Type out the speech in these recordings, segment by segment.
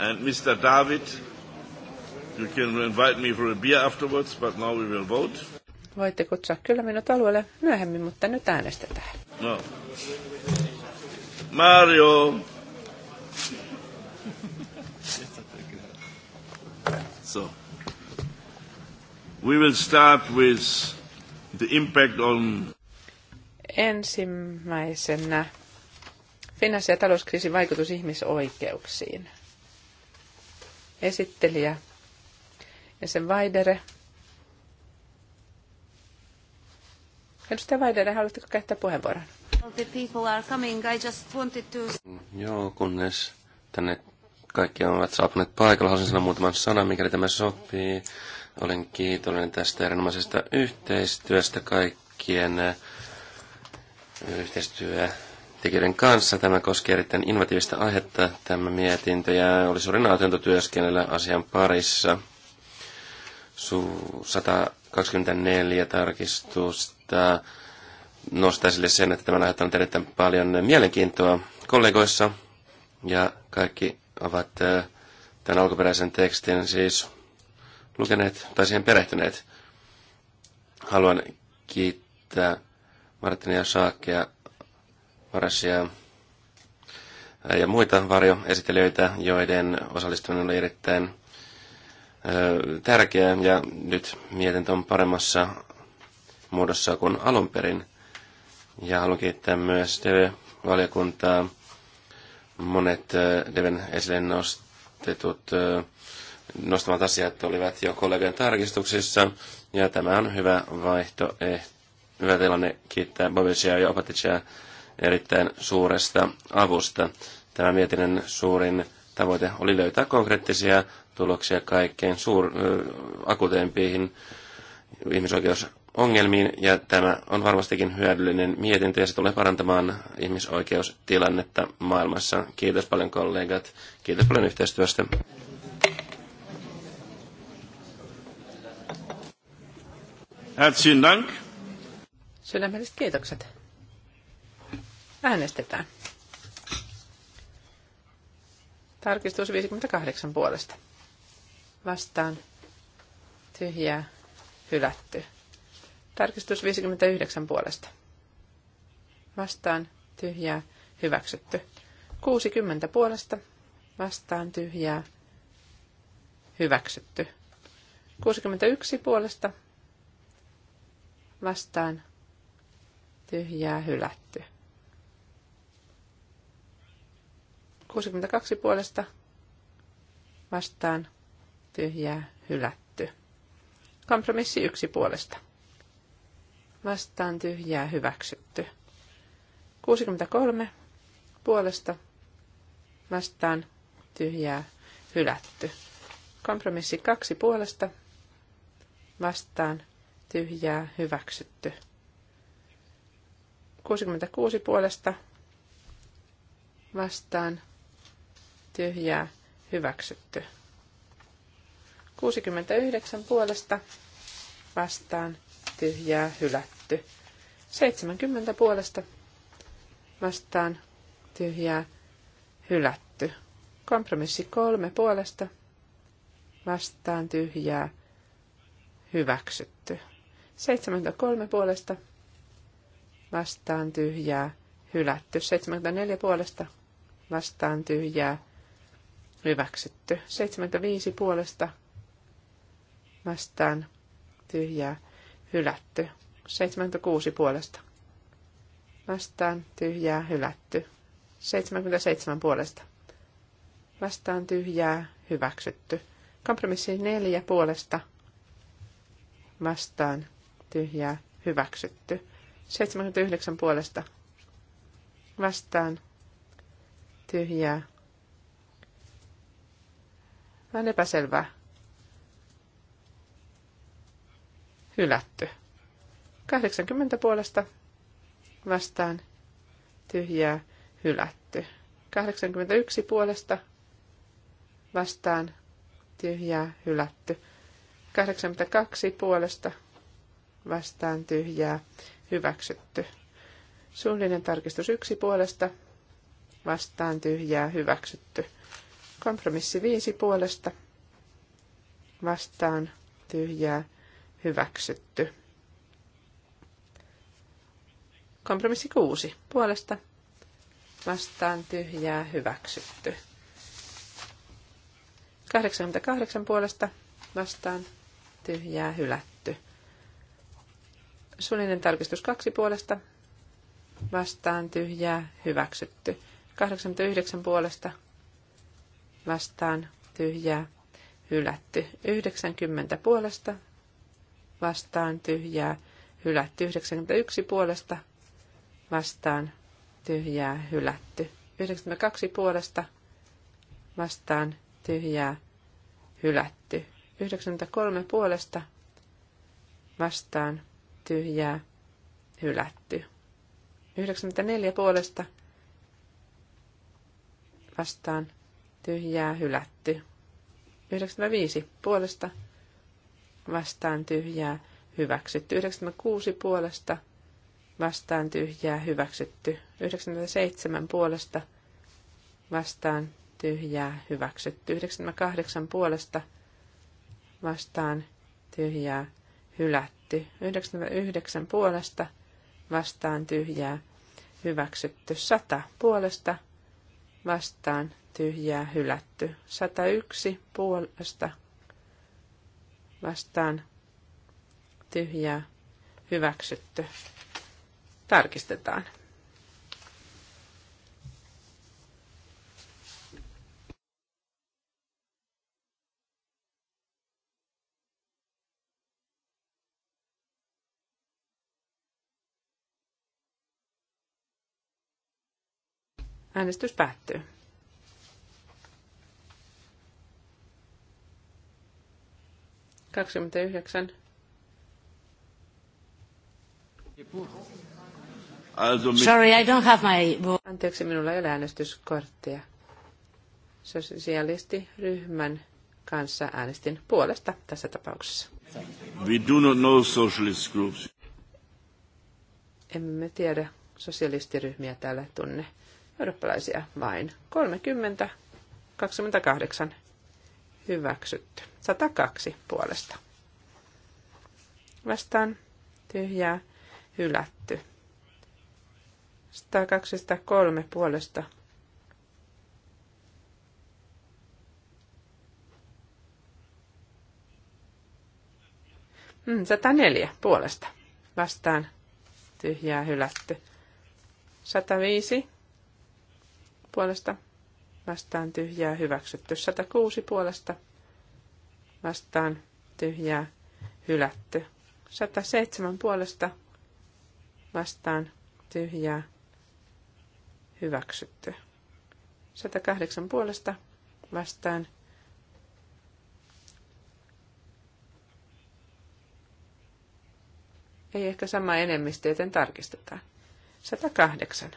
And Mr. David, you can invite me for a beer afterwards, but now we will vote. Voitte kutsua kyllä minut alueelle myöhemmin, mutta nyt äänestetään. No. Mario. so. We will start with the impact on ensimmäisenä finanssi- ja talouskriisin vaikutus ihmisoikeuksiin esittelijä ja sen Vaidere. Edustaja Vaidere, haluatteko käyttää puheenvuoron? The people are coming. I just wanted to... Joo, kunnes tänne kaikki ovat saapuneet paikalla. Haluaisin sanoa muutaman sanan, mikäli tämä sopii. Olen kiitollinen tästä erinomaisesta yhteistyöstä kaikkien yhteistyö tekijöiden kanssa. Tämä koskee erittäin innovatiivista aihetta, tämä mietintö, ja oli suurin nautinto työskennellä asian parissa. Su 124 tarkistusta nostaa sille sen, että tämä aiheuttanut erittäin paljon mielenkiintoa kollegoissa, ja kaikki ovat tämän alkuperäisen tekstin siis lukeneet tai siihen perehtyneet. Haluan kiittää ja Saakkea Varasia ja muita varjoesittelijöitä, joiden osallistuminen oli erittäin tärkeää ja nyt mietintö on paremmassa muodossa kuin alun perin. Ja haluan kiittää myös TV-valiokuntaa. Monet Deven esille nostetut nostamat asiat olivat jo kollegojen tarkistuksissa, ja tämä on hyvä vaihtoehto. Hyvä tilanne kiittää Bobicia ja Opaticia erittäin suuresta avusta. Tämä mietinnön suurin tavoite oli löytää konkreettisia tuloksia kaikkein suur, akuteimpiin ihmisoikeusongelmiin, ja tämä on varmastikin hyödyllinen mietintö, ja se tulee parantamaan ihmisoikeustilannetta maailmassa. Kiitos paljon kollegat, kiitos paljon yhteistyöstä. Herzlichen Dank. Sydämelliset kiitokset. Äänestetään. Tarkistus 58 puolesta. Vastaan. Tyhjää. Hylätty. Tarkistus 59 puolesta. Vastaan. Tyhjää. Hyväksytty. 60 puolesta. Vastaan. Tyhjää. Hyväksytty. 61 puolesta. Vastaan. Tyhjää. Hylätty. 62 puolesta vastaan tyhjää hylätty. Kompromissi yksi puolesta. Vastaan tyhjää hyväksytty. 63 puolesta vastaan tyhjää hylätty. Kompromissi kaksi puolesta vastaan tyhjää hyväksytty. 66 puolesta vastaan tyhjää, hyväksytty. 69 puolesta vastaan, tyhjää, hylätty. 70 puolesta vastaan, tyhjää, hylätty. Kompromissi kolme puolesta vastaan, tyhjää, hyväksytty. 73 puolesta vastaan tyhjää, hylätty. 74 puolesta vastaan tyhjää, hyväksytty. 75 puolesta vastaan tyhjää hylätty. 76 puolesta vastaan tyhjää hylätty. 77 puolesta vastaan tyhjää hyväksytty. Kompromissi 4 puolesta vastaan tyhjää hyväksytty. 79 puolesta vastaan tyhjää Vähän epäselvää. Hylätty. 80 puolesta vastaan tyhjää hylätty. 81 puolesta vastaan tyhjää hylätty. 82 puolesta vastaan tyhjää hyväksytty. Suullinen tarkistus 1 puolesta vastaan tyhjää hyväksytty. Kompromissi viisi puolesta vastaan tyhjää hyväksytty. Kompromissi kuusi puolesta vastaan tyhjää hyväksytty. 88 puolesta vastaan tyhjää hylätty. Suullinen tarkistus kaksi puolesta vastaan tyhjää hyväksytty. 89 puolesta vastaan tyhjää hylätty. 90 puolesta vastaan tyhjää hylätty. 91 puolesta vastaan tyhjää hylätty. 92 puolesta vastaan tyhjää hylätty. 93 puolesta vastaan tyhjää hylätty. 94 puolesta vastaan tyhjää hylätty. 95 puolesta vastaan tyhjää hyväksytty. 96 puolesta vastaan tyhjää hyväksytty. 97 puolesta vastaan tyhjää hyväksytty. 98 puolesta vastaan tyhjää hylätty. 99 puolesta vastaan tyhjää hyväksytty. 100 puolesta vastaan tyhjää hylätty. 101 puolesta vastaan tyhjää hyväksytty. Tarkistetaan. Äänestys päättyy. 29. Sorry, I don't have my... Anteeksi, minulla ei ole äänestyskorttia. Sosialistiryhmän kanssa äänestin puolesta tässä tapauksessa. We do not know socialist groups. Emme tiedä sosialistiryhmiä täällä tunne. Eurooppalaisia vain 30, 28 hyväksytty. 102 puolesta. Vastaan tyhjää hylätty. 102-103 puolesta Mm, 104 puolesta. Vastaan tyhjää hylätty. 105 puolesta vastaan tyhjää hyväksytty. 106 puolesta vastaan tyhjää hylätty. 107 puolesta vastaan tyhjää hyväksytty. 108 puolesta vastaan ei ehkä sama enemmistö, joten tarkistetaan. 108.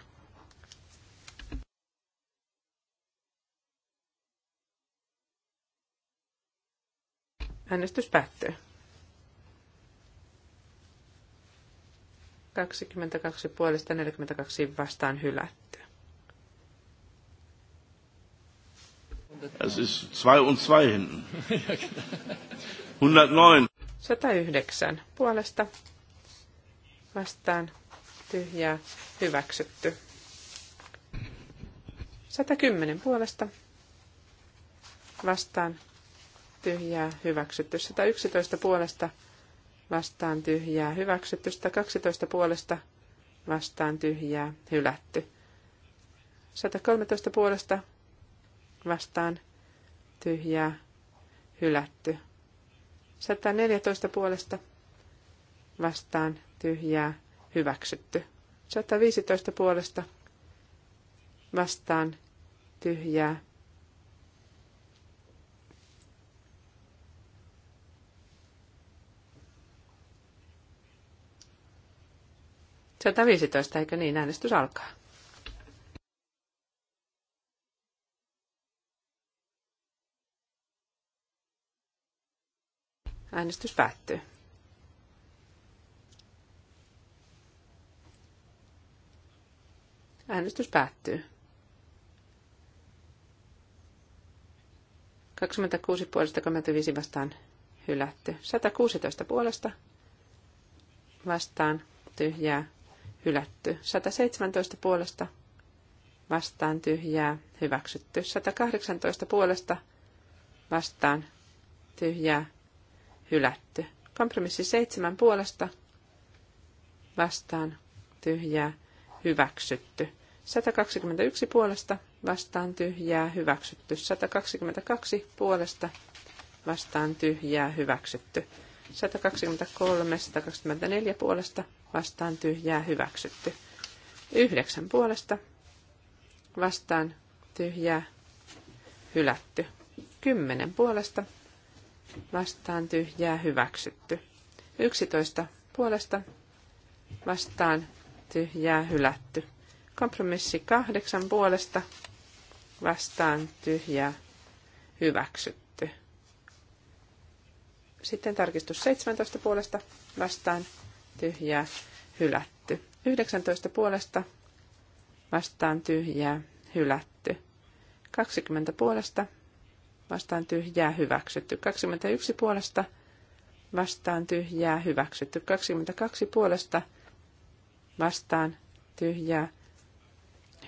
Äänestys päättyy. 22 puolesta 42 vastaan hylätty. Es ist 2 und 2 hinten. 109. 109 puolesta vastaan tyhjää hyväksytty. 110 puolesta vastaan tyhjää hyväksytty. 111 puolesta vastaan tyhjää hyväksytty. 112 puolesta vastaan tyhjää hylätty. 113 puolesta vastaan tyhjää hylätty. 114 puolesta vastaan tyhjää hyväksytty. 115 puolesta vastaan tyhjää 115, eikö niin? Äänestys alkaa. Äänestys päättyy. Äänestys päättyy. 26 puolesta 35 vastaan hylätty. 116 puolesta vastaan tyhjää hylätty. 117 puolesta vastaan tyhjää, hyväksytty. 118 puolesta vastaan tyhjää, hylätty. Kompromissi 7 puolesta vastaan tyhjää, hyväksytty. 121 puolesta vastaan tyhjää, hyväksytty. 122 puolesta vastaan tyhjää, hyväksytty. 123, 124 puolesta vastaan tyhjää hyväksytty. Yhdeksän puolesta vastaan tyhjää hylätty. Kymmenen puolesta vastaan tyhjää hyväksytty. Yksitoista puolesta vastaan tyhjää hylätty. Kompromissi kahdeksan puolesta vastaan tyhjää hyväksytty. Sitten tarkistus 17 puolesta vastaan tyhjää, hylätty. 19 puolesta vastaan tyhjää, hylätty. 20 puolesta vastaan tyhjää, hyväksytty. 21 puolesta vastaan tyhjää, hyväksytty. 22 puolesta vastaan tyhjää,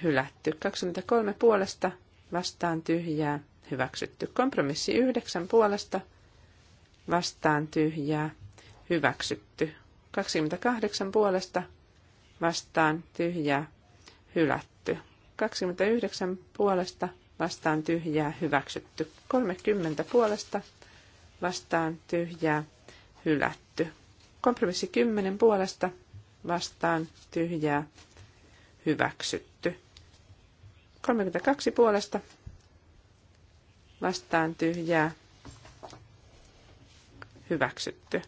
hylätty. 23 puolesta vastaan tyhjää, hyväksytty. Kompromissi 9 puolesta vastaan tyhjää, hyväksytty. 28 puolesta vastaan tyhjää hylätty. 29 puolesta vastaan tyhjää hyväksytty. 30 puolesta vastaan tyhjää hylätty. Kompromissi 10 puolesta vastaan tyhjää hyväksytty. 32 puolesta vastaan tyhjää hyväksytty.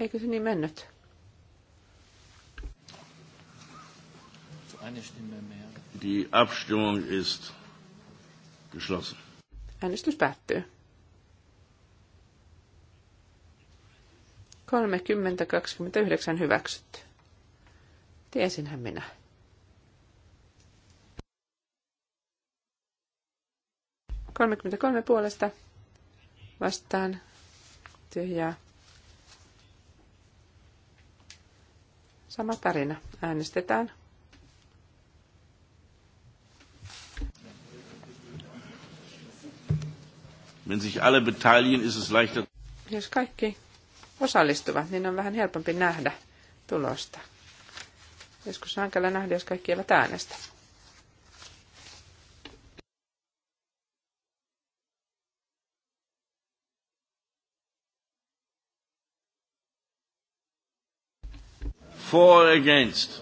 Eikö se niin mennyt? Die Abstimmung ist geschlossen. Äänestys päättyy. 30-29 hyväksytty. Tiesinhän minä. kolme puolesta vastaan tyhjää Sama tarina. Äänestetään. Wenn sich alle beteiligen, ist es leichter. Jos kaikki osallistuvat, niin on vähän helpompi nähdä tulosta. Joskus on hankala nähdä, jos kaikki eivät äänestä. For or against.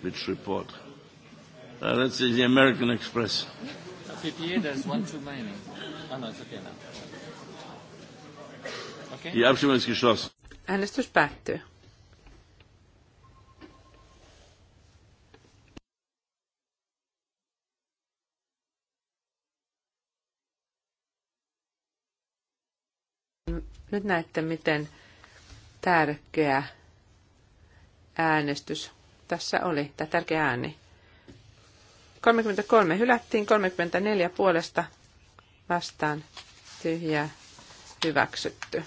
Which report? Uh, that's the American Express. PPA, there's one too many. Oh, no, it's okay now. Okay. Die Abstimmung ist geschlossen. Äänestys päättyy. Nyt näette, miten tärkeä äänestys. Tässä oli tämä tärkeä ääni. 33 hylättiin, 34 puolesta vastaan tyhjää hyväksytty.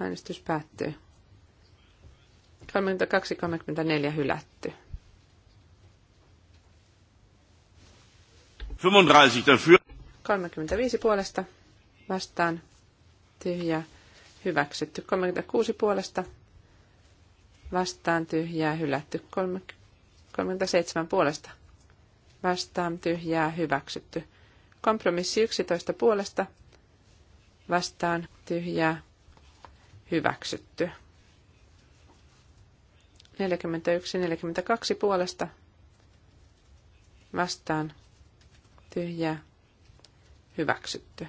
Äänestys päättyy. 32-34 hylätty. 35 puolesta vastaan tyhjä, hyväksytty. 36 puolesta vastaan tyhjää hylätty. 37 puolesta vastaan tyhjää hyväksytty. Kompromissi 11 puolesta vastaan tyhjää hyväksytty. 41, 42 puolesta vastaan tyhjää hyväksytty.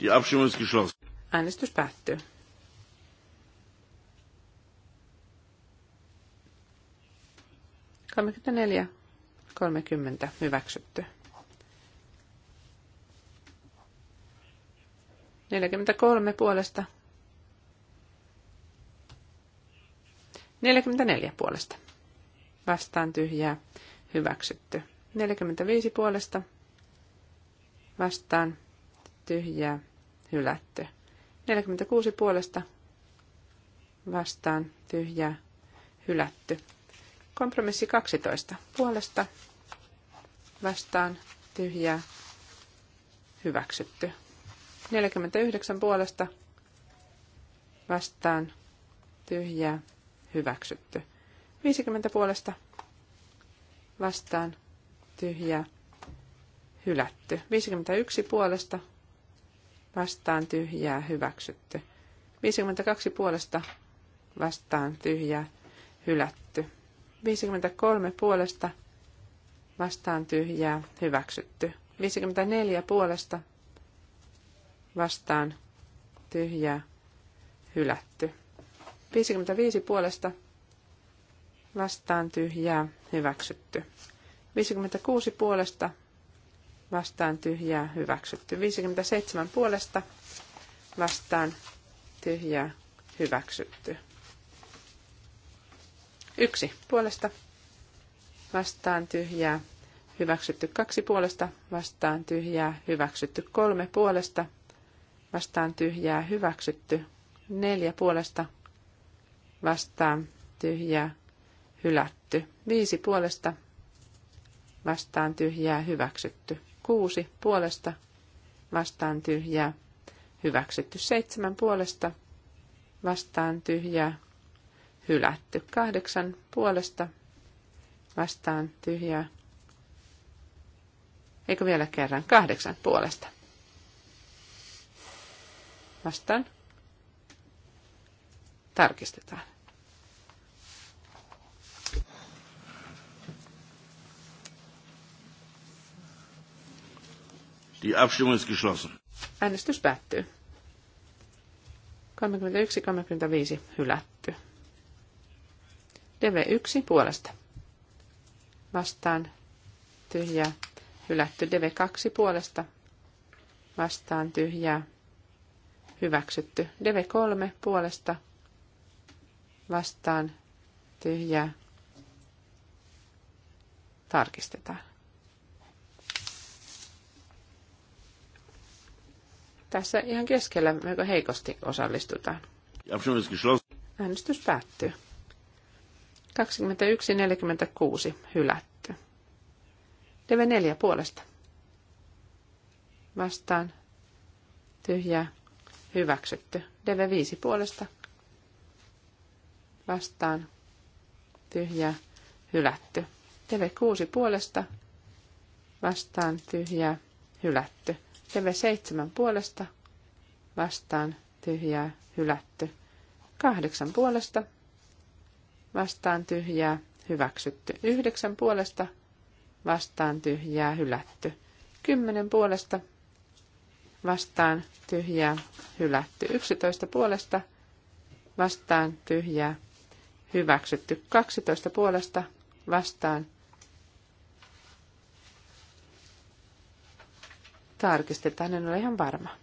Die Abstimmung ist geschlossen. Äänestys päättyy. Kolmekymmentäneljä, kolmekymmentä hyväksytty. 43 puolesta. 44 puolesta. Vastaan tyhjää. Hyväksytty. 45 puolesta. Vastaan tyhjää. Hylätty. 46 puolesta. Vastaan tyhjää. Hylätty. Kompromissi 12 puolesta. Vastaan tyhjää. Hyväksytty. 49 puolesta vastaan tyhjää hyväksytty. 50 puolesta vastaan tyhjää hylätty. 51 puolesta vastaan tyhjää hyväksytty. 52 puolesta vastaan tyhjää hylätty. 53 puolesta vastaan tyhjää hyväksytty. 54 puolesta vastaan tyhjää hylätty. 55 puolesta vastaan tyhjää hyväksytty. 56 puolesta vastaan tyhjää hyväksytty. 57 puolesta vastaan tyhjää hyväksytty. Yksi puolesta vastaan tyhjää hyväksytty. Kaksi puolesta vastaan tyhjää hyväksytty. Kolme puolesta vastaan tyhjää hyväksytty. Neljä puolesta vastaan tyhjää hylätty. Viisi puolesta vastaan tyhjää hyväksytty. Kuusi puolesta vastaan tyhjää hyväksytty. Seitsemän puolesta vastaan tyhjää hylätty. Kahdeksan puolesta vastaan tyhjää. Eikö vielä kerran? Kahdeksan puolesta Vastaan. Tarkistetaan. Die Abstimmung ist geschlossen. Äänestys päättyy. 31-35 hylätty. DV1 puolesta. Vastaan tyhjää. Hylätty DV2 puolesta. Vastaan tyhjää. Hyväksytty. Deve 3 puolesta vastaan tyhjää. Tarkistetaan. Tässä ihan keskellä melko heikosti osallistutaan. Äänestys päättyy. 21.46 hylätty. Deve 4 puolesta. Vastaan tyhjää Hyväksytty. DV5 puolesta. Vastaan. tyhjä, Hylätty. DV6 puolesta. Vastaan. tyhjä, Hylätty. DV7 puolesta. Vastaan. tyhjä, Hylätty. Kahdeksan puolesta. Vastaan. tyhjä, Hyväksytty. Yhdeksän puolesta. Vastaan. tyhjä, Hylätty. Kymmenen puolesta vastaan tyhjää hylätty. 11 puolesta vastaan tyhjää hyväksytty. 12 puolesta vastaan tarkistetaan, en ole ihan varma.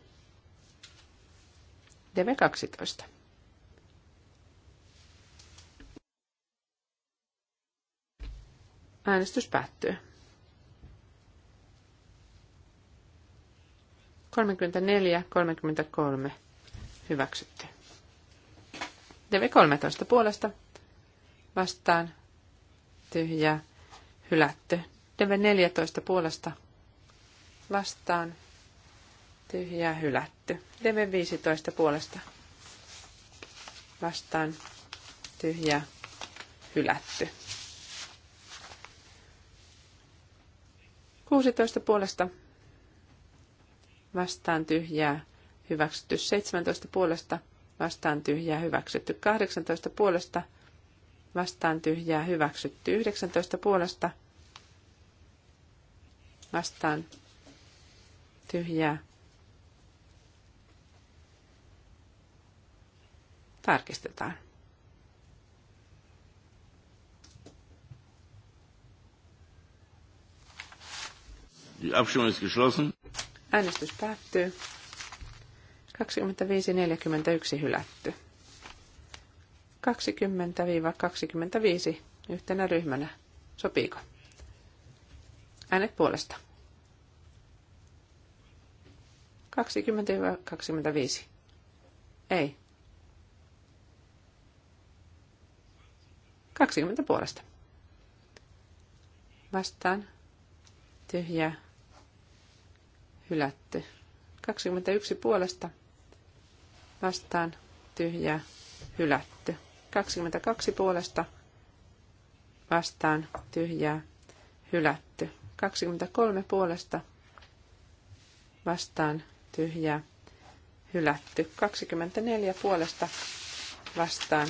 DV12. Äänestys päättyy. 34, 33 hyväksytty. DV13 puolesta vastaan tyhjä hylätty. DV14 puolesta vastaan tyhjä hylätty. DV15 puolesta vastaan tyhjä hylätty. 16 puolesta vastaan tyhjää hyväksytty 17 puolesta, vastaan tyhjää hyväksytty 18 puolesta, vastaan tyhjää hyväksytty 19 puolesta, vastaan tyhjää. Tarkistetaan. Die Abstimmung ist geschlossen. Äänestys päättyy. 25.41 hylätty. 20-25 yhtenä ryhmänä. Sopiiko? Äänet puolesta. 20-25. Ei. 20 puolesta. Vastaan. Tyhjää hylätty. 21 puolesta vastaan tyhjää hylätty. 22 puolesta vastaan tyhjää hylätty. 23 puolesta vastaan tyhjää hylätty. 24 puolesta vastaan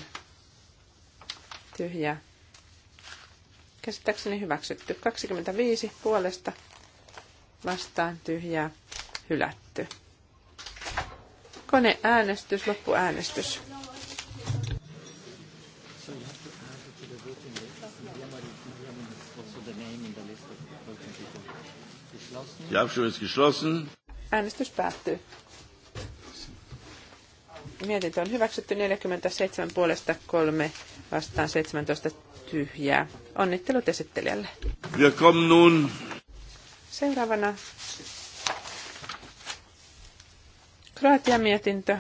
tyhjää. Käsittääkseni hyväksytty. 25 puolesta vastaan tyhjää hylätty. Koneäänestys, loppuäänestys. Die Abstimmung ist geschlossen. Äänestys päättyy. Mietintö on hyväksytty 47 puolesta 3 vastaan 17 tyhjää. Onnittelut esittelijälle. Wir kommen nun Seuraavana Kroatia mietintö.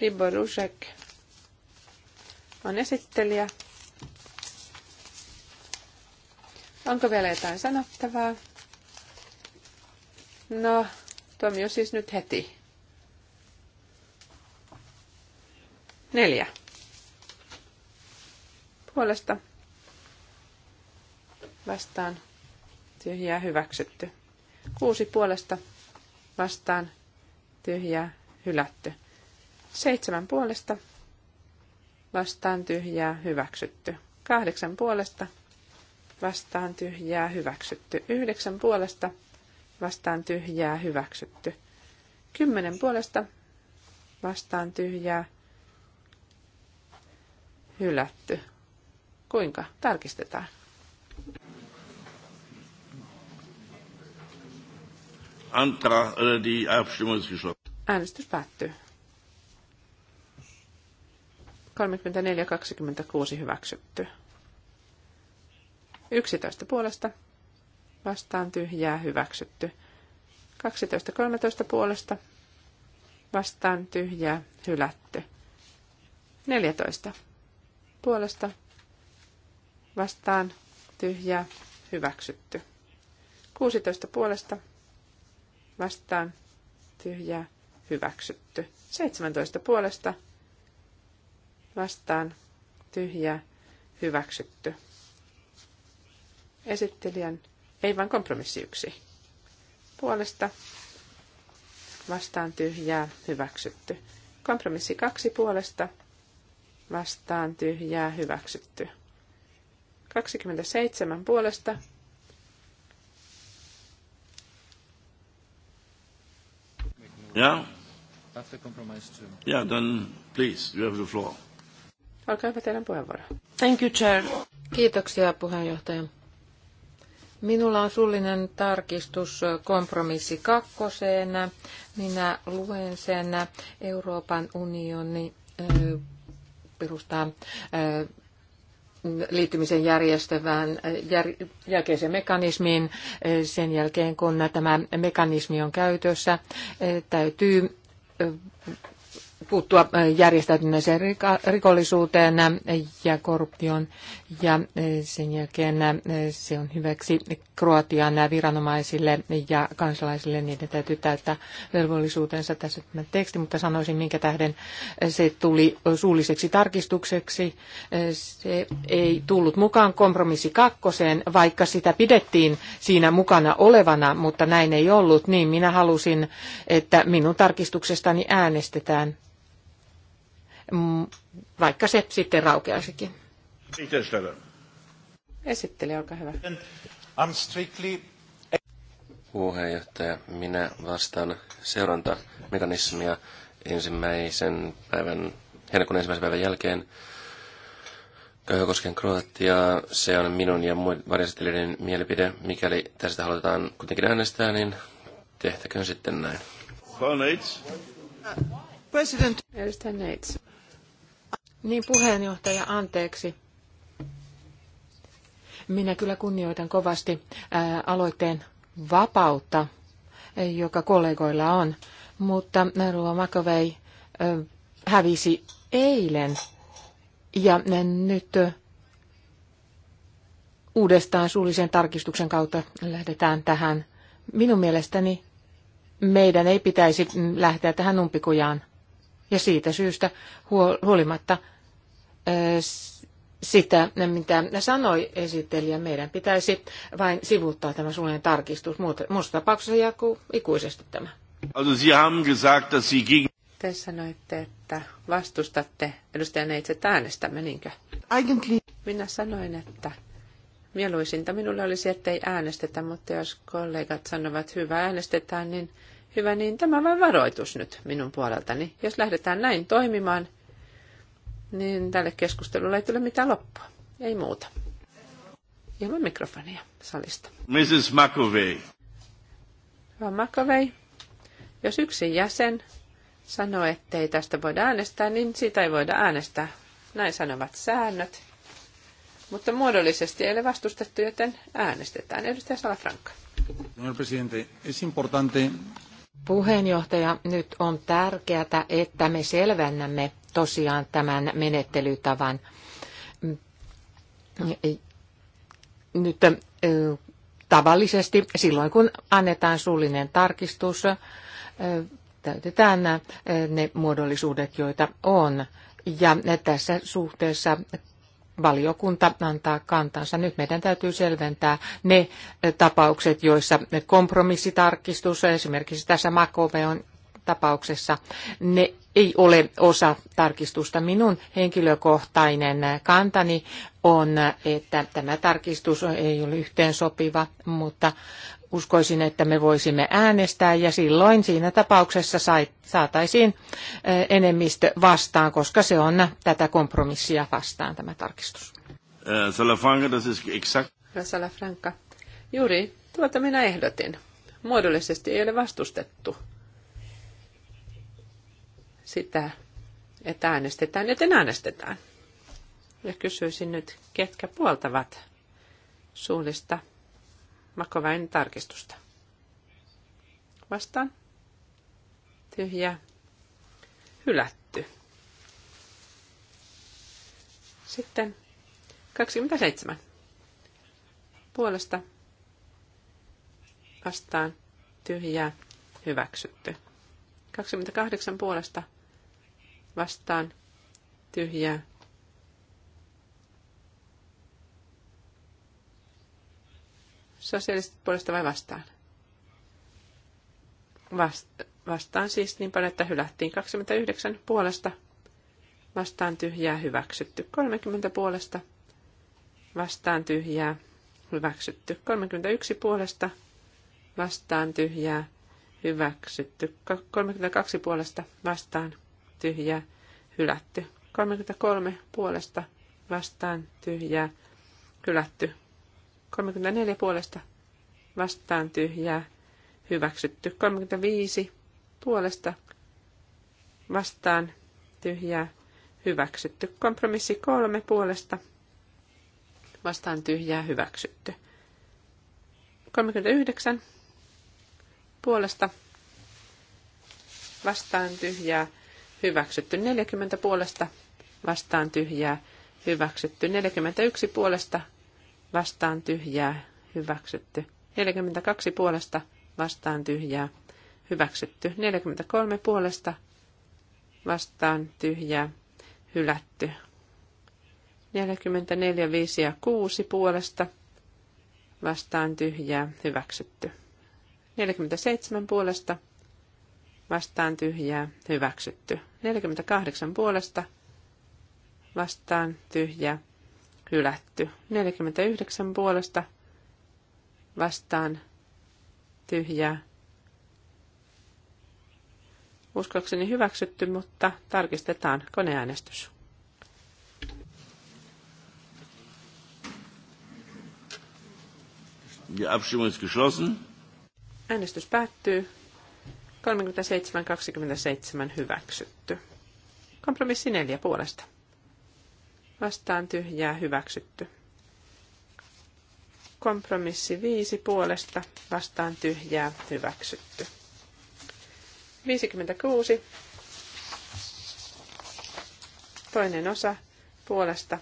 Libor Rusek on esittelijä. Onko vielä jotain sanottavaa? No, tuomio siis nyt heti. Neljä. Puolesta vastaan tyhjää hyväksytty. Kuusi puolesta vastaan tyhjää hylätty. Seitsemän puolesta vastaan tyhjää hyväksytty. Kahdeksan puolesta vastaan tyhjää hyväksytty. Yhdeksän puolesta vastaan tyhjää hyväksytty. Kymmenen puolesta vastaan tyhjää hylätty. Kuinka? Tarkistetaan. Antrag, äh, die Abstimmung ist geschlossen. Äänestys päättyy. 34.26 hyväksytty. 11 puolesta vastaan tyhjää hyväksytty. 12.13 puolesta vastaan tyhjää hylätty. 14 puolesta vastaan tyhjää hyväksytty. 16 puolesta vastaan tyhjää hyväksytty. 17 puolesta vastaan tyhjää hyväksytty. Esittelijän ei vain kompromissi yksi. Puolesta vastaan tyhjää hyväksytty. Kompromissi kaksi puolesta vastaan tyhjää hyväksytty. 27 puolesta Yeah? After compromise two. Yeah, then please, you have the floor. Olkaa hyvä teidän puheenvuoro. Thank you, Chair. Kiitoksia puheenjohtaja. Minulla on suullinen tarkistus kompromissi kakkoseen. Minä luen sen Euroopan unioni perustaa liittymisen järjestävään jär, jälkeiseen mekanismiin. Sen jälkeen, kun tämä mekanismi on käytössä, täytyy puuttua äh, järjestäytyneeseen rikollisuuteen ja korruptioon. Ja äh, sen jälkeen äh, se on hyväksi Kroatian viranomaisille ja kansalaisille. Niiden täytyy täyttää velvollisuutensa tässä tämä teksti, mutta sanoisin, minkä tähden se tuli suulliseksi tarkistukseksi. Se ei tullut mukaan kompromissi kakkoseen, vaikka sitä pidettiin siinä mukana olevana, mutta näin ei ollut. Niin minä halusin, että minun tarkistuksestani äänestetään vaikka se sitten raukeaisikin. Esitteli olkaa hyvä. I'm strictly... Puheenjohtaja, minä vastaan seurantamekanismia ensimmäisen päivän, heinäkuun ensimmäisen päivän jälkeen. Köyhäkosken Kroatia, se on minun ja muiden varjastelijoiden mielipide. Mikäli tästä halutaan kuitenkin äänestää, niin tehtäköön sitten näin. President. President. Edustaja niin puheenjohtaja, anteeksi. Minä kyllä kunnioitan kovasti aloitteen vapautta, joka kollegoilla on, mutta Rova Makovei hävisi eilen ja nyt uudestaan suullisen tarkistuksen kautta lähdetään tähän. Minun mielestäni meidän ei pitäisi lähteä tähän umpikujaan ja siitä syystä huolimatta sitä, mitä sanoi esittelijä, meidän pitäisi vain sivuuttaa tämä suullinen tarkistus. Muussa tapauksessa jatkuu ikuisesti tämä. Also Sie haben gesagt, dass Sie gegen te sanoitte, että vastustatte edustaja Neitset äänestämme, niinkö? Minä sanoin, että mieluisinta minulle olisi, ettei äänestetä, mutta jos kollegat sanovat hyvä äänestetään, niin Hyvä, niin tämä on vain varoitus nyt minun puoleltani. Jos lähdetään näin toimimaan, niin tälle keskustelulle ei tule mitään loppua. Ei muuta. Ilman mikrofonia salista. Mrs. McAvey. Hyvä McAvey. Jos yksi jäsen sanoo, ettei tästä voida äänestää, niin siitä ei voida äänestää. Näin sanovat säännöt. Mutta muodollisesti ei ole vastustettu, joten äänestetään. Edustaja Salafranca. Señor presidente, es importante puheenjohtaja, nyt on tärkeää, että me selvennämme tosiaan tämän menettelytavan. Nyt tavallisesti silloin, kun annetaan suullinen tarkistus, täytetään ne muodollisuudet, joita on. Ja tässä suhteessa valiokunta antaa kantansa. Nyt meidän täytyy selventää ne tapaukset, joissa kompromissitarkistus, esimerkiksi tässä Makoveon tapauksessa, ne ei ole osa tarkistusta. Minun henkilökohtainen kantani on, että tämä tarkistus ei ole yhteensopiva, mutta uskoisin, että me voisimme äänestää ja silloin siinä tapauksessa saataisiin enemmistö vastaan, koska se on tätä kompromissia vastaan tämä tarkistus. Salafranca, das exakt. Juuri tuota minä ehdotin. Muodollisesti ei ole vastustettu sitä, että äänestetään, joten äänestetään. Ja kysyisin nyt, ketkä puoltavat suullista Makovain tarkistusta. Vastaan. Tyhjä. Hylätty. Sitten 27. Puolesta vastaan tyhjä hyväksytty. 28 puolesta vastaan tyhjää Sosiaalista puolesta vai vastaan? Vast- vastaan siis niin paljon, että hylättiin 29 puolesta. Vastaan tyhjää hyväksytty 30 puolesta. Vastaan tyhjää hyväksytty 31 puolesta. Vastaan tyhjää hyväksytty 32 puolesta. Vastaan tyhjää hylätty 33 puolesta. Vastaan tyhjää hylätty 34 puolesta vastaan tyhjää hyväksytty. 35 puolesta vastaan tyhjää hyväksytty. Kompromissi 3 puolesta vastaan tyhjää hyväksytty. 39 puolesta vastaan tyhjää hyväksytty. 40 puolesta vastaan tyhjää hyväksytty. 41 puolesta vastaan tyhjää, hyväksytty. 42 puolesta vastaan tyhjää, hyväksytty. 43 puolesta vastaan tyhjää, hylätty. 44, 5 ja 6 puolesta vastaan tyhjää, hyväksytty. 47 puolesta vastaan tyhjää, hyväksytty. 48 puolesta vastaan tyhjää, hylätty. 49 puolesta vastaan tyhjää. Uskokseni hyväksytty, mutta tarkistetaan koneäänestys. Die Abstimmung ist geschlossen. Äänestys päättyy. 37.27 hyväksytty. Kompromissi neljä puolesta vastaan tyhjää hyväksytty. Kompromissi viisi puolesta vastaan tyhjää hyväksytty. 56. Toinen osa puolesta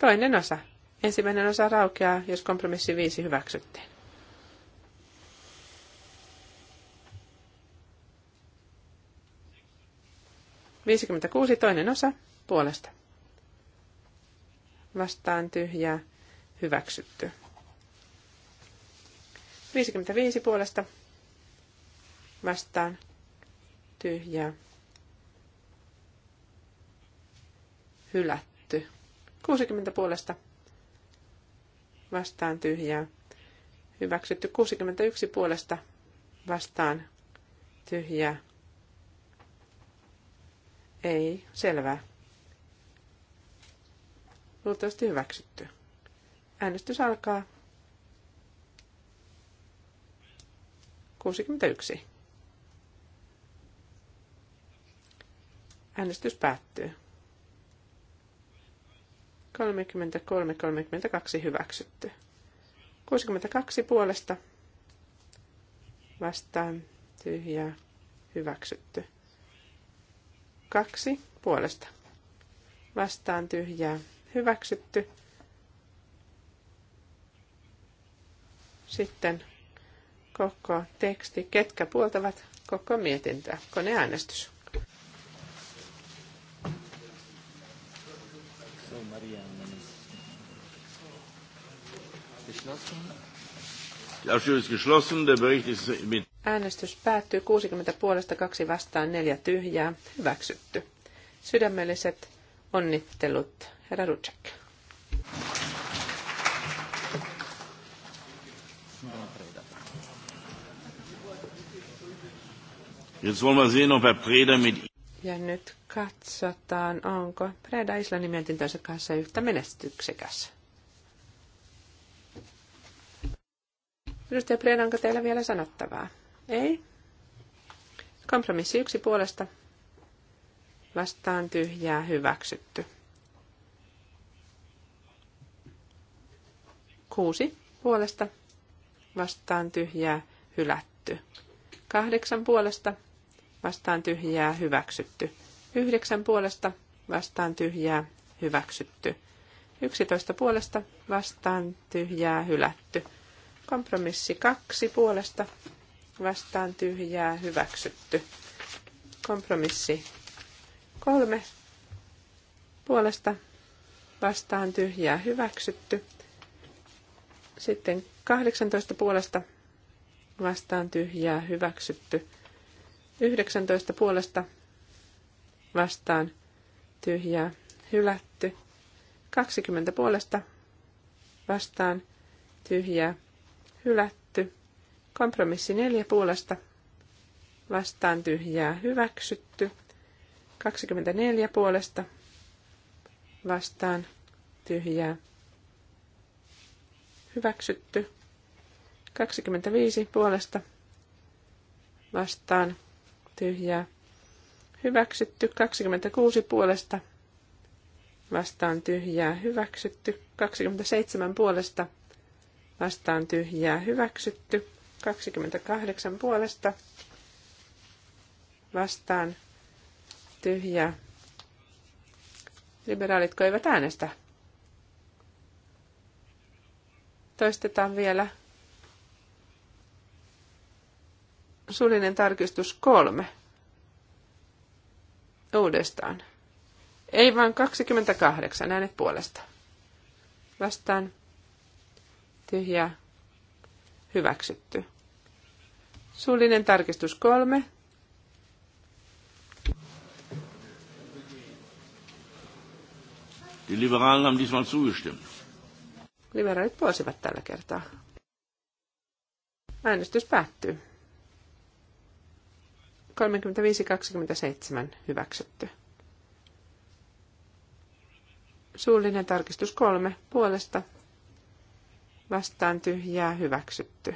Toinen osa. Ensimmäinen osa raukeaa, jos kompromissi viisi hyväksyttiin. 56 toinen osa puolesta. Vastaan tyhjää hyväksytty. 55 puolesta vastaan tyhjää hylätty. 60 puolesta vastaan tyhjää hyväksytty. 61 puolesta vastaan tyhjää ei, selvä. Luultavasti hyväksytty. Äänestys alkaa. 61. Äänestys päättyy. 33-32 hyväksytty. 62 puolesta vastaan tyhjää hyväksytty. Kaksi puolesta. Vastaan tyhjää. Hyväksytty. Sitten koko teksti, ketkä puoltavat koko mietintöä. Koneäänestys. geschlossen. Der Abschluss ist geschlossen. Der Bericht ist mit Äänestys päättyy 60 puolesta kaksi vastaan neljä tyhjää. Hyväksytty. Sydämelliset onnittelut, herra Rutsek. ja nyt katsotaan, onko Preda Islannin mietintönsä kanssa yhtä menestyksekäs. Edustaja Preda, onko teillä vielä sanottavaa? Ei. Kompromissi yksi puolesta. Vastaan tyhjää hyväksytty. Kuusi puolesta. Vastaan tyhjää hylätty. Kahdeksan puolesta. Vastaan tyhjää hyväksytty. Yhdeksän puolesta. Vastaan tyhjää hyväksytty. Yksitoista puolesta. Vastaan tyhjää hylätty. Kompromissi kaksi puolesta vastaan tyhjää hyväksytty. Kompromissi kolme puolesta vastaan tyhjää hyväksytty. Sitten 18 puolesta vastaan tyhjää hyväksytty. 19 puolesta vastaan tyhjää hylätty. 20 puolesta vastaan tyhjää hylätty. Kompromissi neljä puolesta vastaan tyhjää hyväksytty. 24 puolesta vastaan tyhjää hyväksytty. 25 puolesta vastaan tyhjää hyväksytty. 26 puolesta vastaan tyhjää hyväksytty. 27 puolesta vastaan tyhjää hyväksytty. 28 puolesta vastaan tyhjä Liberaalitko eivät äänestä? Toistetaan vielä. Suullinen tarkistus kolme. Uudestaan. Ei vaan 28 äänet puolesta. Vastaan tyhjää Hyväksytty. Suullinen tarkistus kolme. Die Liberalen haben diesmal zugestimmt. Liberaalit puolsivat tällä kertaa. Äänestys päättyy. 35-27 hyväksytty. Suullinen tarkistus kolme puolesta vastaan tyhjää hyväksytty.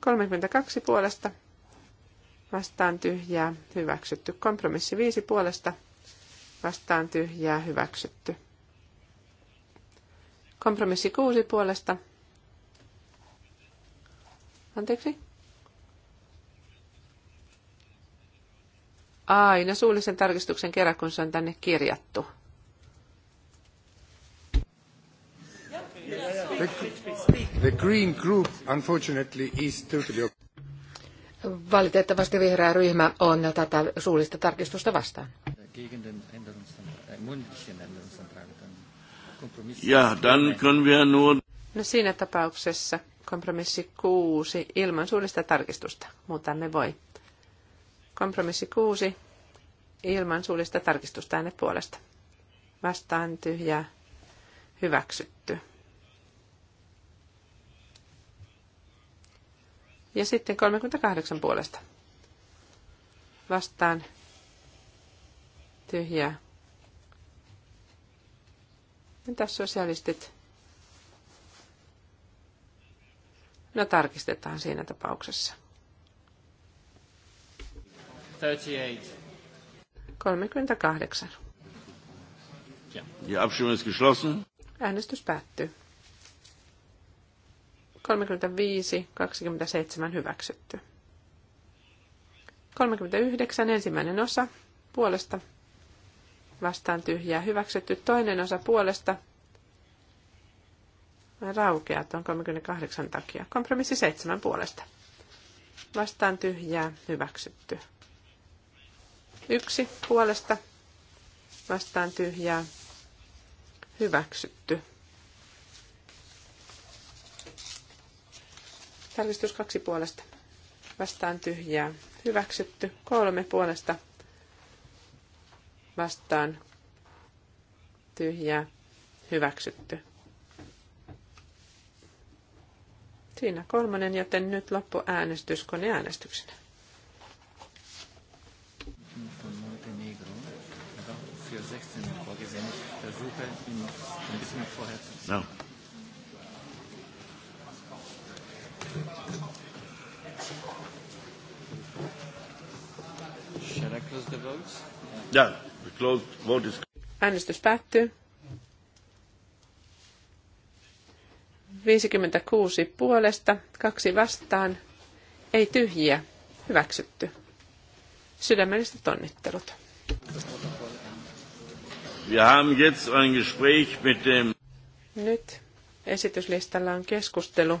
32 puolesta vastaan tyhjää hyväksytty. Kompromissi 5 puolesta vastaan tyhjää hyväksytty. Kompromissi 6 puolesta. Anteeksi. Aina suullisen tarkistuksen kerran, kun se on tänne kirjattu. The Green Group, unfortunately, is totally... Valitettavasti vihreä ryhmä on tätä suullista tarkistusta vastaan. Ja, dann können wir nur... No siinä tapauksessa kompromissi kuusi ilman suullista tarkistusta. Muuta me voi. Kompromissi kuusi ilman suullista tarkistusta äänet puolesta. Vastaan tyhjä hyväksytty. Ja sitten 38 puolesta. Vastaan. Tyhjää. Mitäs sosialistit? No tarkistetaan siinä tapauksessa. 38. 38. Ja, Abstimmung ist geschlossen. Äänestys päättyy. 35, 27 hyväksytty. 39 ensimmäinen osa puolesta vastaan tyhjää hyväksytty. Toinen osa puolesta raukeaa tuon 38 takia. Kompromissi 7 puolesta. Vastaan tyhjää hyväksytty. Yksi puolesta vastaan tyhjää hyväksytty. Tarkistus kaksi puolesta. Vastaan tyhjää. Hyväksytty. Kolme puolesta. Vastaan tyhjää. Hyväksytty. Siinä kolmonen, joten nyt loppu äänestys koneäänestyksenä. No. Äänestys päättyy. 56 puolesta, kaksi vastaan, ei tyhjiä, hyväksytty. Sydämelliset onnittelut. Wir haben jetzt ein Gespräch mit dem Nyt esityslistalla on keskustelu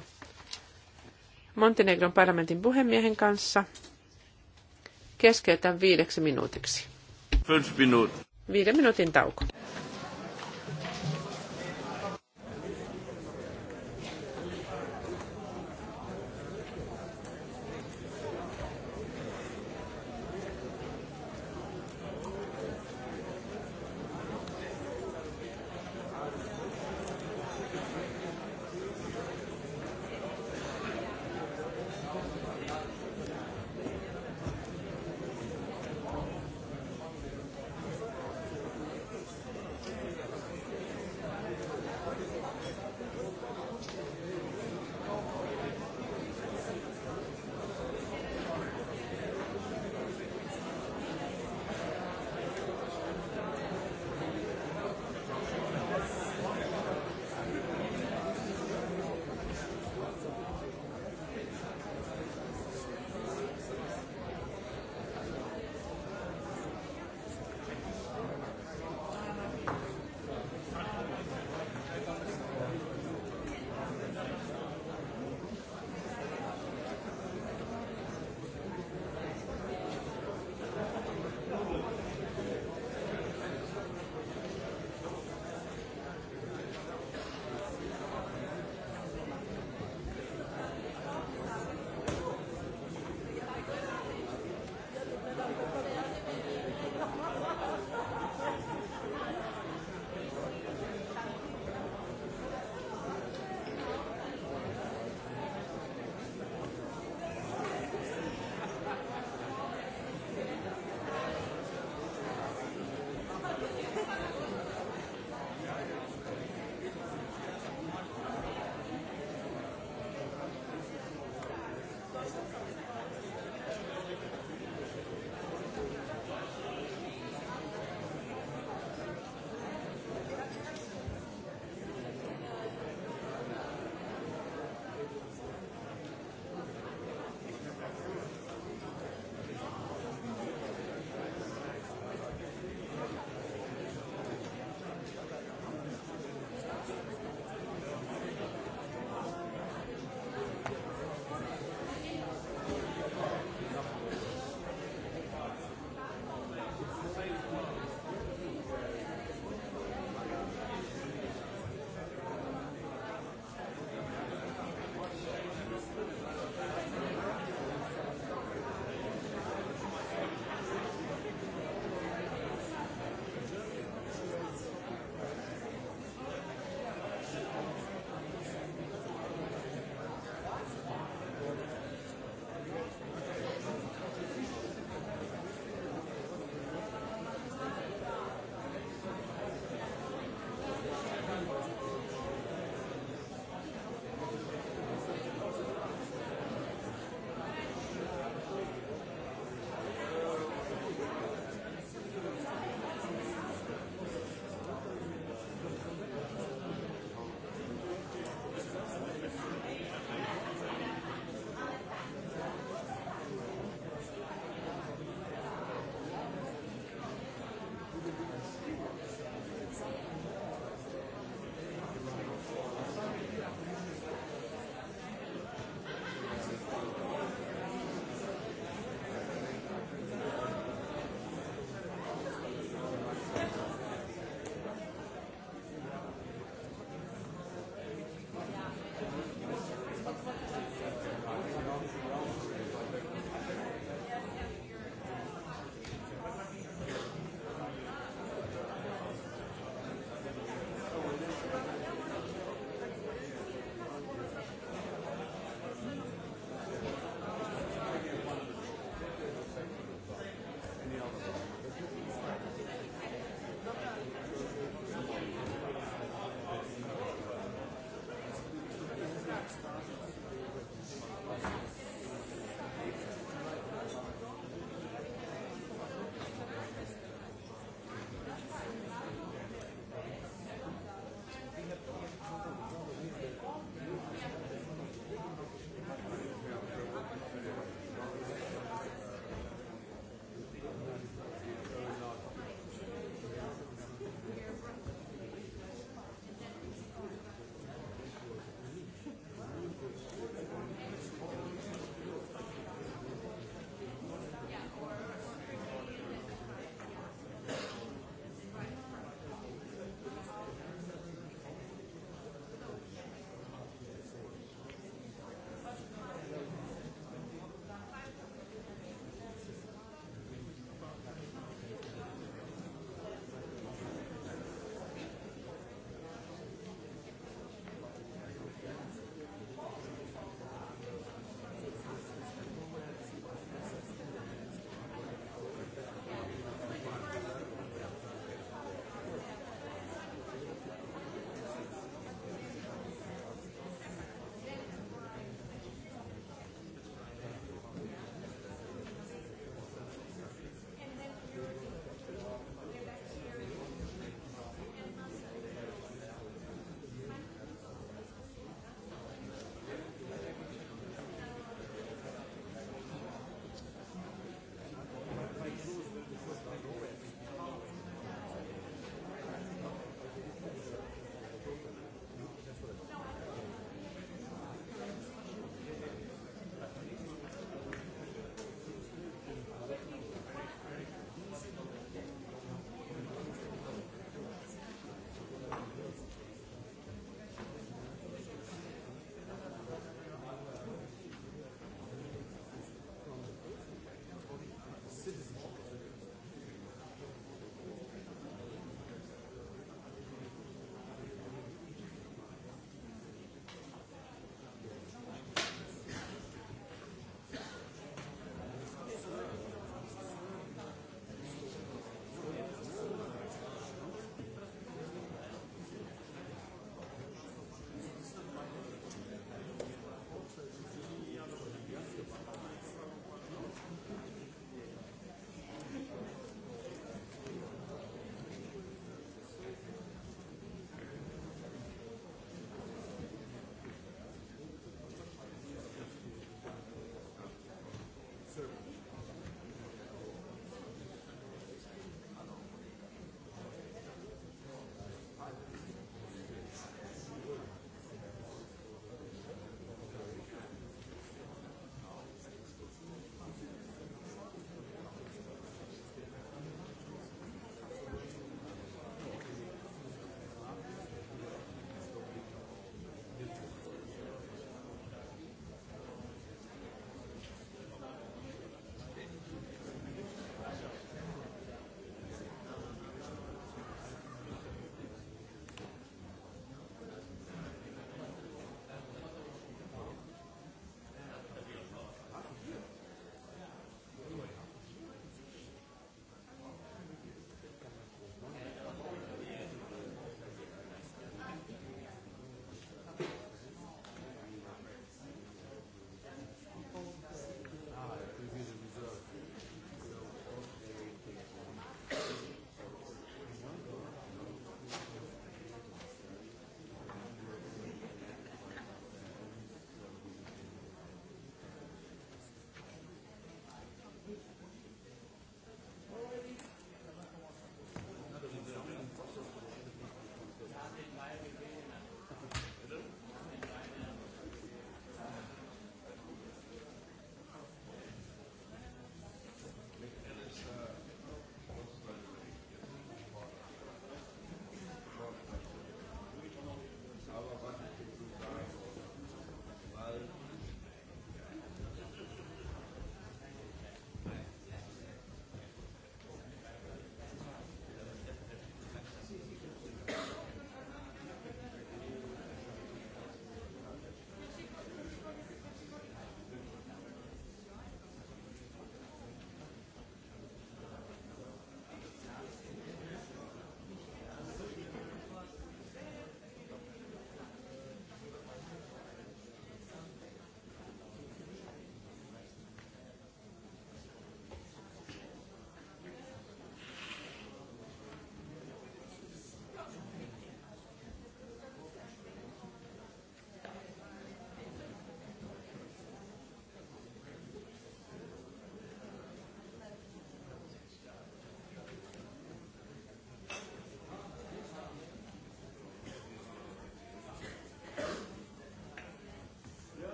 Montenegron parlamentin puhemiehen kanssa. Keskeytän viideksi minuutiksi. Viiden minuutin tauko.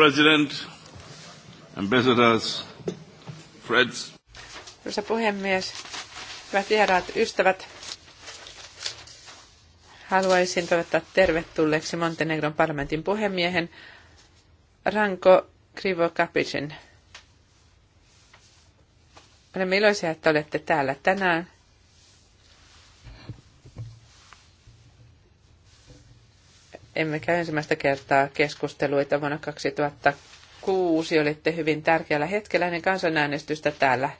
President, ambassadors, friends. Arvoisa puhemies, hyvät vieraat, ystävät, haluaisin toivottaa tervetulleeksi Montenegron parlamentin puhemiehen Ranko Krivo-Kapicin. Olemme iloisia, että olette täällä tänään – emmekä ensimmäistä kertaa keskusteluita vuonna 2006. Olitte hyvin tärkeällä hetkellä ennen kansanäänestystä täällä.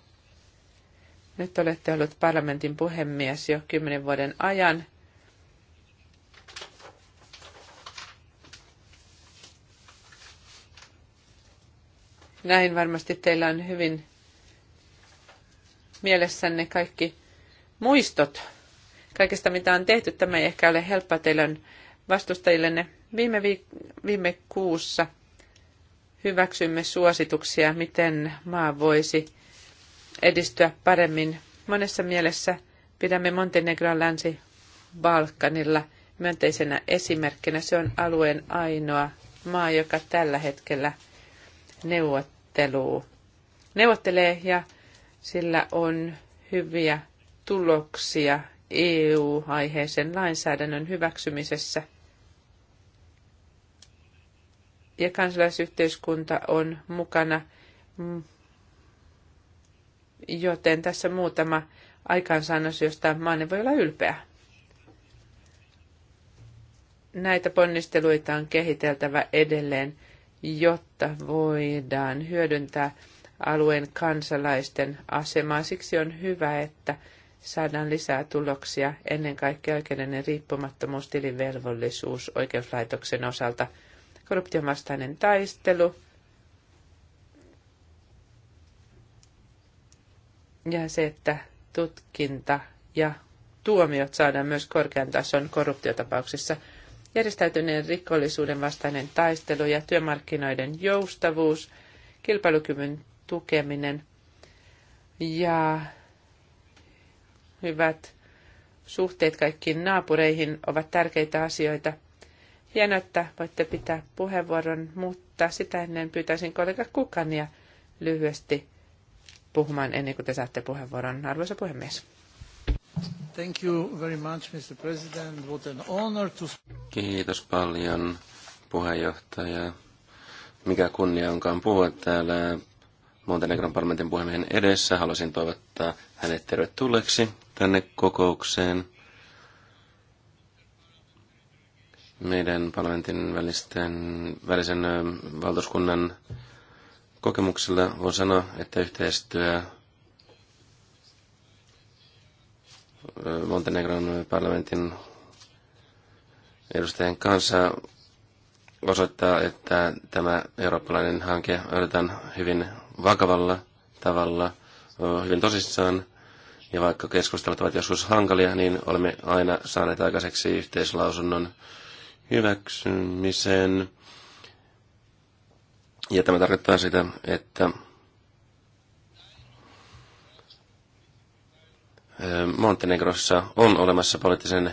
Nyt olette ollut parlamentin puhemies jo kymmenen vuoden ajan. Näin varmasti teillä on hyvin mielessänne kaikki muistot kaikesta, mitä on tehty. Tämä ei ehkä ole helppoa. Teillä on vastustajillenne. Viime, viik- viime kuussa hyväksymme suosituksia, miten maa voisi edistyä paremmin. Monessa mielessä pidämme Montenegron länsi-Balkanilla myönteisenä esimerkkinä. Se on alueen ainoa maa, joka tällä hetkellä neuvotteluu. neuvottelee ja sillä on hyviä tuloksia EU-aiheisen lainsäädännön hyväksymisessä – ja kansalaisyhteiskunta on mukana, mm. joten tässä muutama aikaansaannos, josta maanne voi olla ylpeä. Näitä ponnisteluita on kehiteltävä edelleen, jotta voidaan hyödyntää alueen kansalaisten asemaa. Siksi on hyvä, että saadaan lisää tuloksia, ennen kaikkea oikeudellinen riippumattomuus, tilivelvollisuus oikeuslaitoksen osalta – korruption vastainen taistelu ja se, että tutkinta ja tuomiot saadaan myös korkean tason korruptiotapauksissa. Järjestäytyneen rikollisuuden vastainen taistelu ja työmarkkinoiden joustavuus, kilpailukyvyn tukeminen ja hyvät suhteet kaikkiin naapureihin ovat tärkeitä asioita – Hienoa, että voitte pitää puheenvuoron, mutta sitä ennen pyytäisin kollega Kukania lyhyesti puhumaan ennen kuin te saatte puheenvuoron. Arvoisa puhemies. Thank you very much, Mr. President. What an honor to... Kiitos paljon, puheenjohtaja. Mikä kunnia onkaan puhua täällä Montenegron parlamentin puhemiehen edessä. Haluaisin toivottaa hänet tervetulleeksi tänne kokoukseen. meidän parlamentin välisten, välisen valtuuskunnan kokemuksella voin sanoa, että yhteistyö Montenegron parlamentin edustajien kanssa osoittaa, että tämä eurooppalainen hanke odotetaan hyvin vakavalla tavalla, hyvin tosissaan. Ja vaikka keskustelut ovat joskus hankalia, niin olemme aina saaneet aikaiseksi yhteislausunnon hyväksymiseen. Ja tämä tarkoittaa sitä, että Montenegrossa on olemassa poliittisen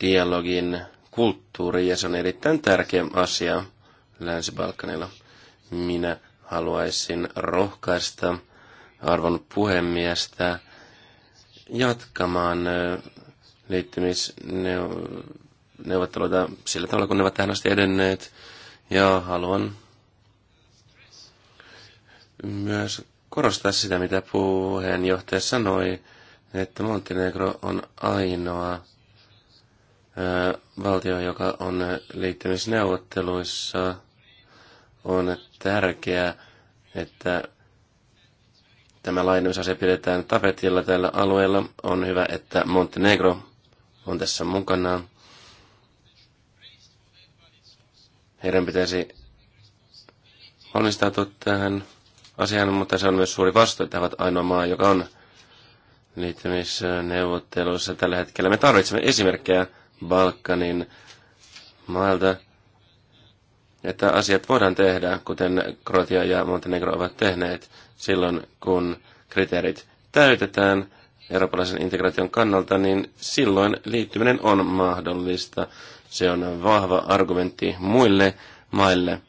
dialogin kulttuuri ja se on erittäin tärkeä asia Länsi-Balkanilla. Minä haluaisin rohkaista arvon puhemiestä jatkamaan liittymisneuvotteluja neuvotteluita sillä tavalla, kun ne ovat tähän asti edenneet. Ja haluan myös korostaa sitä, mitä puheenjohtaja sanoi, että Montenegro on ainoa valtio, joka on liittymisneuvotteluissa, on tärkeää, että tämä lainausasia pidetään tapetilla tällä alueella. On hyvä, että Montenegro on tässä mukanaan. Heidän pitäisi valmistautua tähän asiaan, mutta se on myös suuri vastu, että he ovat ainoa maa, joka on liittymisneuvotteluissa tällä hetkellä. Me tarvitsemme esimerkkejä Balkanin maalta, että asiat voidaan tehdä, kuten Kroatia ja Montenegro ovat tehneet silloin, kun kriteerit täytetään eurooppalaisen integraation kannalta, niin silloin liittyminen on mahdollista. Se on vahva argumentti muille maille,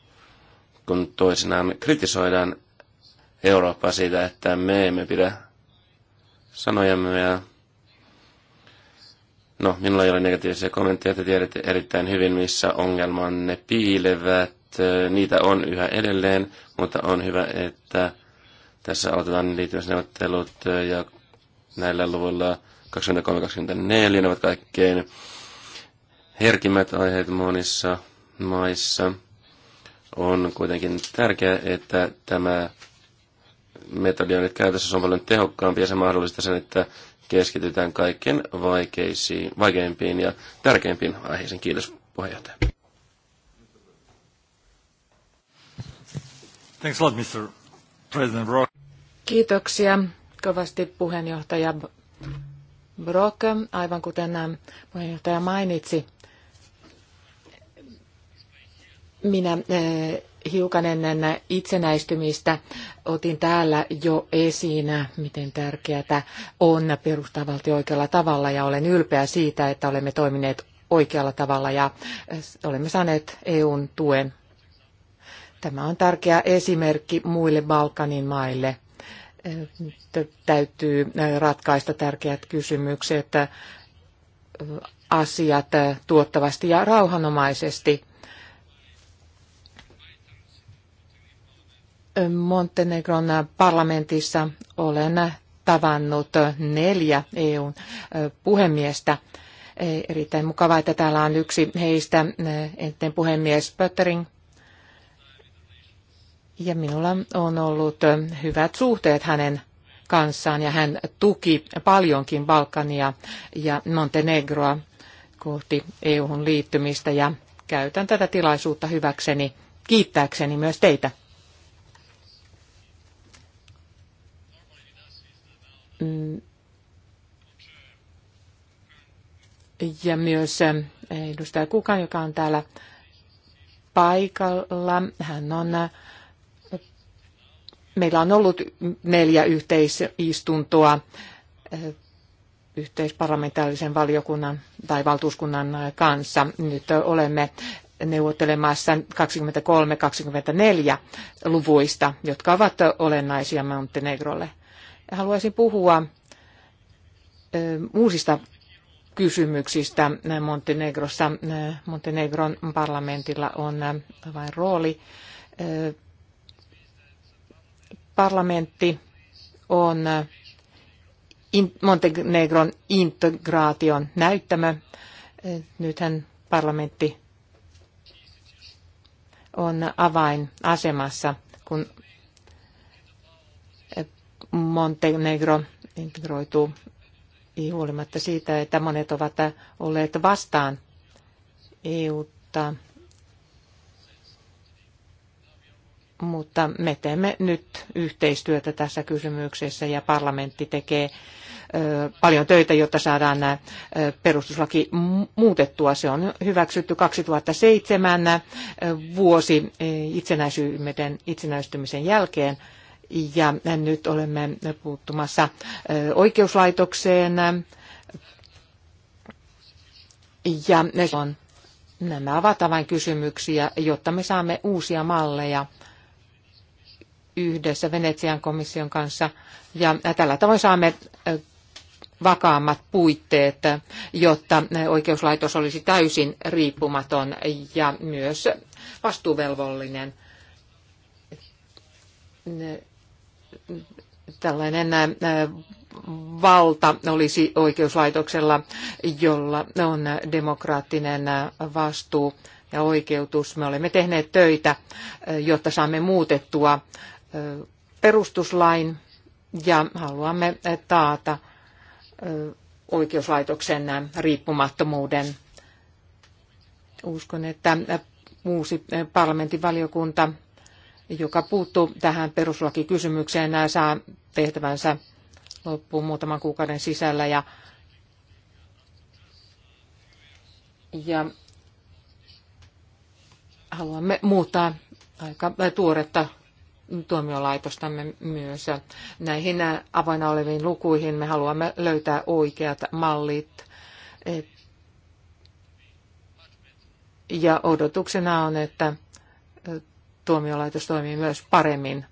kun toisinaan kritisoidaan Eurooppaa siitä, että me emme pidä sanojamme ja No, minulla ei ole negatiivisia kommentteja, te tiedätte erittäin hyvin, missä ne piilevät. Niitä on yhä edelleen, mutta on hyvä, että tässä aloitetaan liittymisneuvottelut ja näillä luvuilla 23-24 ne ovat kaikkein herkimmät aiheet monissa maissa. On kuitenkin tärkeää, että tämä metodi on nyt käytössä, se on paljon tehokkaampi ja se mahdollistaa sen, että keskitytään kaikkein vaikeisiin, vaikeimpiin ja tärkeimpiin aiheisiin. Kiitos puheenjohtaja. Thanks a lot, Mr. President Brock. Kiitoksia kovasti puheenjohtaja Brock, aivan kuten äh, puheenjohtaja mainitsi. Minä äh, hiukan ennen itsenäistymistä otin täällä jo esiin, miten tärkeää on perustaa valtio oikealla tavalla ja olen ylpeä siitä, että olemme toimineet oikealla tavalla ja äh, olemme saaneet EUn tuen. Tämä on tärkeä esimerkki muille Balkanin maille. Äh, täytyy ratkaista tärkeät kysymykset, asiat tuottavasti ja rauhanomaisesti Montenegron parlamentissa olen tavannut neljä EUn puhemiestä. Erittäin mukavaa, että täällä on yksi heistä, entinen puhemies Pöttering. Ja minulla on ollut hyvät suhteet hänen kanssaan ja hän tuki paljonkin Balkania ja Montenegroa kohti EUhun liittymistä ja käytän tätä tilaisuutta hyväkseni kiittääkseni myös teitä Mm. ja myös eh, edustaja Kukan, joka on täällä paikalla. Hän on, eh, meillä on ollut neljä yhteisistuntoa eh, yhteisparlamentaarisen valiokunnan tai valtuuskunnan kanssa. Nyt olemme neuvottelemassa 23-24 luvuista, jotka ovat olennaisia Montenegrolle. Haluaisin puhua uusista kysymyksistä Montenegrossa. Montenegron parlamentilla on vain rooli. Parlamentti on Montenegron integraation näyttämö. Nythän parlamentti on avainasemassa, kun Montenegro integroituu huolimatta siitä, että monet ovat olleet vastaan EUta. Mutta me teemme nyt yhteistyötä tässä kysymyksessä ja parlamentti tekee paljon töitä, jotta saadaan nämä perustuslaki muutettua. Se on hyväksytty 2007 vuosi itsenäistymisen jälkeen ja nyt olemme puuttumassa oikeuslaitokseen. Ja on, nämä ovat avainkysymyksiä, jotta me saamme uusia malleja yhdessä Venetsian komission kanssa. Ja tällä tavoin saamme vakaammat puitteet, jotta oikeuslaitos olisi täysin riippumaton ja myös vastuuvelvollinen tällainen äh, valta olisi oikeuslaitoksella, jolla on demokraattinen äh, vastuu ja oikeutus. Me olemme tehneet töitä, äh, jotta saamme muutettua perustuslain ja haluamme taata oikeuslaitoksen riippumattomuuden. Uskon, että uusi parlamentin valiokunta joka puuttuu tähän peruslakikysymykseen, saa tehtävänsä loppuun muutaman kuukauden sisällä. Ja, ja haluamme muuttaa aika tuoretta tuomiolaitostamme myös. Näihin avoinna oleviin lukuihin me haluamme löytää oikeat mallit. Ja odotuksena on, että tuomiolaitos toimii myös paremmin.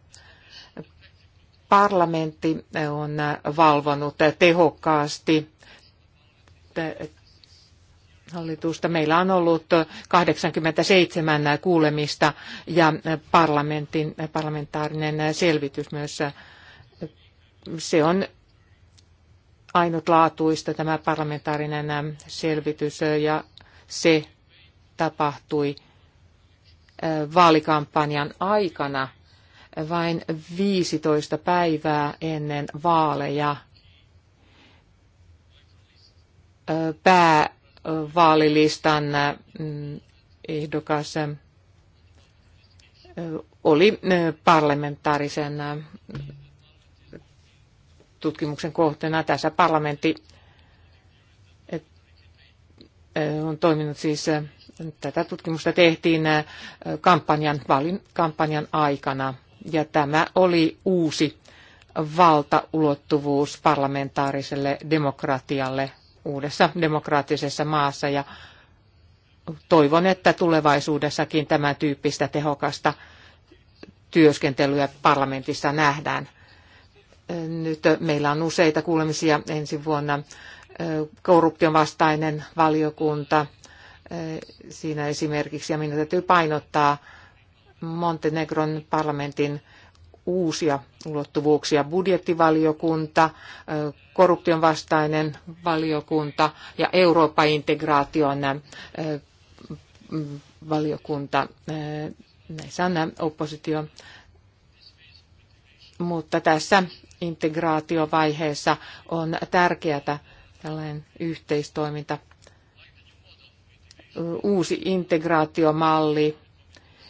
Parlamentti on valvonut tehokkaasti hallitusta. Meillä on ollut 87 kuulemista ja parlamentin, parlamentaarinen selvitys myös. Se on ainutlaatuista tämä parlamentaarinen selvitys ja se tapahtui vaalikampanjan aikana vain 15 päivää ennen vaaleja päävaalilistan ehdokas oli parlamentaarisen tutkimuksen kohteena. Tässä parlamentti on toiminut siis Tätä tutkimusta tehtiin äh, kampanjan, valin, kampanjan aikana ja tämä oli uusi valtaulottuvuus parlamentaariselle demokratialle uudessa demokraattisessa maassa ja toivon, että tulevaisuudessakin tämän tyyppistä tehokasta työskentelyä parlamentissa nähdään. Nyt meillä on useita kuulemisia ensi vuonna. Korruption vastainen valiokunta, siinä esimerkiksi, ja minun täytyy painottaa Montenegron parlamentin uusia ulottuvuuksia. Budjettivaliokunta, korruption vastainen valiokunta ja Eurooppa-integraation valiokunta. Näissä on oppositio. Mutta tässä integraatiovaiheessa on tärkeää tällainen yhteistoiminta uusi integraatiomalli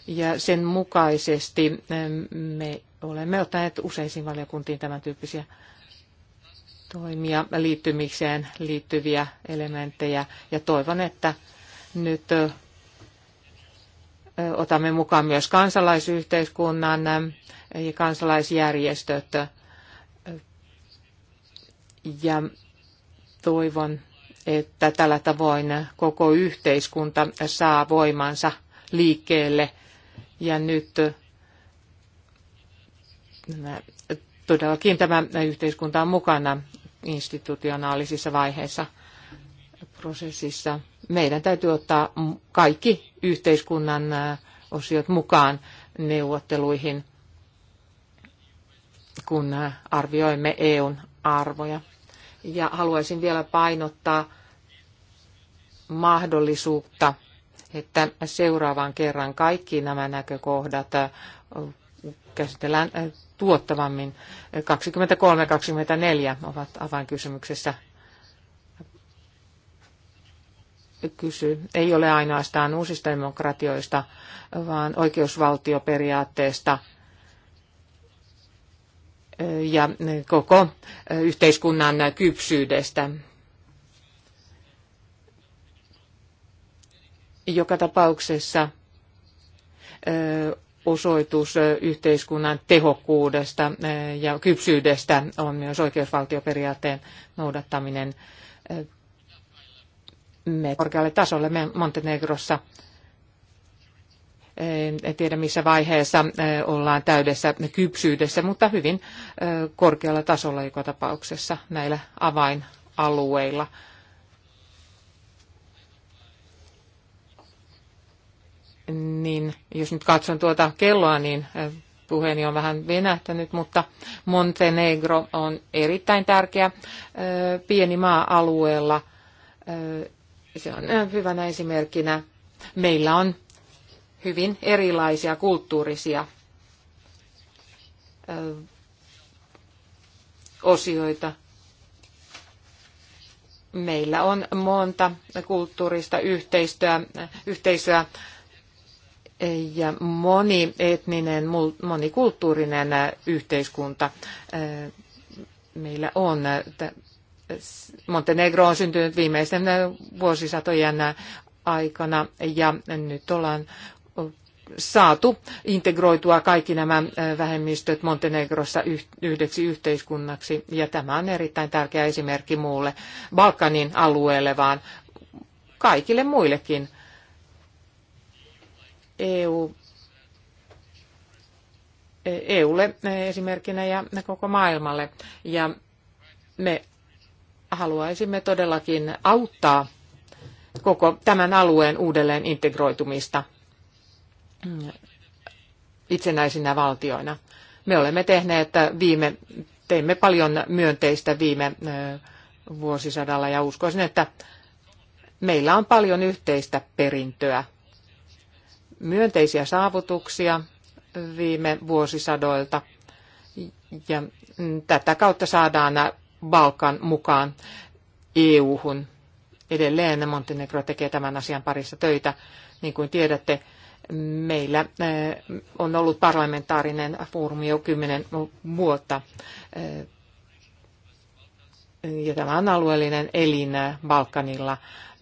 ja sen mukaisesti me olemme ottaneet useisiin valiokuntiin tämän tyyppisiä toimia liittymiseen liittyviä elementtejä ja toivon, että nyt otamme mukaan myös kansalaisyhteiskunnan ja kansalaisjärjestöt ja toivon, että tällä tavoin koko yhteiskunta saa voimansa liikkeelle. Ja nyt todellakin tämä yhteiskunta on mukana institutionaalisissa vaiheissa prosessissa. Meidän täytyy ottaa kaikki yhteiskunnan osiot mukaan neuvotteluihin, kun arvioimme EUn arvoja. Ja haluaisin vielä painottaa mahdollisuutta, että seuraavan kerran kaikki nämä näkökohdat äh, käsitellään äh, tuottavammin. 23-24 ovat avainkysymyksessä. Kysy. Ei ole ainoastaan uusista demokratioista, vaan oikeusvaltioperiaatteesta – ja koko yhteiskunnan kypsyydestä. Joka tapauksessa osoitus yhteiskunnan tehokkuudesta ja kypsyydestä on myös oikeusvaltioperiaatteen noudattaminen me korkealle tasolle me Montenegrossa en tiedä missä vaiheessa ollaan täydessä kypsyydessä, mutta hyvin korkealla tasolla joka tapauksessa näillä avainalueilla. Niin, jos nyt katson tuota kelloa, niin puheeni on vähän venähtänyt, mutta Montenegro on erittäin tärkeä pieni maa alueella. Se on hyvänä esimerkkinä. Meillä on hyvin erilaisia kulttuurisia osioita. Meillä on monta kulttuurista yhteistyöä, yhteisöä ja monietninen, monikulttuurinen yhteiskunta. Meillä on Montenegro on syntynyt viimeisten vuosisatojen aikana ja nyt ollaan saatu integroitua kaikki nämä vähemmistöt Montenegrossa yhdeksi yhteiskunnaksi. Ja tämä on erittäin tärkeä esimerkki muulle Balkanin alueelle, vaan kaikille muillekin. EU, EUlle e e, esimerkkinä ja koko maailmalle. Ja me haluaisimme todellakin auttaa koko tämän alueen uudelleen integroitumista itsenäisinä valtioina. Me olemme tehneet viime, teimme paljon myönteistä viime vuosisadalla ja uskoisin, että meillä on paljon yhteistä perintöä. Myönteisiä saavutuksia viime vuosisadoilta ja tätä kautta saadaan Balkan mukaan EU-hun. Edelleen Montenegro tekee tämän asian parissa töitä. Niin kuin tiedätte, Meillä on ollut parlamentaarinen foorumi jo kymmenen vuotta. Ja tämä on alueellinen elin Balkanilla.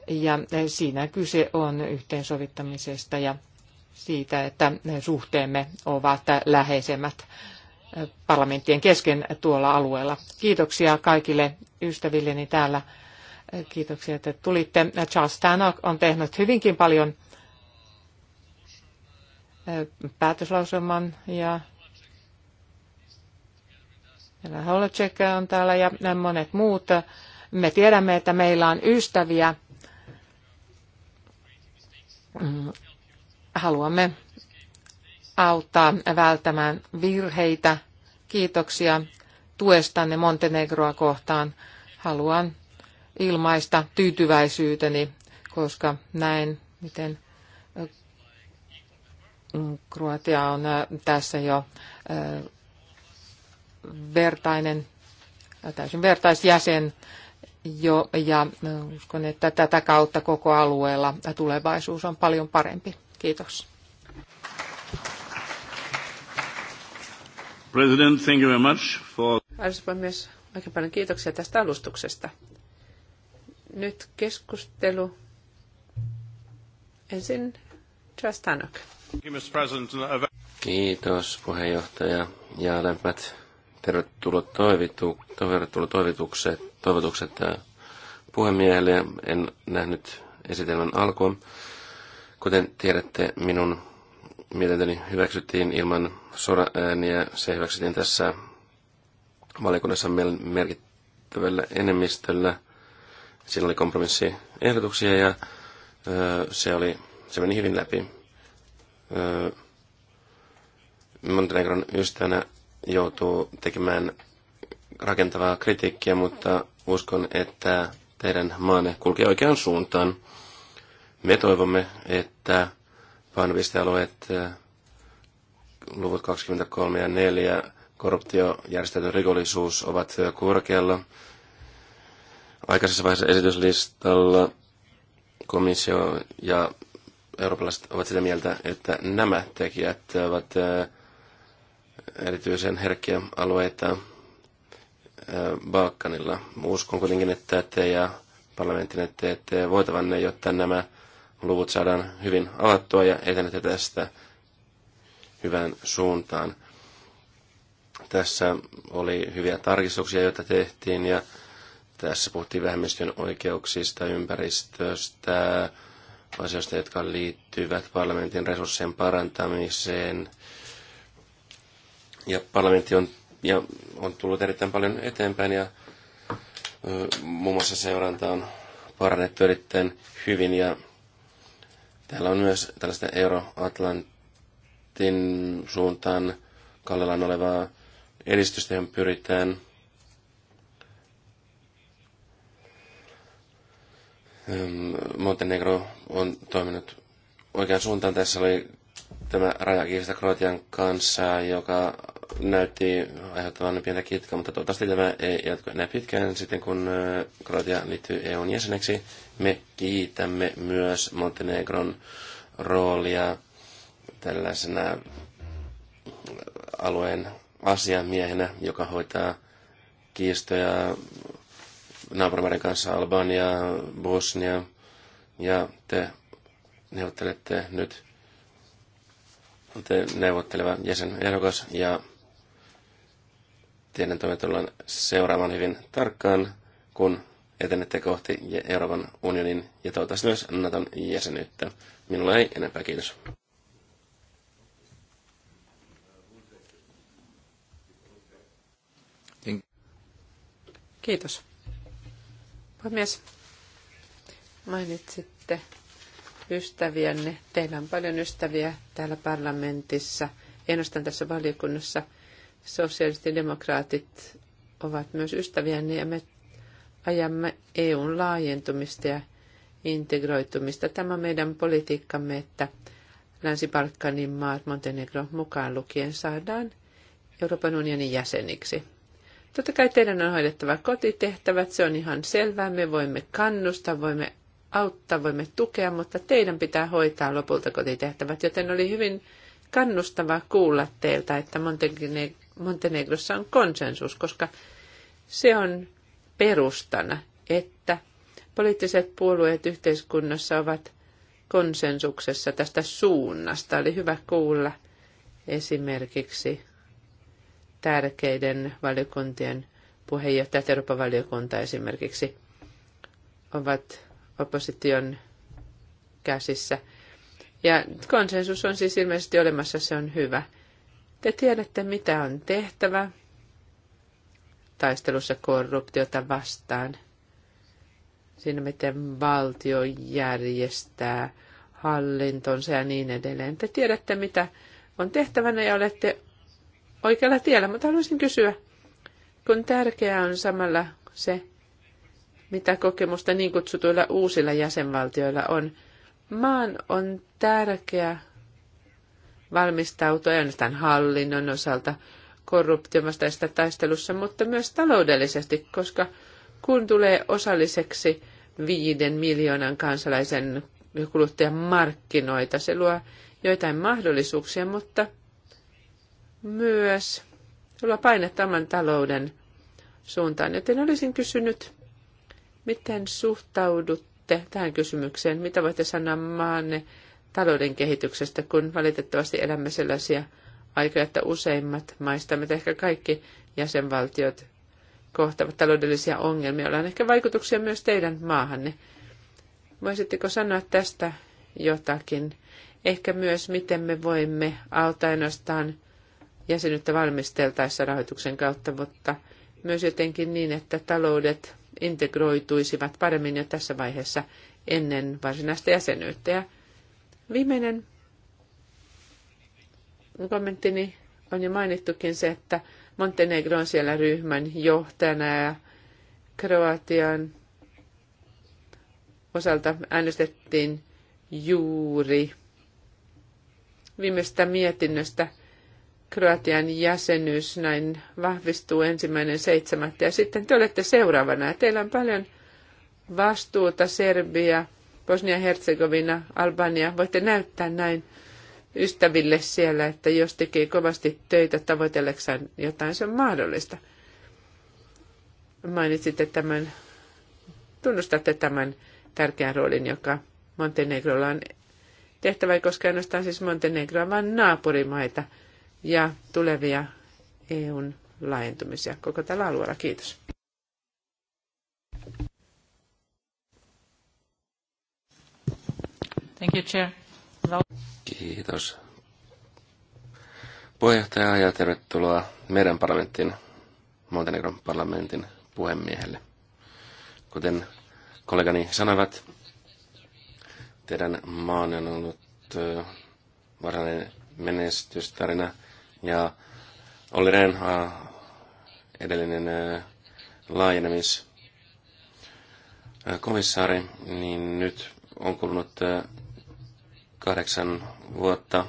Ja siinä kyse on yhteensovittamisesta ja siitä, että suhteemme ovat läheisemmät parlamenttien kesken tuolla alueella. Kiitoksia kaikille ystävilleni täällä. Kiitoksia, että tulitte. Charles Tannock on tehnyt hyvinkin paljon päätöslauselman ja Holacek on täällä ja monet muut. Me tiedämme, että meillä on ystäviä. Haluamme auttaa välttämään virheitä. Kiitoksia tuestanne Montenegroa kohtaan. Haluan ilmaista tyytyväisyyteni, koska näen, miten Kroatia on tässä jo vertainen, täysin vertaisjäsen jo, ja uskon, että tätä kautta koko alueella tulevaisuus on paljon parempi. Kiitos. President, thank you very much for... Arvoisa puhemies, oikein paljon kiitoksia tästä alustuksesta. Nyt keskustelu. Ensin Trastanok. Kiitos puheenjohtaja ja lämpimät tervetuloa toivitu, toivitukset, toivotukset äh, puhemiehelle. En nähnyt esitelmän alkua. Kuten tiedätte, minun mietintöni hyväksyttiin ilman sora-ääniä. Se hyväksyttiin tässä valiokunnassa merkittävällä enemmistöllä. Siinä oli kompromissiehdotuksia ja äh, se, oli, se meni hyvin läpi Montenegron ystävänä joutuu tekemään rakentavaa kritiikkiä, mutta uskon, että teidän maanne kulkee oikeaan suuntaan. Me toivomme, että painopistealueet luvut 23 ja 4, korruptio, järjestetty rikollisuus ovat korkealla. Aikaisessa vaiheessa esityslistalla komissio ja eurooppalaiset ovat sitä mieltä, että nämä tekijät ovat erityisen herkkiä alueita Balkanilla. Uskon kuitenkin, että te ja parlamentin teette voitavanne, jotta nämä luvut saadaan hyvin avattua ja etenette tästä hyvään suuntaan. Tässä oli hyviä tarkistuksia, joita tehtiin ja tässä puhuttiin vähemmistön oikeuksista, ympäristöstä, asioista, jotka liittyvät parlamentin resurssien parantamiseen. Ja parlamentti on, ja on tullut erittäin paljon eteenpäin ja muun mm. muassa seuranta on parannettu erittäin hyvin ja täällä on myös tällaista Euroatlantin suuntaan kallellaan olevaa edistystä, johon pyritään – Ehm, Montenegro on toiminut oikean suuntaan. Tässä oli tämä rajakiista Kroatian kanssa, joka näytti aiheuttavan pientä kitkaa, mutta toivottavasti tämä ei jatku enää pitkään. Sitten kun Kroatia liittyy EUn jäseneksi, me kiitämme myös Montenegron roolia tällaisena alueen asiamiehenä, joka hoitaa kiistoja naapurimaiden kanssa Albania, Bosnia, ja te neuvottelette nyt te neuvotteleva ehdokas, ja teidän toimet ollaan seuraamaan hyvin tarkkaan, kun etenette kohti Euroopan unionin ja toivottavasti myös Naton jäsenyyttä. Minulla ei enempää, kiitos. Kiitos. Puhemies, mainitsitte ystäviänne. Teillä on paljon ystäviä täällä parlamentissa, ainoastaan tässä valiokunnassa. Sosialistidemokraatit ovat myös ystäviänne ja me ajamme EUn laajentumista ja integroitumista. Tämä meidän politiikkamme, että Länsi-Balkanin maat, Montenegro mukaan lukien, saadaan Euroopan unionin jäseniksi. Totta kai teidän on hoidettava kotitehtävät, se on ihan selvää. Me voimme kannustaa, voimme auttaa, voimme tukea, mutta teidän pitää hoitaa lopulta kotitehtävät, joten oli hyvin kannustavaa kuulla teiltä, että Montenegrossa on konsensus, koska se on perustana, että poliittiset puolueet yhteiskunnassa ovat konsensuksessa tästä suunnasta. Oli hyvä kuulla esimerkiksi tärkeiden valiokuntien puheenjohtajat, Euroopan valiokunta esimerkiksi, ovat opposition käsissä. Ja konsensus on siis ilmeisesti olemassa, se on hyvä. Te tiedätte, mitä on tehtävä taistelussa korruptiota vastaan. Siinä, miten valtio järjestää hallintonsa ja niin edelleen. Te tiedätte, mitä on tehtävänä ja olette oikealla tiellä, mutta haluaisin kysyä, kun tärkeää on samalla se, mitä kokemusta niin kutsutuilla uusilla jäsenvaltioilla on. Maan on tärkeää valmistautua ainoastaan hallinnon osalta korruption taistelussa, mutta myös taloudellisesti, koska kun tulee osalliseksi viiden miljoonan kansalaisen kuluttajan markkinoita, se luo joitain mahdollisuuksia, mutta – myös sulla paine tämän talouden suuntaan. Joten olisin kysynyt, miten suhtaudutte tähän kysymykseen? Mitä voitte sanoa maanne talouden kehityksestä, kun valitettavasti elämme sellaisia aikoja, että useimmat maista, mitä ehkä kaikki jäsenvaltiot kohtavat taloudellisia ongelmia. Ollaan ehkä vaikutuksia myös teidän maahanne. Voisitteko sanoa tästä jotakin? Ehkä myös, miten me voimme auttaa ainoastaan jäsenyyttä valmisteltaessa rahoituksen kautta, mutta myös jotenkin niin, että taloudet integroituisivat paremmin jo tässä vaiheessa ennen varsinaista jäsenyyttä. Ja viimeinen kommenttini on jo mainittukin se, että Montenegro on siellä ryhmän johtajana ja Kroatian osalta äänestettiin juuri viimeistä mietinnöstä – Kroatian jäsenyys näin vahvistuu ensimmäinen seitsemättä ja sitten te olette seuraavana ja teillä on paljon vastuuta Serbia, Bosnia-Herzegovina, Albania. Voitte näyttää näin ystäville siellä, että jos tekee kovasti töitä tavoitelleksaan jotain, se on mahdollista. Mainitsitte tämän, tunnustatte tämän tärkeän roolin, joka Montenegrolla on tehtävä, koska ainoastaan siis Montenegroa, vaan naapurimaita – ja tulevia EUn laajentumisia koko tällä alueella. Kiitos. Thank you, Chair. Kiitos. Puheenjohtaja ja tervetuloa meidän parlamenttiin, Montenegron parlamentin puhemiehelle. Kuten kollegani sanoivat, teidän maan on ollut varsinainen menestystarina – ja oli Renha, äh, edellinen äh, laajenemiskomissaari, äh, niin nyt on kulunut kahdeksan vuotta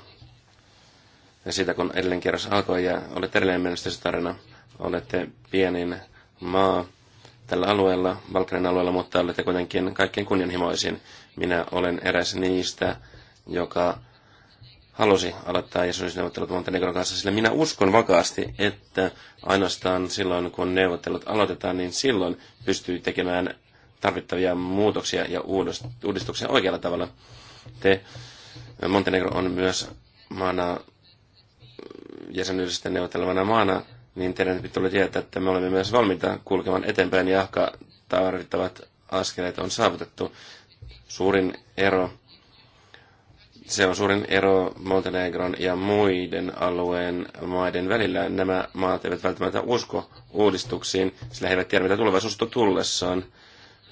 ja siitä, kun edellinen kierros alkoi ja olette edelleen menestystarina. Olette pienin maa tällä alueella, Balkanin alueella, mutta olette kuitenkin kaikkein kunnianhimoisin. Minä olen eräs niistä, joka halusi aloittaa jäsenyysneuvottelut Montenegron kanssa, sillä minä uskon vakaasti, että ainoastaan silloin, kun neuvottelut aloitetaan, niin silloin pystyy tekemään tarvittavia muutoksia ja uudistuksia oikealla tavalla. Te, Montenegro on myös maana jäsenyydestä neuvottelevana maana, niin teidän pitää tulla tietää, että me olemme myös valmiita kulkemaan eteenpäin ja ehkä tarvittavat askeleet on saavutettu. Suurin ero se on suurin ero Montenegron ja muiden alueen maiden välillä. Nämä maat eivät välttämättä usko uudistuksiin, sillä he eivät tiedä, mitä tulevaisuus on tullessaan.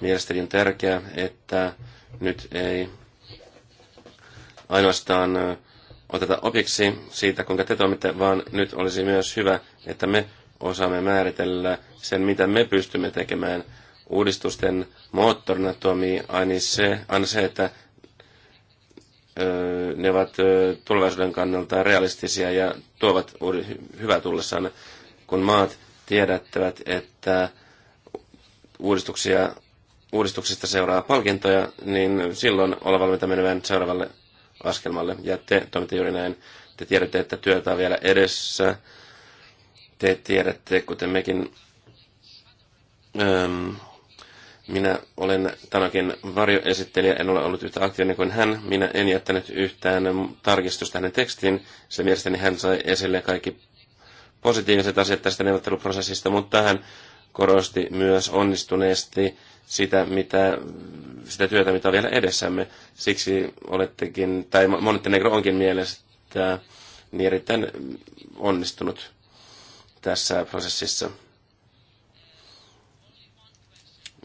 Mielestäni on tärkeää, että nyt ei ainoastaan oteta opiksi siitä, kuinka te toimitte, vaan nyt olisi myös hyvä, että me osaamme määritellä sen, mitä me pystymme tekemään. Uudistusten moottorina toimii aina se, aina se että ne ovat tulevaisuuden kannalta realistisia ja tuovat hyvää tullessaan, kun maat tiedättävät, että uudistuksia, uudistuksista seuraa palkintoja, niin silloin olla valmiita menemään seuraavalle askelmalle. Ja te toimitte juuri näin. Te tiedätte, että työtä on vielä edessä. Te tiedätte, kuten mekin, minä olen Tanakin varjoesittelijä, en ole ollut yhtä aktiivinen kuin hän. Minä en jättänyt yhtään tarkistusta hänen tekstiin. Se mielestäni hän sai esille kaikki positiiviset asiat tästä neuvotteluprosessista, mutta hän korosti myös onnistuneesti sitä, mitä, sitä työtä, mitä on vielä edessämme. Siksi olettekin, tai Montenegro onkin mielestä niin erittäin onnistunut tässä prosessissa.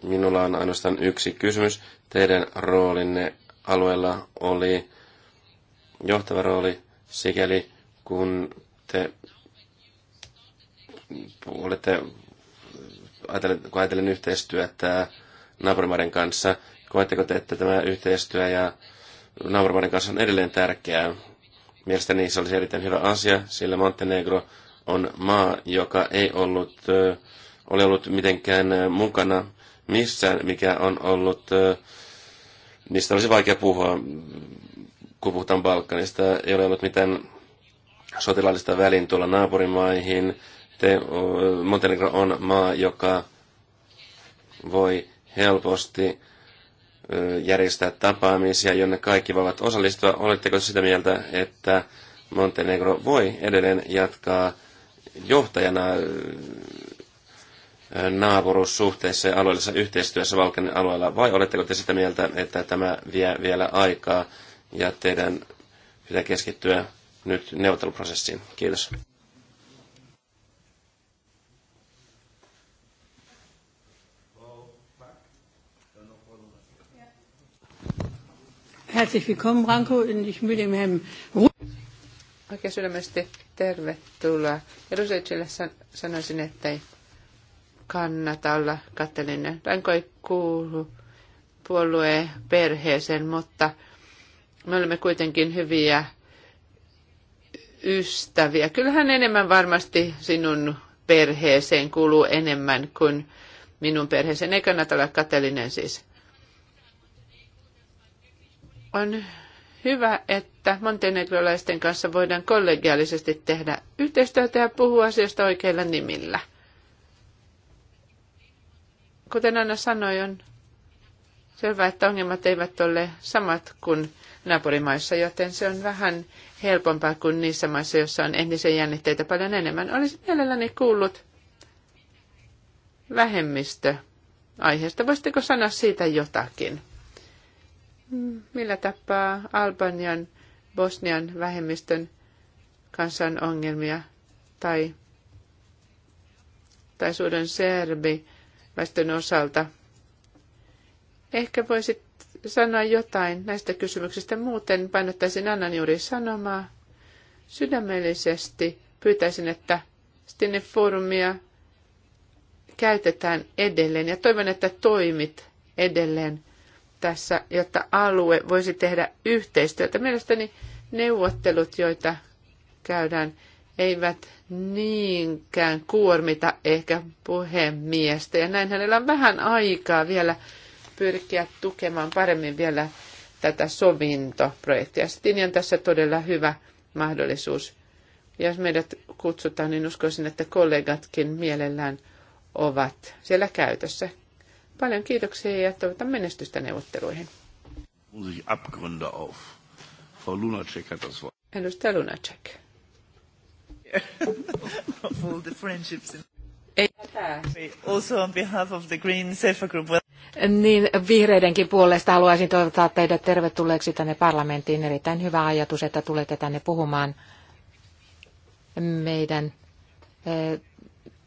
Minulla on ainoastaan yksi kysymys. Teidän roolinne alueella oli johtava rooli sikäli, kun te olette, kun ajatellen yhteistyötä naapurimaiden kanssa, koetteko te, että tämä yhteistyö ja naapurimaiden kanssa on edelleen tärkeää? Mielestäni se olisi erittäin hyvä asia, sillä Montenegro on maa, joka ei ollut, ole ollut mitenkään mukana missään, mikä on ollut, mistä olisi vaikea puhua, kun puhutaan Balkanista. Ei ole ollut mitään sotilaallista välin tuolla naapurimaihin. Te, Montenegro on maa, joka voi helposti järjestää tapaamisia, jonne kaikki voivat osallistua. Oletteko sitä mieltä, että Montenegro voi edelleen jatkaa johtajana naapuruussuhteissa ja alueellisessa yhteistyössä Valkanin alueella, vai oletteko te sitä mieltä, että tämä vie vielä aikaa ja teidän pitää keskittyä nyt neuvotteluprosessiin? Kiitos. Herzlich willkommen, Branko, und ich will dem Herrn Oikein sydämesti tervetuloa. Ja Rusicille sanoisin, että ei kannata olla katellinen. Ranko ei kuulu puolueen perheeseen, mutta me olemme kuitenkin hyviä ystäviä. Kyllähän enemmän varmasti sinun perheeseen kuuluu enemmän kuin minun perheeseen. Ei kannata olla katellinen siis. On hyvä, että montenegrolaisten kanssa voidaan kollegiaalisesti tehdä yhteistyötä ja puhua asiasta oikeilla nimillä – Kuten Anna sanoi, on selvää, että ongelmat eivät ole samat kuin naapurimaissa, joten se on vähän helpompaa kuin niissä maissa, joissa on entisiä jännitteitä paljon enemmän. Olisin mielelläni kuullut vähemmistö aiheesta. Voisitteko sanoa siitä jotakin? Millä tapaa Albanian, Bosnian vähemmistön kanssa on ongelmia tai, tai suuren serbi väestön osalta. Ehkä voisit sanoa jotain näistä kysymyksistä. Muuten painottaisin Annan juuri sanomaa. Sydämellisesti pyytäisin, että Stine Forumia käytetään edelleen ja toivon, että toimit edelleen tässä, jotta alue voisi tehdä yhteistyötä. Mielestäni neuvottelut, joita käydään, eivät niinkään kuormita ehkä puhemiestä. Ja näin hänellä on vähän aikaa vielä pyrkiä tukemaan paremmin vielä tätä sovintoprojektia. Stini on tässä todella hyvä mahdollisuus. Ja jos meidät kutsutaan, niin uskoisin, että kollegatkin mielellään ovat siellä käytössä. Paljon kiitoksia ja toivotan menestystä neuvotteluihin. Edustaja Lunacek of all the friendships. In... Also on behalf of the Green Safer Group. Niin, vihreidenkin puolesta haluaisin toivottaa teidät tervetulleeksi tänne parlamenttiin. Erittäin hyvä ajatus, että tulette tänne puhumaan meidän eh,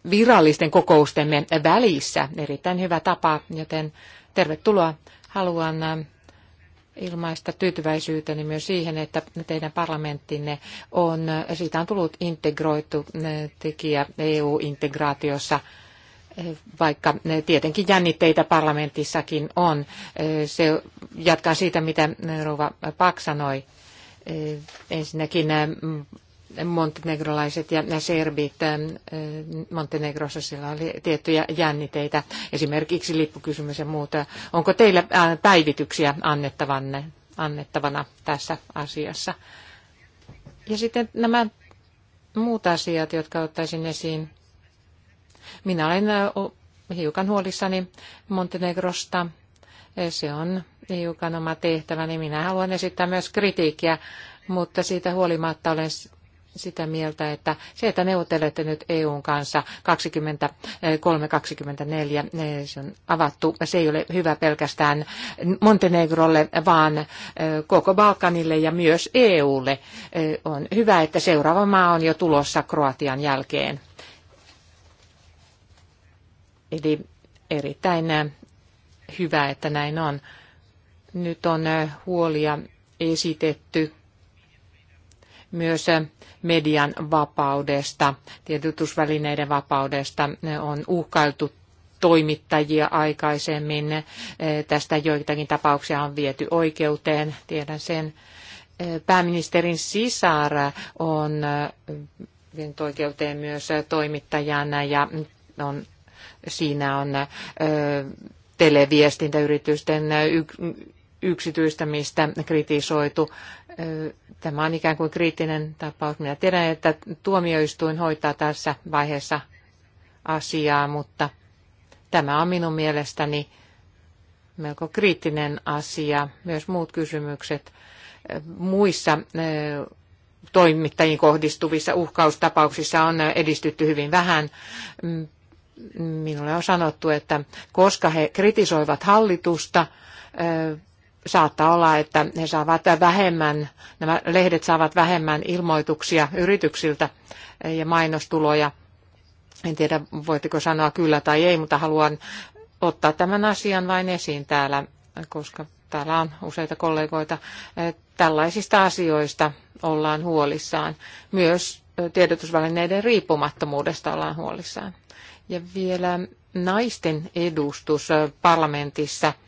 virallisten kokoustemme välissä. Erittäin hyvä tapa, joten tervetuloa. Haluan eh, ilmaista tyytyväisyyteni myös siihen, että teidän parlamenttinne on, siitä on tullut integroitu tekijä EU-integraatiossa, vaikka tietenkin jännitteitä parlamentissakin on. Se, jatkaa siitä, mitä Rova Pak sanoi. Ensinnäkin montenegrolaiset ja serbit. Montenegrossa siellä oli tiettyjä jänniteitä, esimerkiksi lippukysymys ja muuta. Onko teillä päivityksiä annettavanne, annettavana tässä asiassa? Ja sitten nämä muut asiat, jotka ottaisin esiin. Minä olen hiukan huolissani Montenegrosta. Se on hiukan oma tehtäväni. Minä haluan esittää myös kritiikkiä, mutta siitä huolimatta olen sitä mieltä, että se, että neuvottelette nyt EUn kanssa 23-24, se on avattu, se ei ole hyvä pelkästään Montenegrolle, vaan koko Balkanille ja myös EUlle. On hyvä, että seuraava maa on jo tulossa Kroatian jälkeen. Eli erittäin hyvä, että näin on. Nyt on huolia esitetty myös median vapaudesta, tiedotusvälineiden vapaudesta on uhkailtu toimittajia aikaisemmin. Tästä joitakin tapauksia on viety oikeuteen, tiedän sen. Pääministerin sisar on vienyt oikeuteen myös toimittajana ja on, siinä on televiestintäyritysten yksityistämistä kritisoitu. Tämä on ikään kuin kriittinen tapaus. Minä tiedän, että tuomioistuin hoitaa tässä vaiheessa asiaa, mutta tämä on minun mielestäni melko kriittinen asia. Myös muut kysymykset muissa toimittajiin kohdistuvissa uhkaustapauksissa on edistytty hyvin vähän. Mm, minulle on sanottu, että koska he kritisoivat hallitusta, saattaa olla, että ne saavat vähemmän, nämä lehdet saavat vähemmän ilmoituksia yrityksiltä ja mainostuloja. En tiedä, voitteko sanoa kyllä tai ei, mutta haluan ottaa tämän asian vain esiin täällä, koska täällä on useita kollegoita. Tällaisista asioista ollaan huolissaan. Myös tiedotusvälineiden riippumattomuudesta ollaan huolissaan. Ja vielä naisten edustus parlamentissa –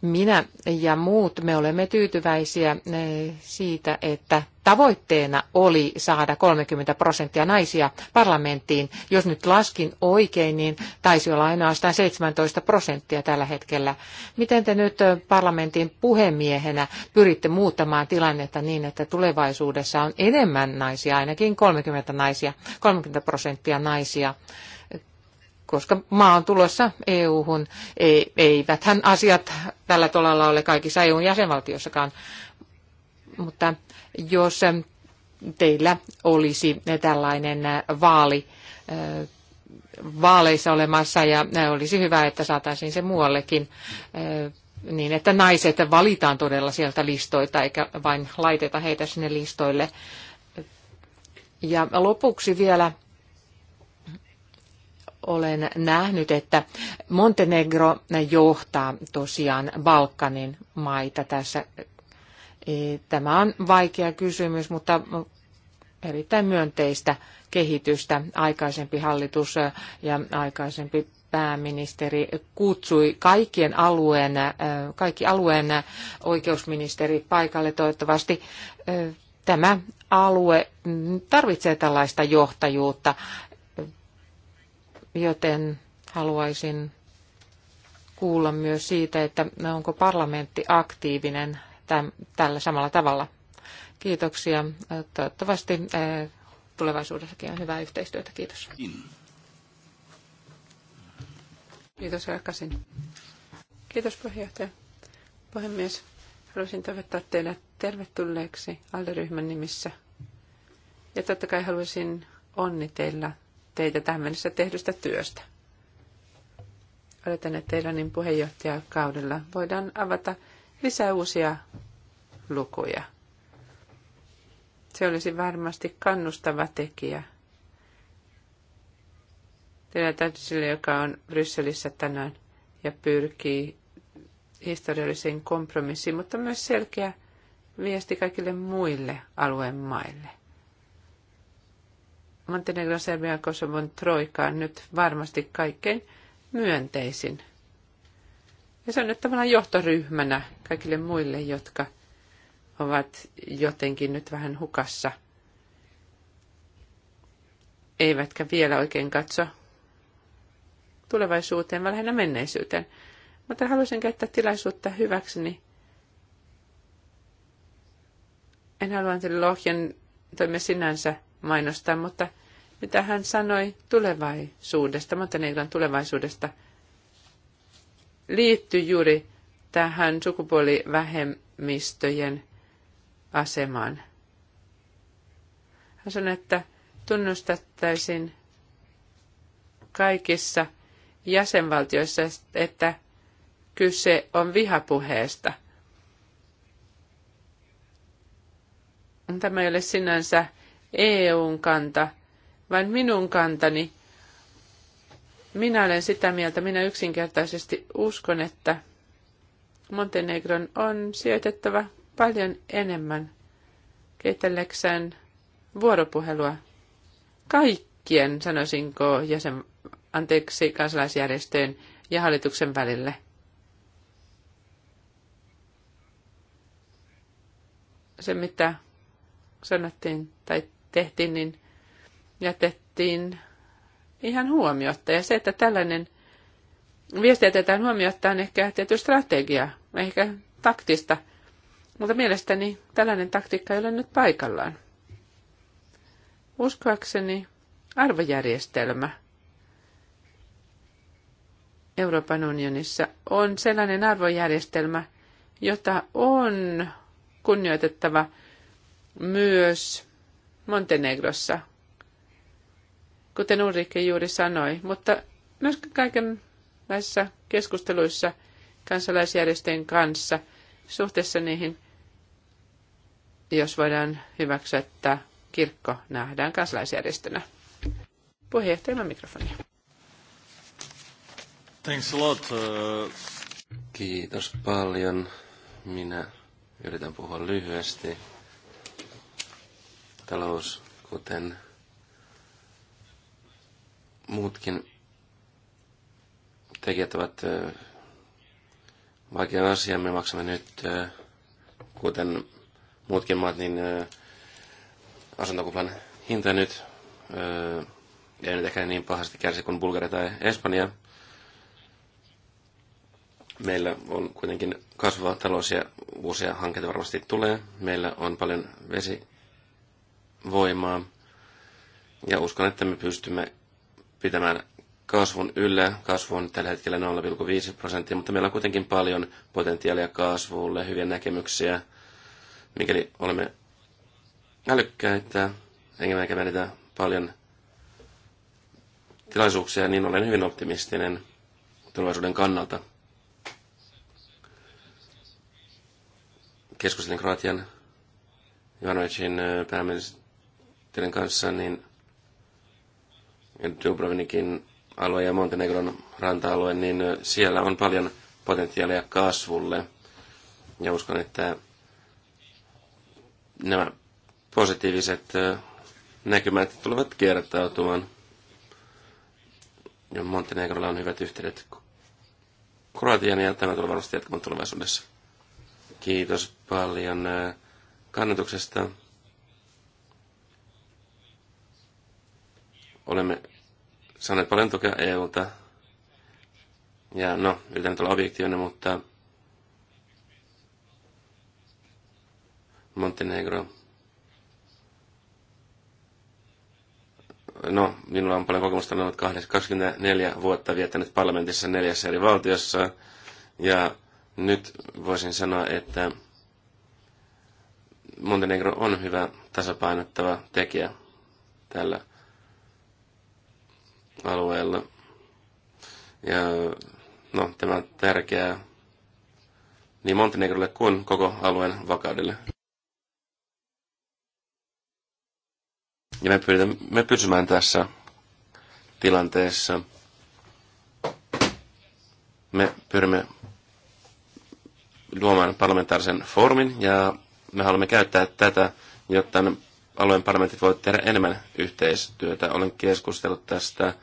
minä ja muut me olemme tyytyväisiä eh, siitä, että tavoitteena oli saada 30 prosenttia naisia parlamenttiin. Jos nyt laskin oikein, niin taisi olla ainoastaan 17 prosenttia tällä hetkellä. Miten te nyt eh, parlamentin puhemiehenä pyritte muuttamaan tilannetta niin, että tulevaisuudessa on enemmän naisia, ainakin 30, naisia, 30 prosenttia naisia koska maa on tulossa EU-hun. Eiväthän asiat tällä tolalla ole kaikissa EUn jäsenvaltiossakaan. Mutta jos ähm, teillä olisi tällainen äh, vaali äh, vaaleissa olemassa ja äh, olisi hyvä, että saataisiin se muuallekin niin, että naiset valitaan todella sieltä listoilta eikä vain laiteta heitä sinne listoille. Ja lopuksi vielä olen nähnyt, että Montenegro johtaa tosiaan Balkanin maita tässä. E, tämä on vaikea kysymys, mutta erittäin myönteistä kehitystä. Aikaisempi hallitus ja aikaisempi pääministeri kutsui kaikkien alueen, e, kaikki alueen oikeusministerit paikalle. Toivottavasti e, tämä alue tarvitsee tällaista johtajuutta joten haluaisin kuulla myös siitä, että onko parlamentti aktiivinen täm, tällä samalla tavalla. Kiitoksia. Toivottavasti eh, tulevaisuudessakin on hyvää yhteistyötä. Kiitos. Kiitos Rakasin. Kiitos puheenjohtaja. Puhemies, haluaisin toivottaa teidät tervetulleeksi alderyhmän nimissä. Ja totta kai haluaisin onnitella teitä tähän mennessä tehdystä työstä. Oletan, että Irlannin puheenjohtajakaudella voidaan avata lisää uusia lukuja. Se olisi varmasti kannustava tekijä Teillä täytyy joka on Brysselissä tänään ja pyrkii historialliseen kompromissiin, mutta myös selkeä viesti kaikille muille alueen maille. Montenegro, Serbian, Kosovon troikaan nyt varmasti kaikkein myönteisin. Ja se on nyt tavallaan johtoryhmänä kaikille muille, jotka ovat jotenkin nyt vähän hukassa. Eivätkä vielä oikein katso tulevaisuuteen, vaan lähinnä menneisyyteen. Mutta haluaisin käyttää tilaisuutta hyväkseni. En halua Lohjan toimia sinänsä – mainostaa, mutta mitä hän sanoi tulevaisuudesta, Montenegron tulevaisuudesta, liittyy juuri tähän sukupuolivähemmistöjen asemaan. Hän sanoi, että tunnustettaisiin kaikissa jäsenvaltioissa, että kyse on vihapuheesta. Tämä ei ole sinänsä EUn kanta, vaan minun kantani. Minä olen sitä mieltä, minä yksinkertaisesti uskon, että Montenegron on sijoitettava paljon enemmän keitelleksään vuoropuhelua kaikkien, sanoisinko, jäsen, anteeksi, kansalaisjärjestöjen ja hallituksen välille. Se, mitä sanottiin tai tehtiin, niin jätettiin ihan huomiotta. Ja se, että tällainen viesti jätetään huomiotta, on ehkä tietty strategia, ehkä taktista. Mutta mielestäni tällainen taktiikka ei ole nyt paikallaan. Uskoakseni arvojärjestelmä Euroopan unionissa on sellainen arvojärjestelmä, jota on kunnioitettava myös Montenegrossa, kuten Ulrike juuri sanoi, mutta myös kaikenlaisissa keskusteluissa kansalaisjärjestöjen kanssa suhteessa niihin, jos voidaan hyväksyä, että kirkko nähdään kansalaisjärjestönä. Puheenjohtajan mikrofonia. Thanks a lot. Uh, Kiitos paljon. Minä yritän puhua lyhyesti maatalous, kuten muutkin tekijät ovat vaikea asia. Me maksamme nyt, kuten muutkin maat, niin asuntokuplan hinta nyt ei nyt ehkä niin pahasti kärsi kuin Bulgaria tai Espanja. Meillä on kuitenkin kasvava talous ja uusia hankkeita varmasti tulee. Meillä on paljon vesi voimaa. Ja uskon, että me pystymme pitämään kasvun yllä. Kasvu on tällä hetkellä 0,5 prosenttia, mutta meillä on kuitenkin paljon potentiaalia kasvulle, hyviä näkemyksiä, mikäli olemme älykkäitä, enkä menetä paljon tilaisuuksia, niin olen hyvin optimistinen tulevaisuuden kannalta. Keskustelin Kroatian Ivanovicin eh, pääministeri esittelen kanssa, niin Dubrovnikin alue ja Montenegron ranta-alue, niin siellä on paljon potentiaalia kasvulle. Ja uskon, että nämä positiiviset näkymät tulevat kertautumaan. Ja Montenegrolla on hyvät yhteydet Kroatian ja tämä tulee varmasti jatkumaan tulevaisuudessa. Kiitos paljon kannatuksesta. Olemme saaneet paljon tukea EUlta. Ja no, yritän olla objektiivinen, mutta Montenegro. No, minulla on paljon kokemusta. Olen 24 vuotta viettänyt parlamentissa neljässä eri valtiossa. Ja nyt voisin sanoa, että Montenegro on hyvä tasapainottava tekijä tällä alueella. Ja no, tämä on tärkeää niin Montenegrolle kuin koko alueen vakaudelle. Ja me pyrimme me pysymään tässä tilanteessa. Me pyrimme luomaan parlamentaarisen formin ja me haluamme käyttää tätä, jotta alueen parlamentit voivat tehdä enemmän yhteistyötä. Olen keskustellut tästä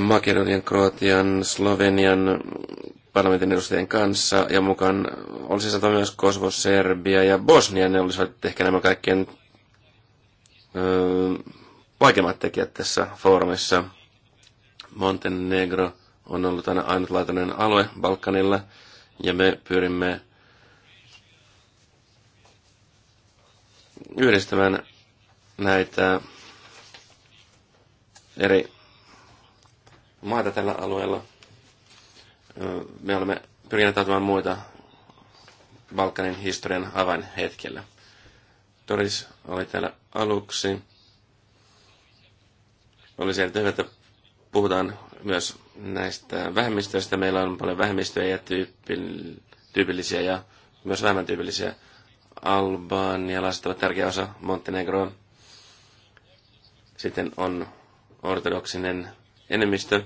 Makedonian, Kroatian, Slovenian parlamentin edustajien kanssa ja mukaan olisi saatu myös Kosovo, Serbia ja Bosnia. Ne olisivat ehkä nämä kaikkien vaikeimmat tekijät tässä foorumissa. Montenegro on ollut aina ainutlaatuinen alue Balkanilla ja me pyrimme yhdistämään näitä eri maita tällä alueella. Me olemme pyrkineet ottamaan muita Balkanin historian avainhetkellä. Toris oli täällä aluksi. Oli sieltä hyvä, että puhutaan myös näistä vähemmistöistä. Meillä on paljon vähemmistöjä ja tyypillisiä ja myös vähemmän tyypillisiä albaanialaiset ovat tärkeä osa Montenegroa. Sitten on ortodoksinen enemmistö.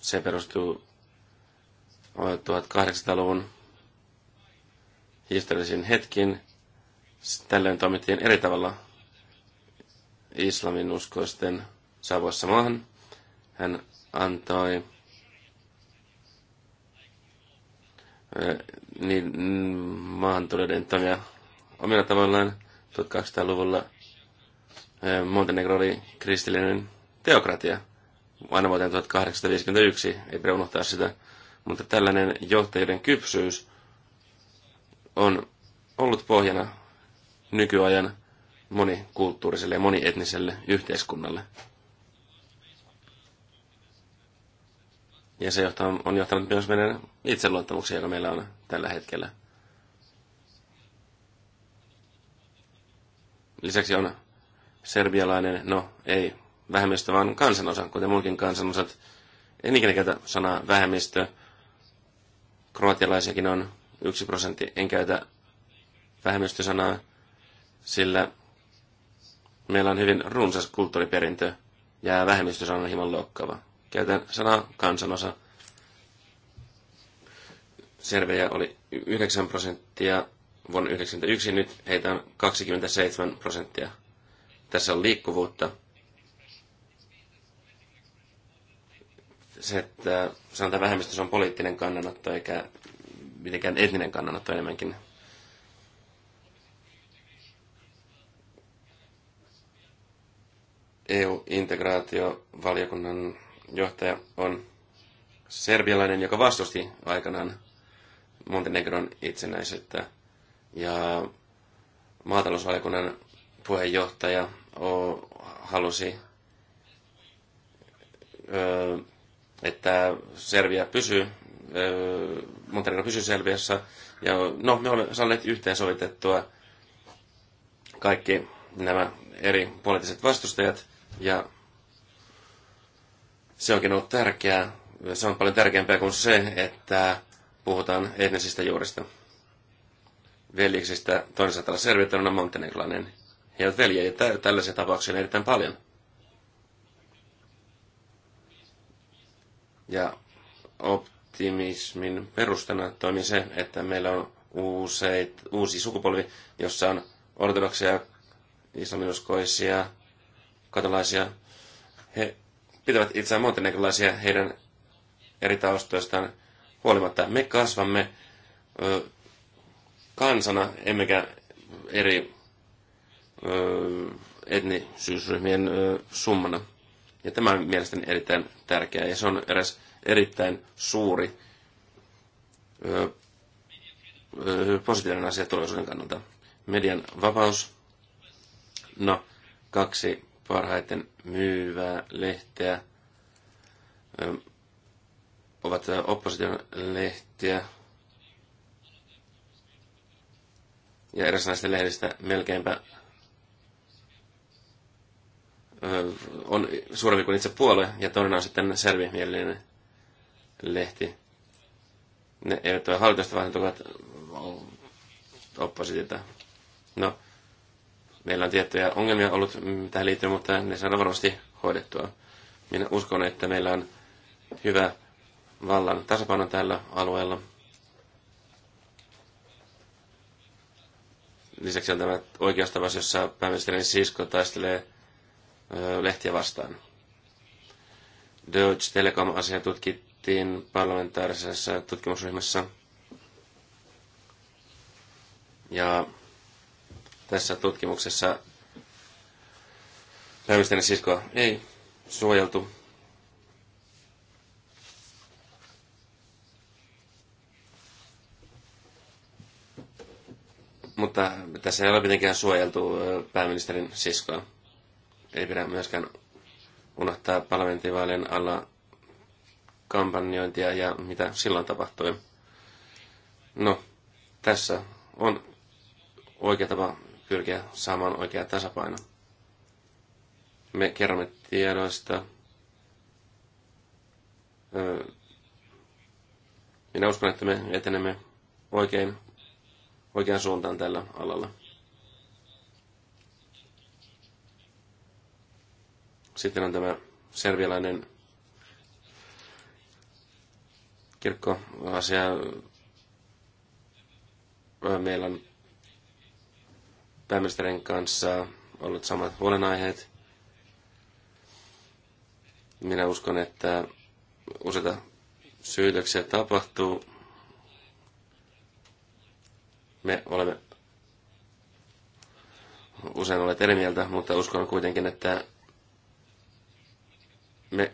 Se perustuu 1800-luvun historiallisiin hetkiin. Tällöin toimittiin eri tavalla islamin uskoisten saavoissa maahan. Hän antoi niin maahantulijoiden toimia omilla tavallaan 1800 luvulla Montenegro oli kristillinen teokratia aina vuoteen 1851, ei pidä unohtaa sitä. Mutta tällainen johtajien kypsyys on ollut pohjana nykyajan monikulttuuriselle ja monietniselle yhteiskunnalle. Ja se on johtanut myös meidän itseluottamukseen, joka meillä on tällä hetkellä. Lisäksi on serbialainen, no ei vähemmistö, vaan kansanosa, kuten muukin kansanosat. En ikinä käytä sanaa vähemmistö. Kroatialaisiakin on yksi prosentti. En käytä vähemmistösanaa, sillä meillä on hyvin runsas kulttuuriperintö ja vähemmistösana on hieman loukkaava. Käytän sanaa kansanosa. Servejä oli 9 prosenttia vuonna 1991, nyt heitä on 27 prosenttia. Tässä on liikkuvuutta. Se, että sanotaan vähemmistö, se on poliittinen kannanotto eikä mitenkään etninen kannanotto enemmänkin EU-integraatiovaliokunnan johtaja on serbialainen, joka vastusti aikanaan Montenegron itsenäisyyttä. Ja maatalousvaliokunnan puheenjohtaja halusi, että Serbia pysyy, Montenegro pysyy Serbiassa. Ja no, me olemme saaneet yhteensovitettua kaikki nämä eri poliittiset vastustajat ja se onkin ollut tärkeää. Se on paljon tärkeämpää kuin se, että puhutaan etnisistä juurista. Veljiksistä toinen saattaa olla servittorina montenegrilainen. He ovat veljejä ja tällaisia tapauksia erittäin paljon. Ja optimismin perustana toimii se, että meillä on useit, uusi sukupolvi, jossa on ortodoksia, islaminuskoisia, katolaisia. He pitävät itseään montenegrolaisia heidän eri taustoistaan huolimatta. Me kasvamme ö, kansana, emmekä eri ö, etnisyysryhmien ö, summana. Ja tämä on mielestäni erittäin tärkeää, ja se on eräs erittäin suuri ö, ö, positiivinen asia tulevaisuuden kannalta. Median vapaus. No, kaksi parhaiten myyvää lehteä ovat opposition lehtiä. Ja eräs näistä lehdistä melkeinpä on suurempi kuin itse puolue, ja toinen on sitten servimielinen lehti. Ne eivät ole hallitusta, vaan ne tulevat oppositiota. No, Meillä on tiettyjä ongelmia ollut mm, tähän liittyen, mutta ne saadaan varmasti hoidettua. Minä uskon, että meillä on hyvä vallan tasapaino tällä alueella. Lisäksi on tämä oikeustapaus, jossa pääministerin sisko taistelee lehtiä vastaan. Deutsche Telekom-asia tutkittiin parlamentaarisessa tutkimusryhmässä. Ja tässä tutkimuksessa Löyvistinen sisko ei suojeltu. Mutta tässä ei ole mitenkään suojeltu pääministerin siskoa. Ei pidä myöskään unohtaa parlamenttivaalien alla kampanjointia ja mitä silloin tapahtui. No, tässä on oikea tapa pyrkiä saamaan oikea tasapaino. Me kerromme tiedoista. Minä uskon, että me etenemme oikein, oikeaan suuntaan tällä alalla. Sitten on tämä servialainen kirkkoasia. Meillä on pääministerin kanssa ollut samat huolenaiheet. Minä uskon, että useita syytöksiä tapahtuu. Me olemme usein olleet eri mieltä, mutta uskon kuitenkin, että me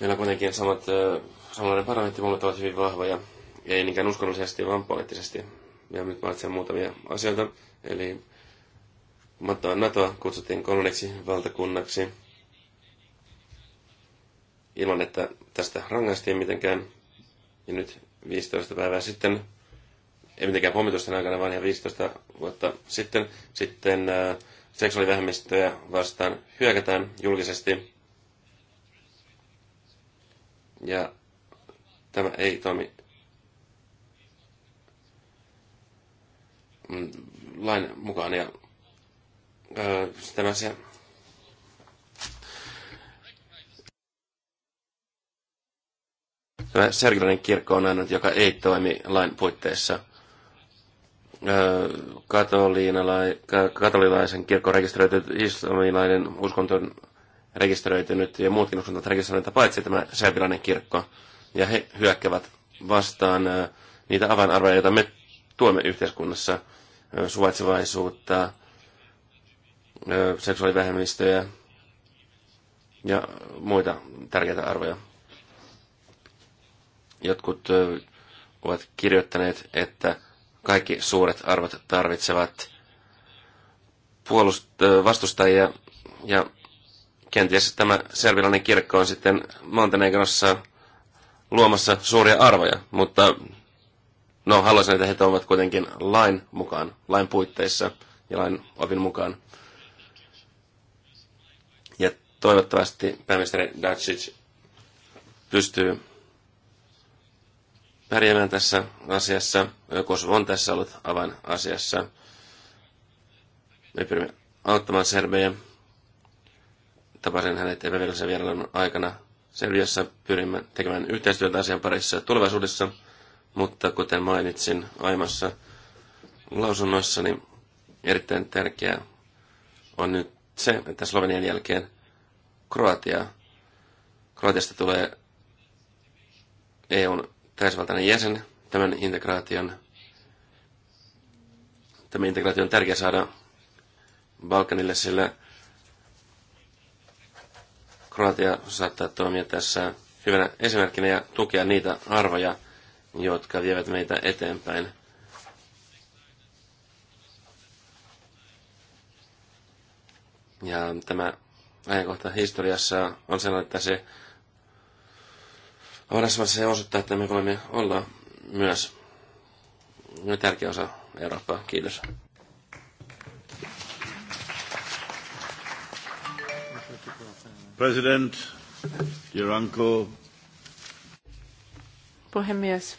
meillä on kuitenkin samat, samanlainen parlamentti, molemmat ovat hyvin vahvoja ei niinkään uskonnollisesti, vaan poliittisesti. Ja nyt mainitsen muutamia asioita. Eli Matoa NATO kutsuttiin kolmanneksi valtakunnaksi ilman, että tästä rangaistiin mitenkään. Ja nyt 15 päivää sitten, ei mitenkään pommitusten aikana, vaan ihan 15 vuotta sitten, sitten äh, seksuaalivähemmistöjä vastaan hyökätään julkisesti. Ja tämä ei toimi Mm, lain mukaan. Ja äh, tämä se Tämä serkiläinen kirkko on ainut, joka ei toimi lain puitteissa. katolilaisen kirkon rekisteröitynyt, islamilainen uskonto on rekisteröitynyt ja muutkin uskonnot rekisteröitynyt, paitsi tämä serbilainen kirkko. Ja he hyökkävät vastaan niitä avainarvoja, joita me tuomme yhteiskunnassa suvaitsevaisuutta, seksuaalivähemmistöjä ja muita tärkeitä arvoja. Jotkut ovat kirjoittaneet, että kaikki suuret arvot tarvitsevat puolust- vastustajia ja kenties tämä servilainen kirkko on sitten Montenegrossa luomassa suuria arvoja, mutta No, haluaisin, että he toimivat kuitenkin lain mukaan, lain puitteissa ja lain opin mukaan. Ja toivottavasti pääministeri Dacic pystyy pärjäämään tässä asiassa. Kosovo on tässä ollut asiassa. Me pyrimme auttamaan Serbejä. Tapasin hänet epävirallisen vierailun aikana Serbiassa. Pyrimme tekemään yhteistyötä asian parissa tulevaisuudessa. Mutta kuten mainitsin aiemmassa lausunnossa, niin erittäin tärkeää on nyt se, että Slovenian jälkeen Kroatia, Kroatiasta tulee EUn täysvaltainen jäsen. Tämän integraation, tämä integraatio on tärkeä saada Balkanille, sillä Kroatia saattaa toimia tässä hyvänä esimerkkinä ja tukea niitä arvoja, jotka vievät meitä eteenpäin. Ja tämä ajankohta historiassa on sellainen, että se Oudessa se osoittaa, että me voimme olla myös tärkeä osa Eurooppaa. Kiitos. President Duranko. Puhemies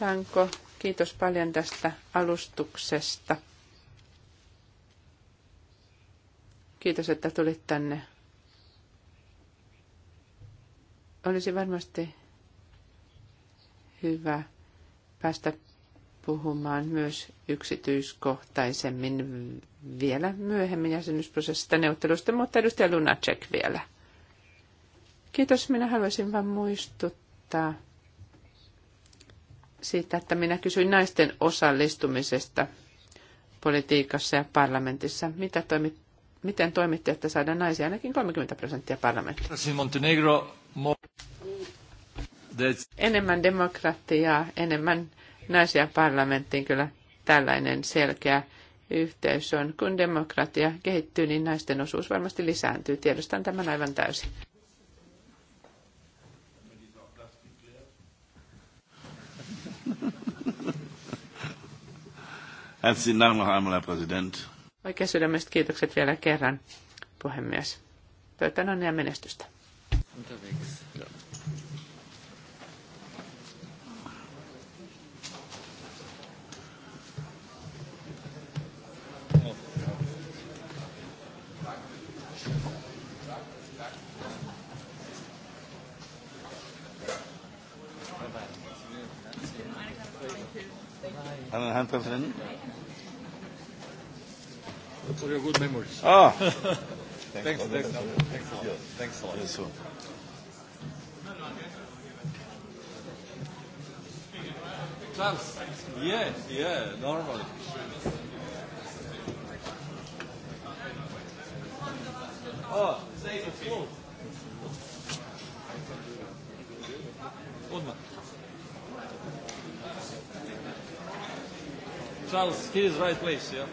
Lanko, kiitos paljon tästä alustuksesta. Kiitos, että tulit tänne. Olisi varmasti hyvä päästä puhumaan myös yksityiskohtaisemmin vielä myöhemmin jäsenyysprosessista neuvottelusta, mutta edustaja Lunacek vielä. Kiitos, minä haluaisin vain muistuttaa siitä, että minä kysyin naisten osallistumisesta politiikassa ja parlamentissa. Mitä toimi, miten toimitte, että saadaan naisia ainakin 30 prosenttia parlamenttiin? Enemmän demokratiaa, enemmän naisia parlamenttiin kyllä tällainen selkeä yhteys on. Kun demokratia kehittyy, niin naisten osuus varmasti lisääntyy. Tiedostan tämän aivan täysin. Herzlichen Dank noch einmal, Herr Präsident. Oikein sydämestä kiitokset vielä kerran, puhemies. on onnea menestystä. Unterwegs. Herr Präsident. For your good memories. Ah. thanks, thanks, thanks, thanks a lot. Thanks a lot. Yes, sir. Klaus. Yeah, yeah, normally. Oh, save the floor. One Charles, here is right place, yeah?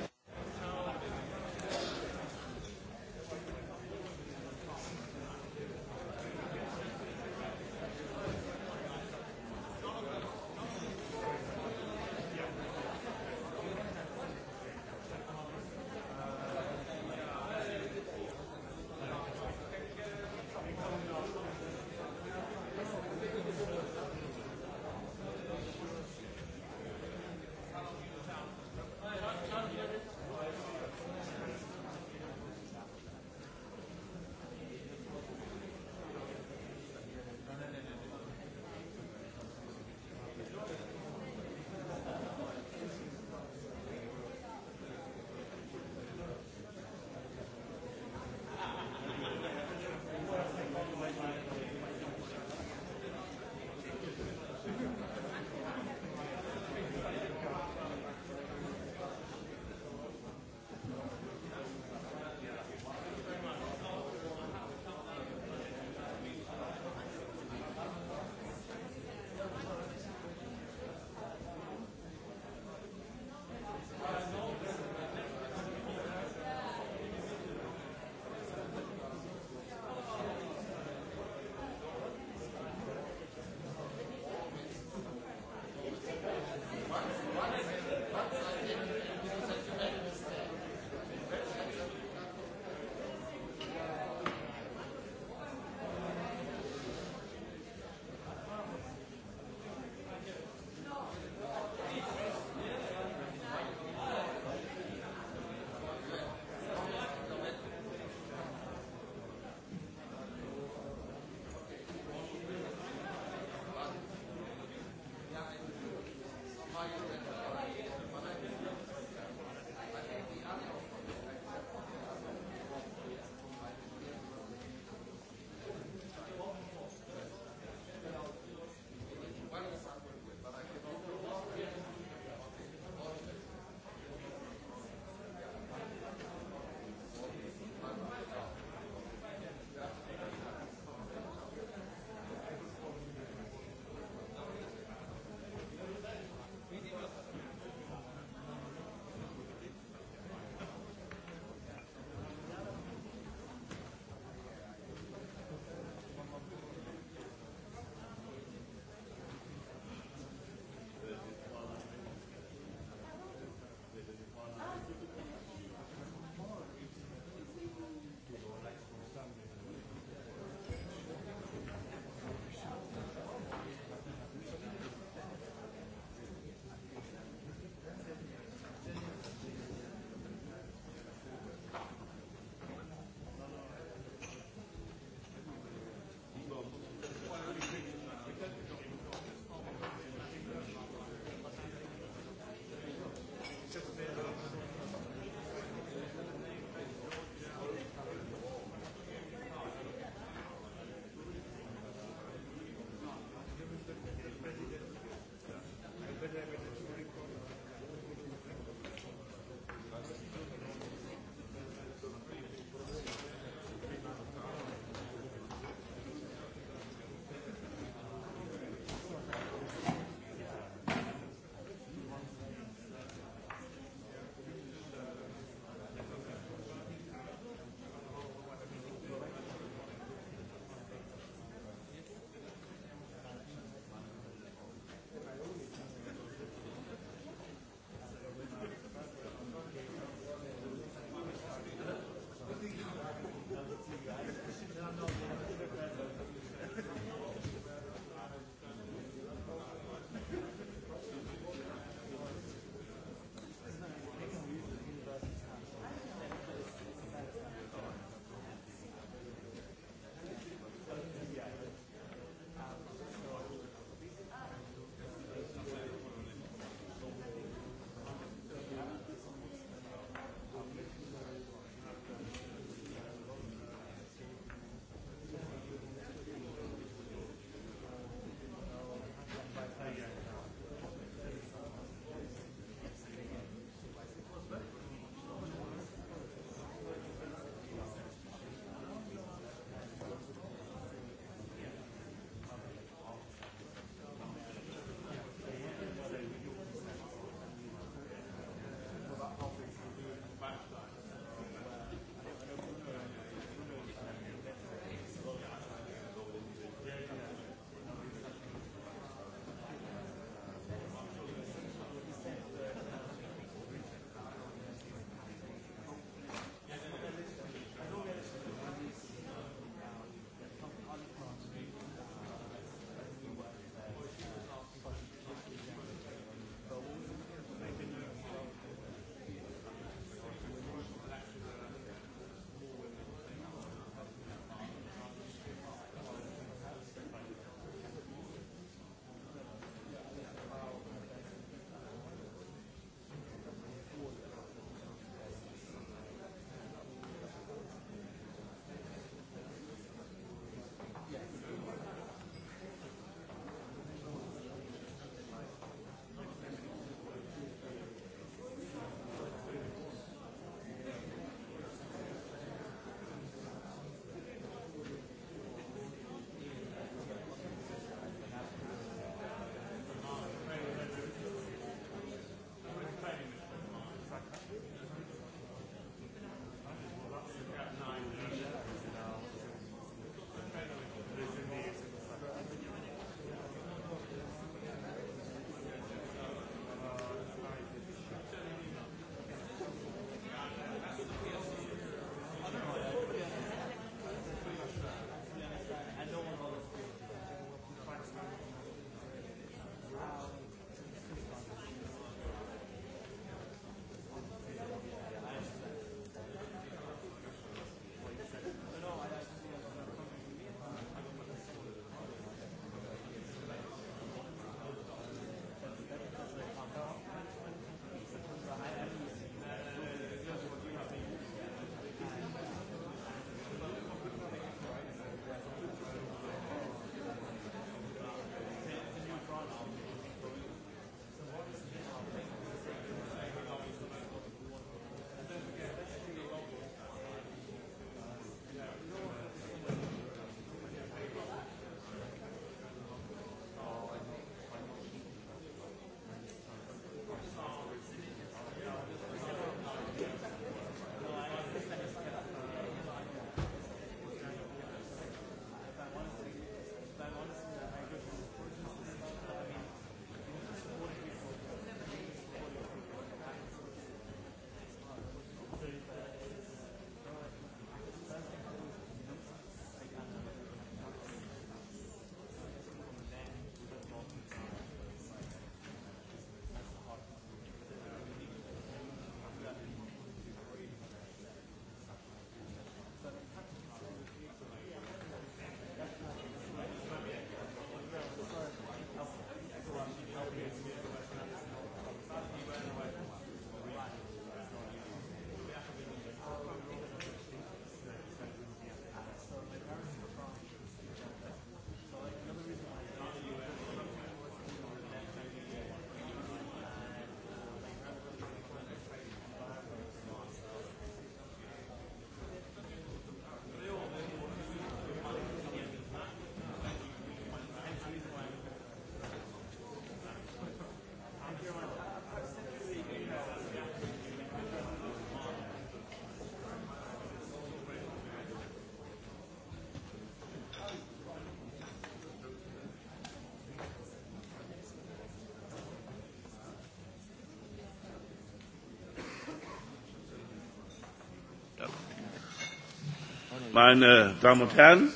Meine Damen und Herren,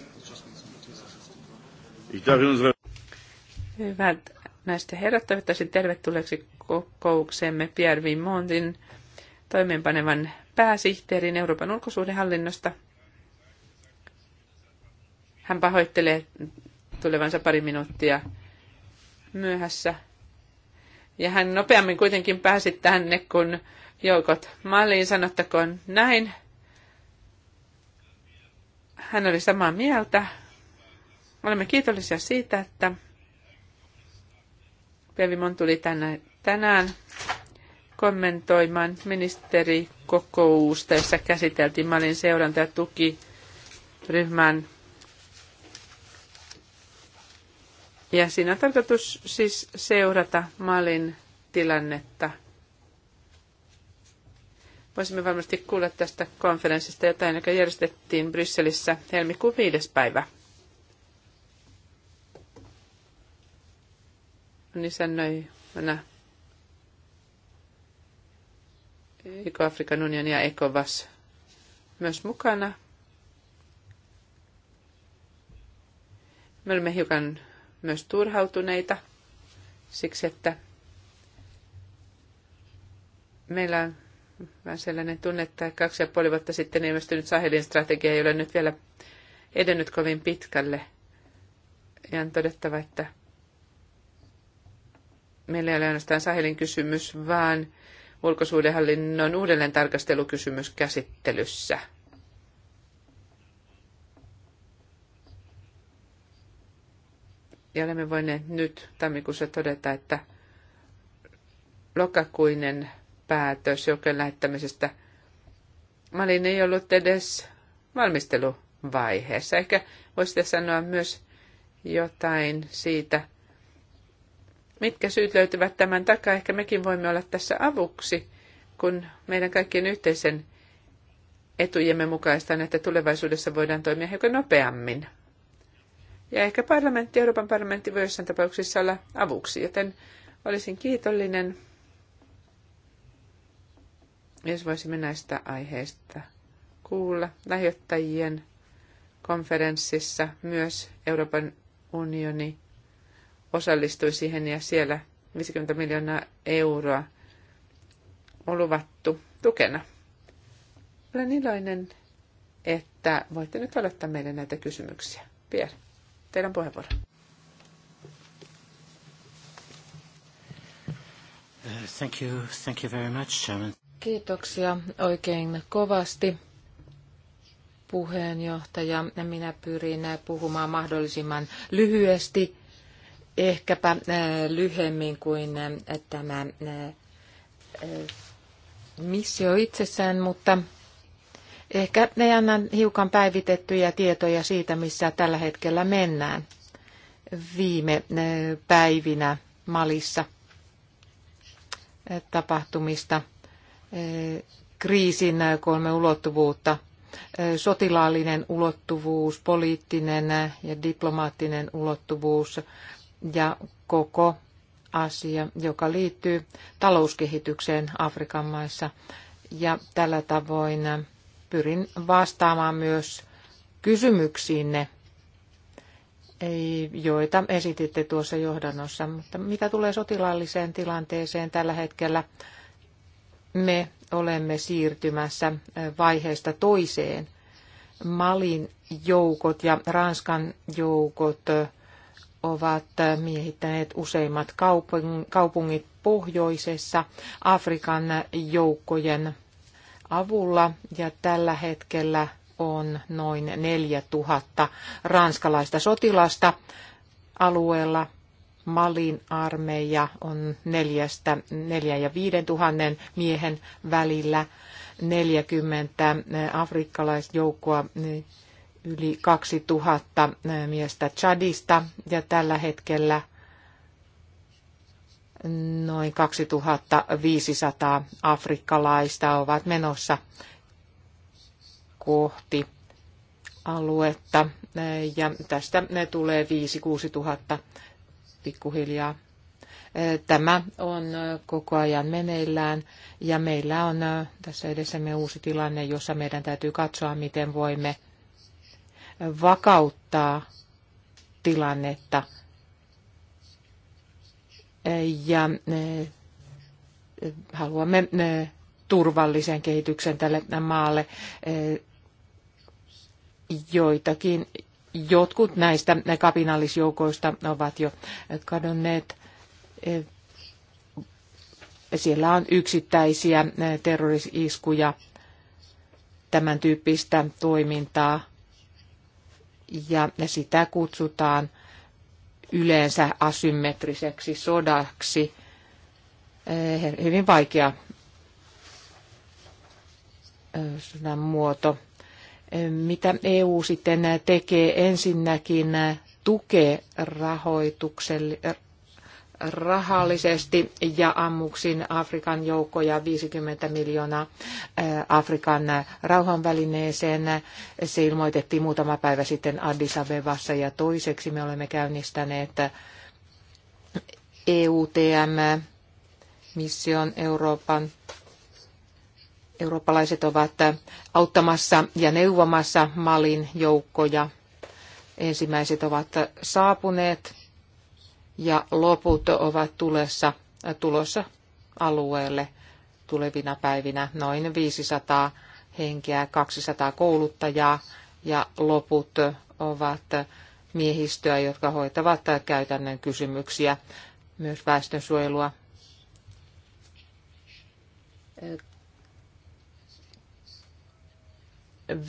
ich darf in unserer... Hyvät naiset ja herrat, toivottaisin tervetulleeksi kokoukseemme Pierre Vimondin toimeenpanevan pääsihteerin Euroopan ulkosuhdehallinnosta. Hän pahoittelee tulevansa pari minuuttia myöhässä. Ja hän nopeammin kuitenkin pääsi tänne, kun joukot maaliin, sanottakoon näin hän oli samaa mieltä. Olemme kiitollisia siitä, että Pevimon tuli tänne, tänään kommentoimaan ministerikokousta, jossa käsiteltiin Malin seuranta- ja tukiryhmän. Ja siinä on tarkoitus siis seurata Malin tilannetta – Voisimme varmasti kuulla tästä konferenssista jotain, joka järjestettiin Brysselissä helmikuun viides päivä. Isännöi niin Eko-Afrikan unioni ja Ekovas myös mukana. Me olemme hiukan myös turhautuneita siksi, että meillä vähän sellainen tunne, että kaksi ja puoli vuotta sitten ilmestynyt Sahelin strategia ei ole nyt vielä edennyt kovin pitkälle. Ja on todettava, että meillä ei ole ainoastaan Sahelin kysymys, vaan ulkosuudenhallinnon uudelleen tarkastelukysymys käsittelyssä. Ja olemme voineet nyt tammikuussa todeta, että lokakuinen päätös joken lähettämisestä. Malin ei ollut edes valmisteluvaiheessa. Ehkä voisi sanoa myös jotain siitä, mitkä syyt löytyvät tämän takaa. Ehkä mekin voimme olla tässä avuksi, kun meidän kaikkien yhteisen etujemme mukaista on, että tulevaisuudessa voidaan toimia hiukan nopeammin. Ja ehkä parlamentti, Euroopan parlamentti voi jossain tapauksissa olla avuksi, joten olisin kiitollinen jos voisimme näistä aiheista kuulla lähiottajien konferenssissa myös Euroopan unioni osallistui siihen ja siellä 50 miljoonaa euroa on luvattu tukena. Olen iloinen, että voitte nyt aloittaa meille näitä kysymyksiä. Pierre, teidän puheenvuoro. Thank you, thank you very much, Chairman. Kiitoksia oikein kovasti puheenjohtaja. Minä pyrin puhumaan mahdollisimman lyhyesti, ehkäpä äh, lyhyemmin kuin äh, tämä äh, missio itsessään, mutta ehkä ne annan hiukan päivitettyjä tietoja siitä, missä tällä hetkellä mennään viime päivinä Malissa tapahtumista – kriisin kolme ulottuvuutta. Sotilaallinen ulottuvuus, poliittinen ja diplomaattinen ulottuvuus ja koko asia, joka liittyy talouskehitykseen Afrikan maissa. Ja tällä tavoin pyrin vastaamaan myös kysymyksiinne, joita esititte tuossa johdannossa. Mutta mitä tulee sotilaalliseen tilanteeseen tällä hetkellä, me olemme siirtymässä vaiheesta toiseen. Malin joukot ja Ranskan joukot ovat miehittäneet useimmat kaupungit pohjoisessa Afrikan joukkojen avulla ja tällä hetkellä on noin 4000 ranskalaista sotilasta alueella Malin armeija on neljästä, neljän ja viiden tuhannen miehen välillä, 40 eh, afrikkalaisjoukkoa, eh, yli 2000 eh, miestä Chadista ja tällä hetkellä noin 2500 afrikkalaista ovat menossa kohti aluetta ja tästä ne tulee 5-6 tuhatta pikkuhiljaa. Tämä on koko ajan meneillään ja meillä on tässä edessämme uusi tilanne, jossa meidän täytyy katsoa, miten voimme vakauttaa tilannetta ja haluamme turvallisen kehityksen tälle maalle. Joitakin jotkut näistä kapinallisjoukoista ovat jo kadonneet. Siellä on yksittäisiä terrorisiskuja, tämän tyyppistä toimintaa, ja sitä kutsutaan yleensä asymmetriseksi sodaksi. Hyvin vaikea sodan muoto. Mitä EU sitten tekee ensinnäkin tukee äh, rahallisesti ja ammuksin Afrikan joukkoja 50 miljoonaa äh, Afrikan rauhanvälineeseen. Se ilmoitettiin muutama päivä sitten Addis Abebassa ja toiseksi me olemme käynnistäneet EUTM, Mission Euroopan eurooppalaiset ovat auttamassa ja neuvomassa Malin joukkoja. Ensimmäiset ovat saapuneet ja loput ovat tulessa, tulossa alueelle tulevina päivinä noin 500 henkeä, 200 kouluttajaa ja loput ovat miehistöä, jotka hoitavat käytännön kysymyksiä, myös väestönsuojelua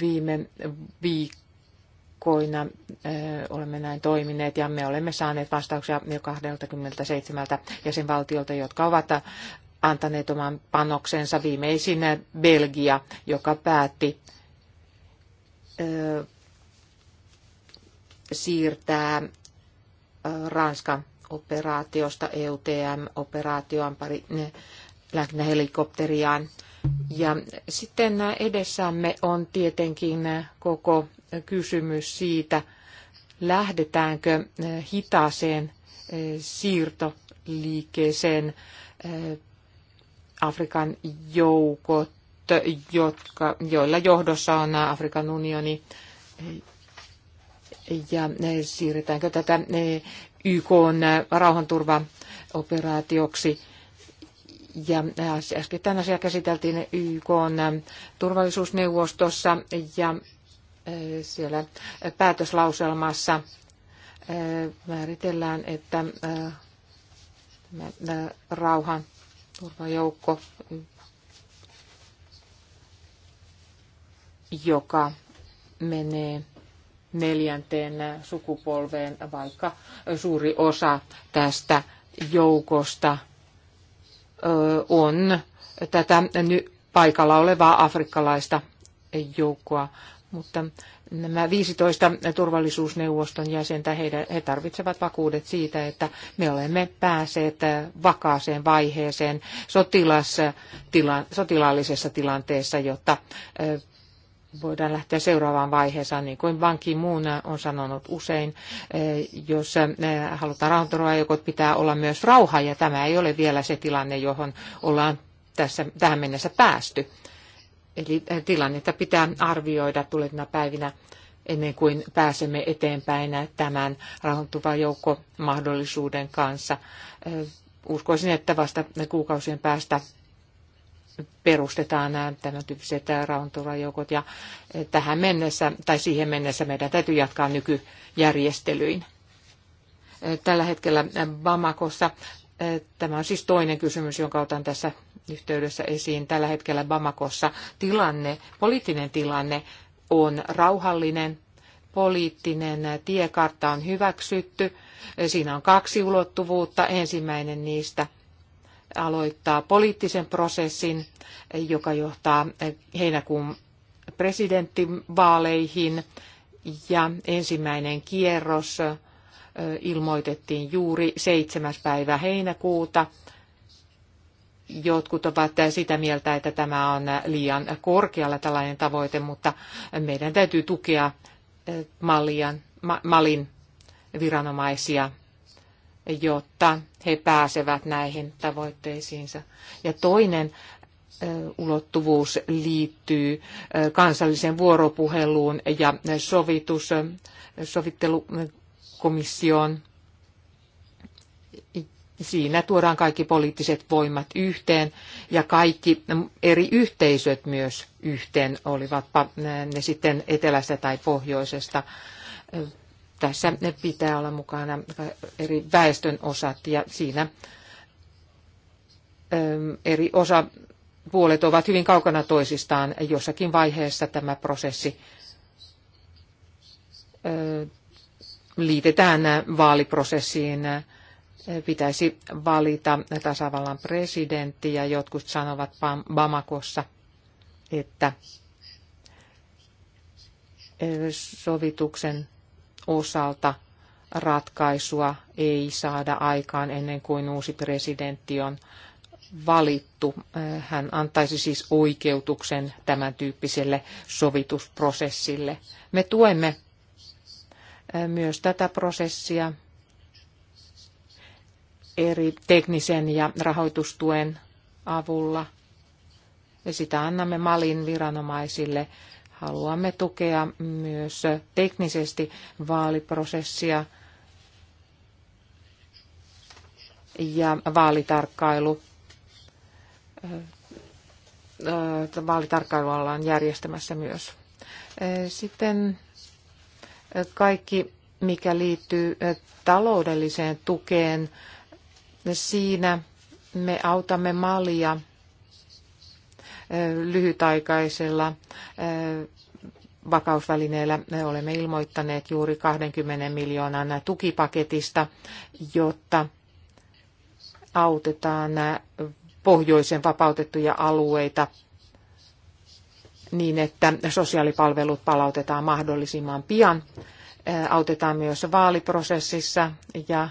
Viime viikkoina olemme näin toimineet ja me olemme saaneet vastauksia jo 27 jäsenvaltiolta, jotka ovat antaneet oman panoksensa viimeisin Belgia, joka päätti siirtää Ranskan operaatiosta EUTM-operaatioon pari lähinnä helikopteriaan. Ja sitten edessämme on tietenkin koko kysymys siitä, lähdetäänkö hitaaseen eh, siirtoliikkeeseen eh, Afrikan joukot, jotka, joilla johdossa on Afrikan unioni, eh, ja siirretäänkö tätä YK rauhanturvaoperaatioksi ja äh, äskettäin asia käsiteltiin YK äh, turvallisuusneuvostossa ja äh, siellä päätöslauselmassa määritellään, että rauhan turvajoukko, joka menee neljänteen sukupolveen, vaikka suuri osa tästä joukosta – on tätä paikalla olevaa afrikkalaista joukkoa, mutta nämä 15 turvallisuusneuvoston jäsentä, he tarvitsevat vakuudet siitä, että me olemme päässeet vakaaseen vaiheeseen tila sotilaallisessa tilanteessa, jotta voidaan lähteä seuraavaan vaiheeseen, niin kuin Banki Moon on sanonut usein, eh, jos eh, halutaan joko pitää olla myös rauha, ja tämä ei ole vielä se tilanne, johon ollaan tässä, tähän mennessä päästy. Eli eh, tilannetta pitää arvioida tulevina päivinä ennen kuin pääsemme eteenpäin tämän mahdollisuuden kanssa. Uskoisin, että vasta kuukausien päästä perustetaan tämän tyyppiset rauhanturvajoukot ja tähän mennessä tai siihen mennessä meidän täytyy jatkaa nykyjärjestelyin. Tällä hetkellä Bamakossa, tämä on siis toinen kysymys, jonka otan tässä yhteydessä esiin. Tällä hetkellä Bamakossa tilanne, poliittinen tilanne on rauhallinen, poliittinen tiekartta on hyväksytty. Siinä on kaksi ulottuvuutta. Ensimmäinen niistä – aloittaa poliittisen prosessin, joka johtaa heinäkuun presidenttivaaleihin. Ja ensimmäinen kierros ilmoitettiin juuri 7. päivä heinäkuuta. Jotkut ovat sitä mieltä, että tämä on liian korkealla tällainen tavoite, mutta meidän täytyy tukea Malian, Malin viranomaisia jotta he pääsevät näihin tavoitteisiinsa. Ja toinen ulottuvuus liittyy kansalliseen vuoropuheluun ja sovitus, sovittelukomissioon. Siinä tuodaan kaikki poliittiset voimat yhteen ja kaikki eri yhteisöt myös yhteen, olivatpa ne sitten etelästä tai pohjoisesta tässä pitää olla mukana eri väestön osat ja siinä ähm, eri osapuolet ovat hyvin kaukana toisistaan jossakin vaiheessa tämä prosessi äh, liitetään vaaliprosessiin. Pitäisi valita tasavallan presidentti ja jotkut sanovat Bamakossa, että äh, sovituksen osalta ratkaisua ei saada aikaan ennen kuin uusi presidentti on valittu. Hän antaisi siis oikeutuksen tämän tyyppiselle sovitusprosessille. Me tuemme myös tätä prosessia eri teknisen ja rahoitustuen avulla. Ja sitä annamme Malin viranomaisille Haluamme tukea myös teknisesti vaaliprosessia ja vaalitarkkailu. Äh, Vaalitarkkailua ollaan järjestämässä myös. Äh, sitten kaikki, mikä liittyy äh, taloudelliseen tukeen, siinä me autamme Malia lyhytaikaisella vakausvälineellä me olemme ilmoittaneet juuri 20 miljoonan tukipaketista, jotta autetaan pohjoisen vapautettuja alueita niin, että sosiaalipalvelut palautetaan mahdollisimman pian. Autetaan myös vaaliprosessissa ja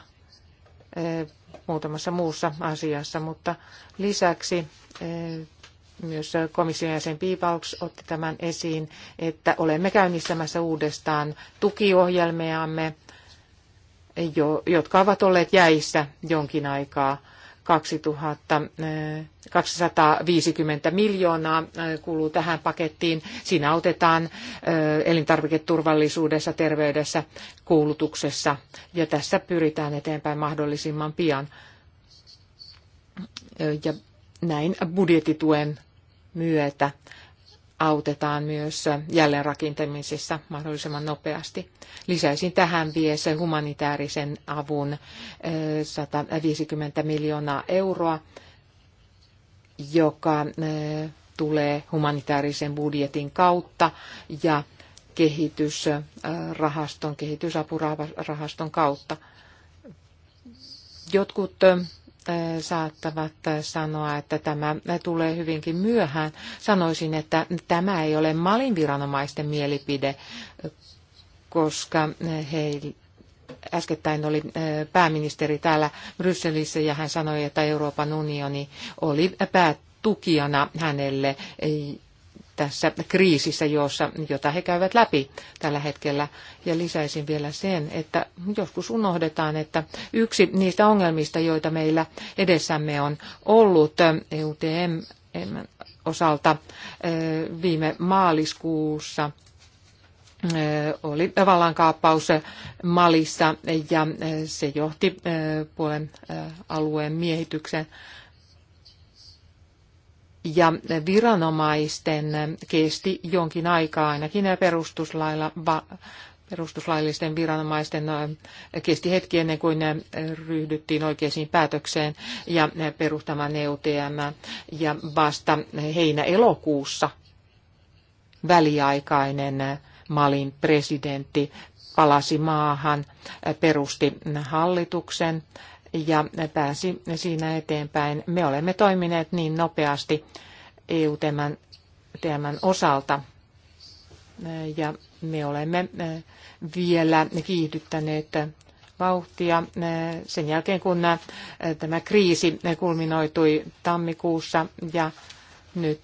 muutamassa muussa asiassa, mutta lisäksi myös komission jäsen Piipauks otti tämän esiin, että olemme käynnistämässä uudestaan tukiohjelmiamme, jotka ovat olleet jäissä jonkin aikaa. 250 eh, miljoonaa eh, kuluu tähän pakettiin. Siinä autetaan eh, elintarviketurvallisuudessa, terveydessä, koulutuksessa ja tässä pyritään eteenpäin mahdollisimman pian. Ja näin budjettituen myötä autetaan myös jälleenrakentamisessa mahdollisimman nopeasti. Lisäisin tähän vielä humanitaarisen avun 150 eh, miljoonaa euroa, joka eh, tulee humanitaarisen budjetin kautta ja kehitysrahaston, kehitysapurahaston kautta. Jotkut eh, saattavat sanoa, että tämä tulee hyvinkin myöhään. Sanoisin, että tämä ei ole Malin viranomaisten mielipide, koska he äskettäin oli pääministeri täällä Brysselissä ja hän sanoi, että Euroopan unioni oli päätukijana hänelle tässä kriisissä, jossa, jota he käyvät läpi tällä hetkellä. Ja lisäisin vielä sen, että joskus unohdetaan, että yksi niistä ongelmista, joita meillä edessämme on ollut EUTM osalta viime maaliskuussa, oli vallankaappaus Malissa ja se johti puolen alueen miehitykseen ja viranomaisten kesti jonkin aikaa ainakin perustuslailla perustuslaillisten viranomaisten kesti hetki ennen kuin ne ryhdyttiin oikeisiin päätökseen ja perustamaan EUTM ja vasta heinä-elokuussa väliaikainen Malin presidentti palasi maahan, perusti hallituksen ja pääsi siinä eteenpäin. Me olemme toimineet niin nopeasti EU-teeman osalta ja me olemme vielä kiihdyttäneet vauhtia sen jälkeen, kun tämä kriisi kulminoitui tammikuussa ja nyt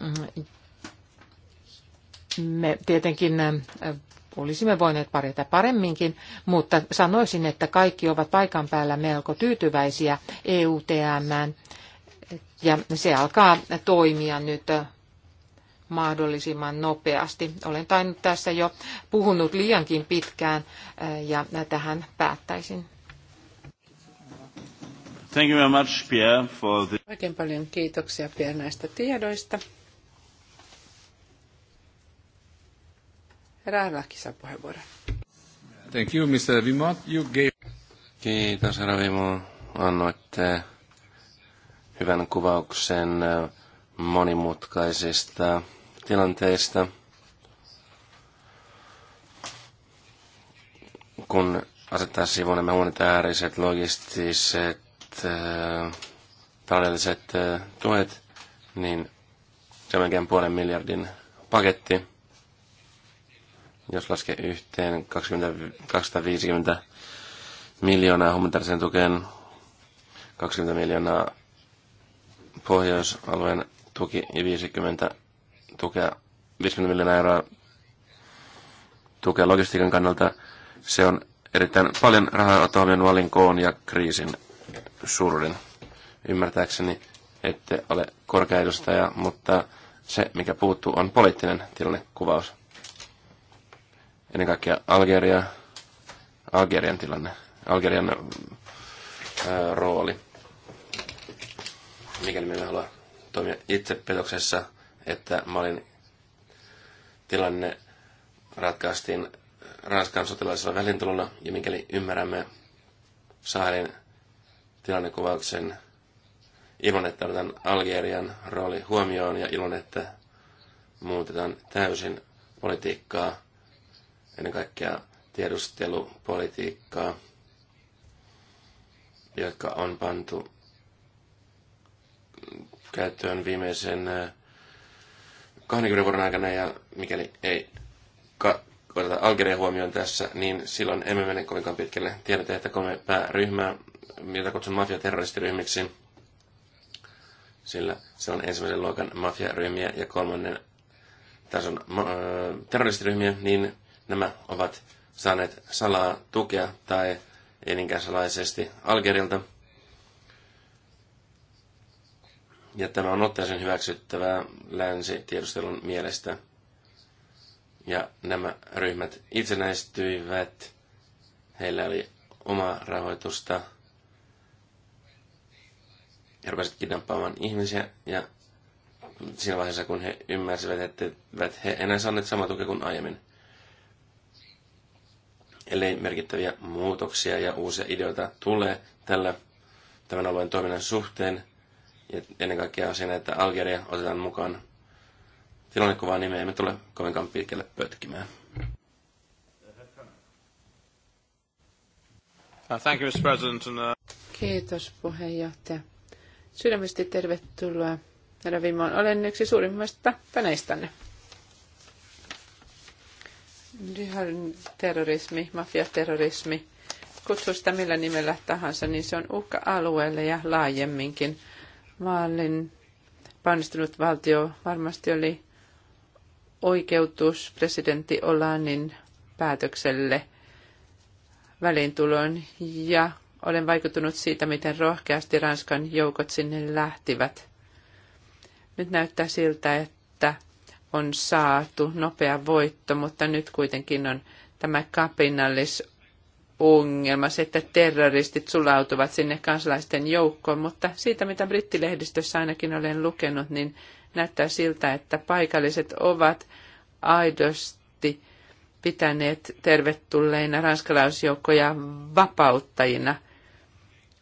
mm, me tietenkin olisimme voineet pärjätä paremminkin, mutta sanoisin, että kaikki ovat paikan päällä melko tyytyväisiä EUTM ja se alkaa toimia nyt mahdollisimman nopeasti. Olen tainnut tässä jo puhunut liiankin pitkään eh, ja tähän päättäisin. Thank you very much, Pierre, for the... Oikein paljon kiitoksia Pierre näistä tiedoista. Rahlaki saa Thank you, Mr. Vimot. You gave... Kiitos, Ravimo. Annoitte hyvän kuvauksen monimutkaisista tilanteista. Kun asettaa sivuun nämä humanitaariset, logistiset, taloudelliset tuet, niin se on melkein puolen miljardin paketti – jos laskee yhteen 20, 250 miljoonaa humanitaariseen tukeen, 20 miljoonaa pohjoisalueen tuki ja 50 tukea, 50 miljoonaa euroa tukea logistiikan kannalta. Se on erittäin paljon rahaa ottaa huomioon valinkoon ja kriisin suurin. Ymmärtääkseni ette ole korkea edustaja, mutta se, mikä puuttuu, on poliittinen tilannekuvaus ennen kaikkea Algeria, Algerian tilanne, Algerian ää, äh, rooli. Mikäli minä haluan toimia itse petoksessa, että Malin tilanne ratkaistiin Ranskan sotilaisella välintulona, ja mikäli ymmärrämme Sahelin tilannekuvauksen ilman, että otetaan Algerian rooli huomioon ja ilman, että muutetaan täysin politiikkaa ennen kaikkea tiedustelupolitiikkaa, jotka on pantu käyttöön viimeisen 20 äh, vuoden aikana, ja mikäli ei oteta Algeria huomioon tässä, niin silloin emme mene kovinkaan pitkälle. Tiedätte, että kolme pääryhmää, mitä kutsun mafiaterroristiryhmiksi, sillä se on ensimmäisen luokan mafiaryhmiä ja kolmannen tason ma- äh, terroristiryhmiä, niin Nämä ovat saaneet salaa tukea tai eninkäsalaisesti Algerilta. Ja tämä on ottaisen hyväksyttävää länsitiedustelun mielestä. Ja nämä ryhmät itsenäistyivät. Heillä oli omaa rahoitusta. He rupesivat kidnappaamaan ihmisiä ja siinä vaiheessa, kun he ymmärsivät, että he enää saaneet samaa tukea kuin aiemmin ellei merkittäviä muutoksia ja uusia ideoita tule tällä tämän alueen toiminnan suhteen. Ja ennen kaikkea on siinä, että Algeria otetaan mukaan tilannekuvaan, niin me emme tule kovinkaan pitkälle pötkimään. Uh, thank you, Mr. President. Uh, Kiitos puheenjohtaja. Sydämesti tervetuloa Olen yksi suurimmista paneistanne. Jihadin terrorismi, mafiaterrorismi, kutsu sitä millä nimellä tahansa, niin se on uhka alueelle ja laajemminkin. Maalin painostunut valtio varmasti oli oikeutus presidentti Olanin päätökselle väliintuloon ja olen vaikuttunut siitä, miten rohkeasti Ranskan joukot sinne lähtivät. Nyt näyttää siltä, että on saatu, nopea voitto, mutta nyt kuitenkin on tämä kapinallisongelma, se, että terroristit sulautuvat sinne kansalaisten joukkoon, mutta siitä, mitä brittilehdistössä ainakin olen lukenut, niin näyttää siltä, että paikalliset ovat aidosti pitäneet tervetulleina ranskalaisjoukkoja vapauttajina,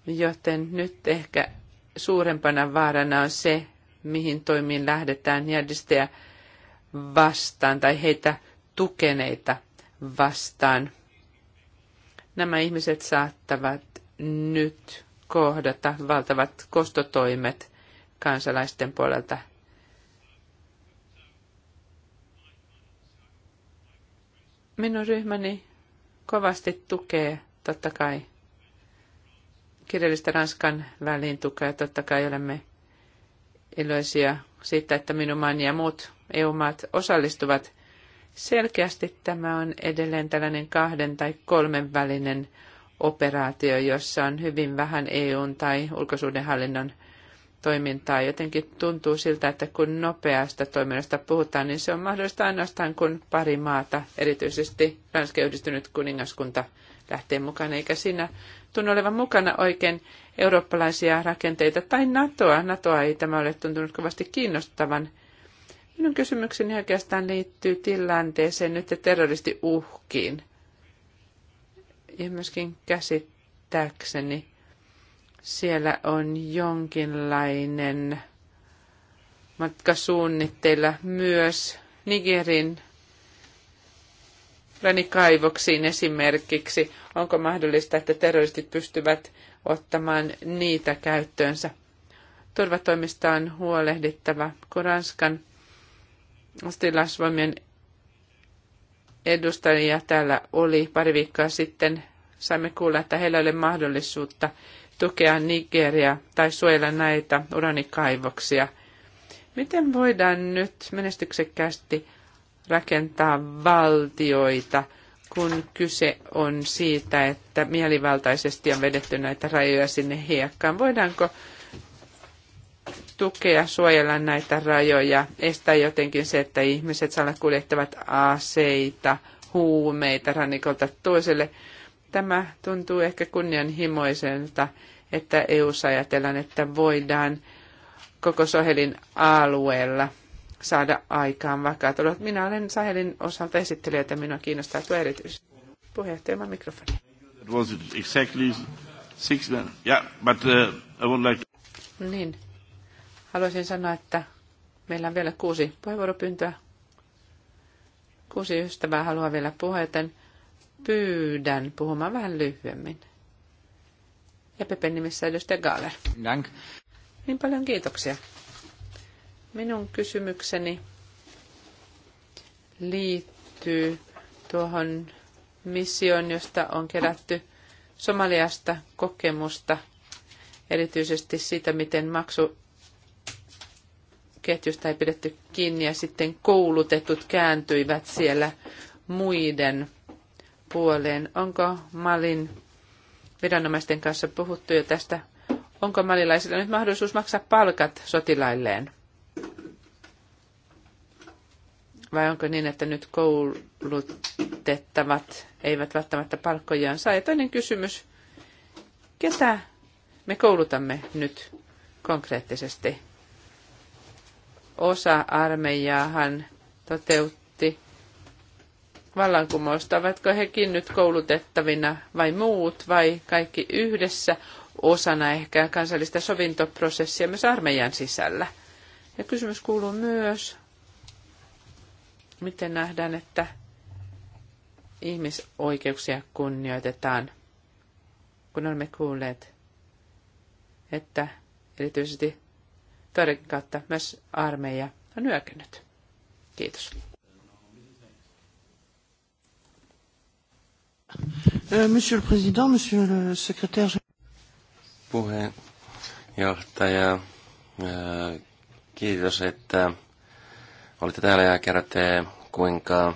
joten nyt ehkä suurempana vaarana on se, mihin toimiin lähdetään järjestäjä vastaan tai heitä tukeneita vastaan. Nämä ihmiset saattavat nyt kohdata valtavat kostotoimet kansalaisten puolelta. Minun ryhmäni kovasti tukee totta kai kirjallista Ranskan väliin tukea. Totta kai olemme iloisia siitä, että minun maani ja muut EU-maat osallistuvat. Selkeästi tämä on edelleen tällainen kahden tai kolmen välinen operaatio, jossa on hyvin vähän EUn tai ulkosuudenhallinnon toimintaa. Jotenkin tuntuu siltä, että kun nopeasta toiminnasta puhutaan, niin se on mahdollista ainoastaan, kun pari maata, erityisesti Ranska ja yhdistynyt kuningaskunta, lähtee mukaan, eikä siinä tunnu olevan mukana oikein eurooppalaisia rakenteita tai NATOa. NATOa ei tämä ole tuntunut kovasti kiinnostavan. Minun kysymykseni oikeastaan liittyy tilanteeseen nyt ja terroristiuhkiin. Ja myöskin käsittääkseni siellä on jonkinlainen matka suunnitteilla myös Nigerin ränikaivoksiin esimerkiksi. Onko mahdollista, että terroristit pystyvät ottamaan niitä käyttöönsä? Turvatoimista on huolehdittava, kun Ranskan sotilasvoimien edustajia täällä oli pari viikkoa sitten. Saimme kuulla, että heillä ei ole mahdollisuutta tukea Nigeria tai suojella näitä uranikaivoksia. Miten voidaan nyt menestyksekkäästi rakentaa valtioita, kun kyse on siitä, että mielivaltaisesti on vedetty näitä rajoja sinne hiekkaan? Voidaanko tukea suojella näitä rajoja, estää jotenkin se, että ihmiset salakuljettavat aseita, huumeita rannikolta toiselle. Tämä tuntuu ehkä kunnianhimoiselta, että eu ajatellaan, että voidaan koko Sohelin alueella saada aikaan vakaat olot. Minä olen Sahelin osalta esittelijä, että minua kiinnostaa tuo erityisesti. Puheenjohtajan mikrofoni. Uh, niin, Haluaisin sanoa, että meillä on vielä kuusi puheenvuoropyyntöä. Kuusi ystävää haluaa vielä puhua, joten pyydän puhumaan vähän lyhyemmin. Ja Pepen nimissä edustaja Gaaler. Dank. Niin paljon kiitoksia. Minun kysymykseni liittyy tuohon missioon, josta on kerätty Somaliasta kokemusta, erityisesti siitä, miten maksu ketjusta ei pidetty kiinni ja sitten koulutetut kääntyivät siellä muiden puoleen. Onko Malin viranomaisten kanssa puhuttu jo tästä? Onko malilaisilla nyt mahdollisuus maksaa palkat sotilailleen? Vai onko niin, että nyt koulutettavat eivät välttämättä palkkojaan saa? Ja toinen kysymys, ketä me koulutamme nyt konkreettisesti? osa armeijaa hän toteutti vallankumousta. Ovatko hekin nyt koulutettavina vai muut vai kaikki yhdessä osana ehkä kansallista sovintoprosessia myös armeijan sisällä? Ja kysymys kuuluu myös, miten nähdään, että ihmisoikeuksia kunnioitetaan, kun olemme kuulleet, että erityisesti Toiden että myös armeija on hyökännyt. Kiitos. Euh, monsieur le Président, Monsieur le Secrétaire. Puheenjohtaja, äh, kiitos, että olitte täällä ja kerrotte, kuinka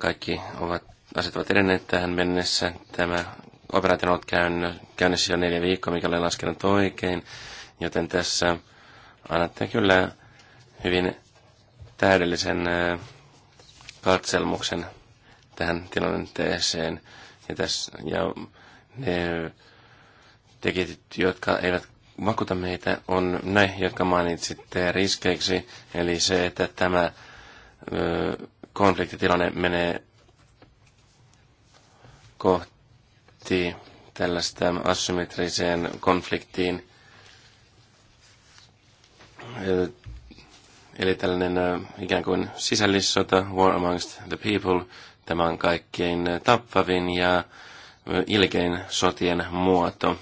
kaikki ovat, asiat ovat edenneet tähän mennessä. Tämä operaatio on ollut käynnissä jo neljä viikkoa, mikä olen laskenut oikein. Joten tässä annatte kyllä hyvin täydellisen katselmuksen tähän tilanteeseen. Ja, tässä, ja ne tekijät, jotka eivät vakuuta meitä, on ne, jotka mainitsitte riskeiksi. Eli se, että tämä konfliktitilanne menee kohti tällaista asymmetriseen konfliktiin eli tällainen ikään kuin sisällissota, War Amongst the People, tämä on kaikkein tappavin ja ilkein sotien muoto.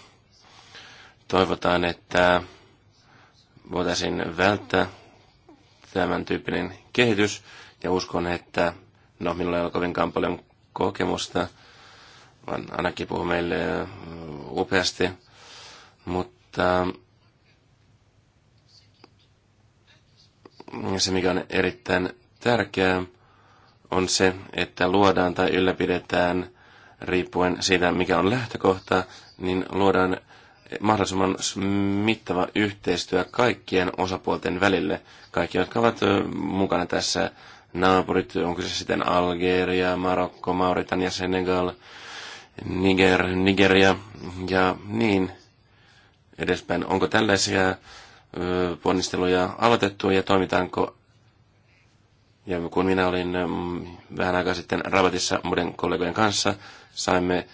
Toivotaan, että voitaisiin välttää tämän tyyppinen kehitys, ja uskon, että, no minulla ei ole kovinkaan paljon kokemusta, vaan ainakin puhuu meille upeasti, mutta se mikä on erittäin tärkeää, on se, että luodaan tai ylläpidetään riippuen siitä, mikä on lähtökohta, niin luodaan mahdollisimman mittava yhteistyö kaikkien osapuolten välille. Kaikki, jotka ovat mukana tässä, naapurit, onko se sitten Algeria, Marokko, Mauritania, Senegal, Niger, Nigeria ja niin edespäin. Onko tällaisia ponnisteluja aloitettu ja toimitaanko ja kun minä olin mm, vähän aikaa sitten Rabatissa muiden kollegojen kanssa, saimme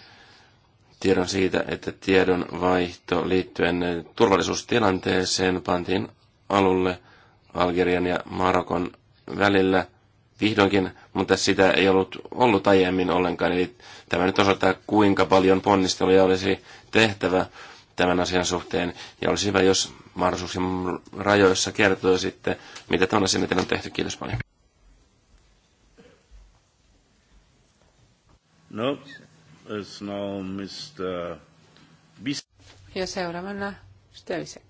tiedon siitä, että tiedonvaihto liittyen turvallisuustilanteeseen pantiin alulle Algerian ja Marokon välillä vihdoinkin, mutta sitä ei ollut ollut aiemmin ollenkaan. Eli tämä nyt osoittaa, kuinka paljon ponnisteluja olisi tehtävä tämän asian suhteen. Ja olisi hyvä, jos ja rajoissa kertoo sitten, mitä tuon asian eteen on tehty. Kiitos paljon. No, it's now Mr. Bis- ja seuraavana Stöysek.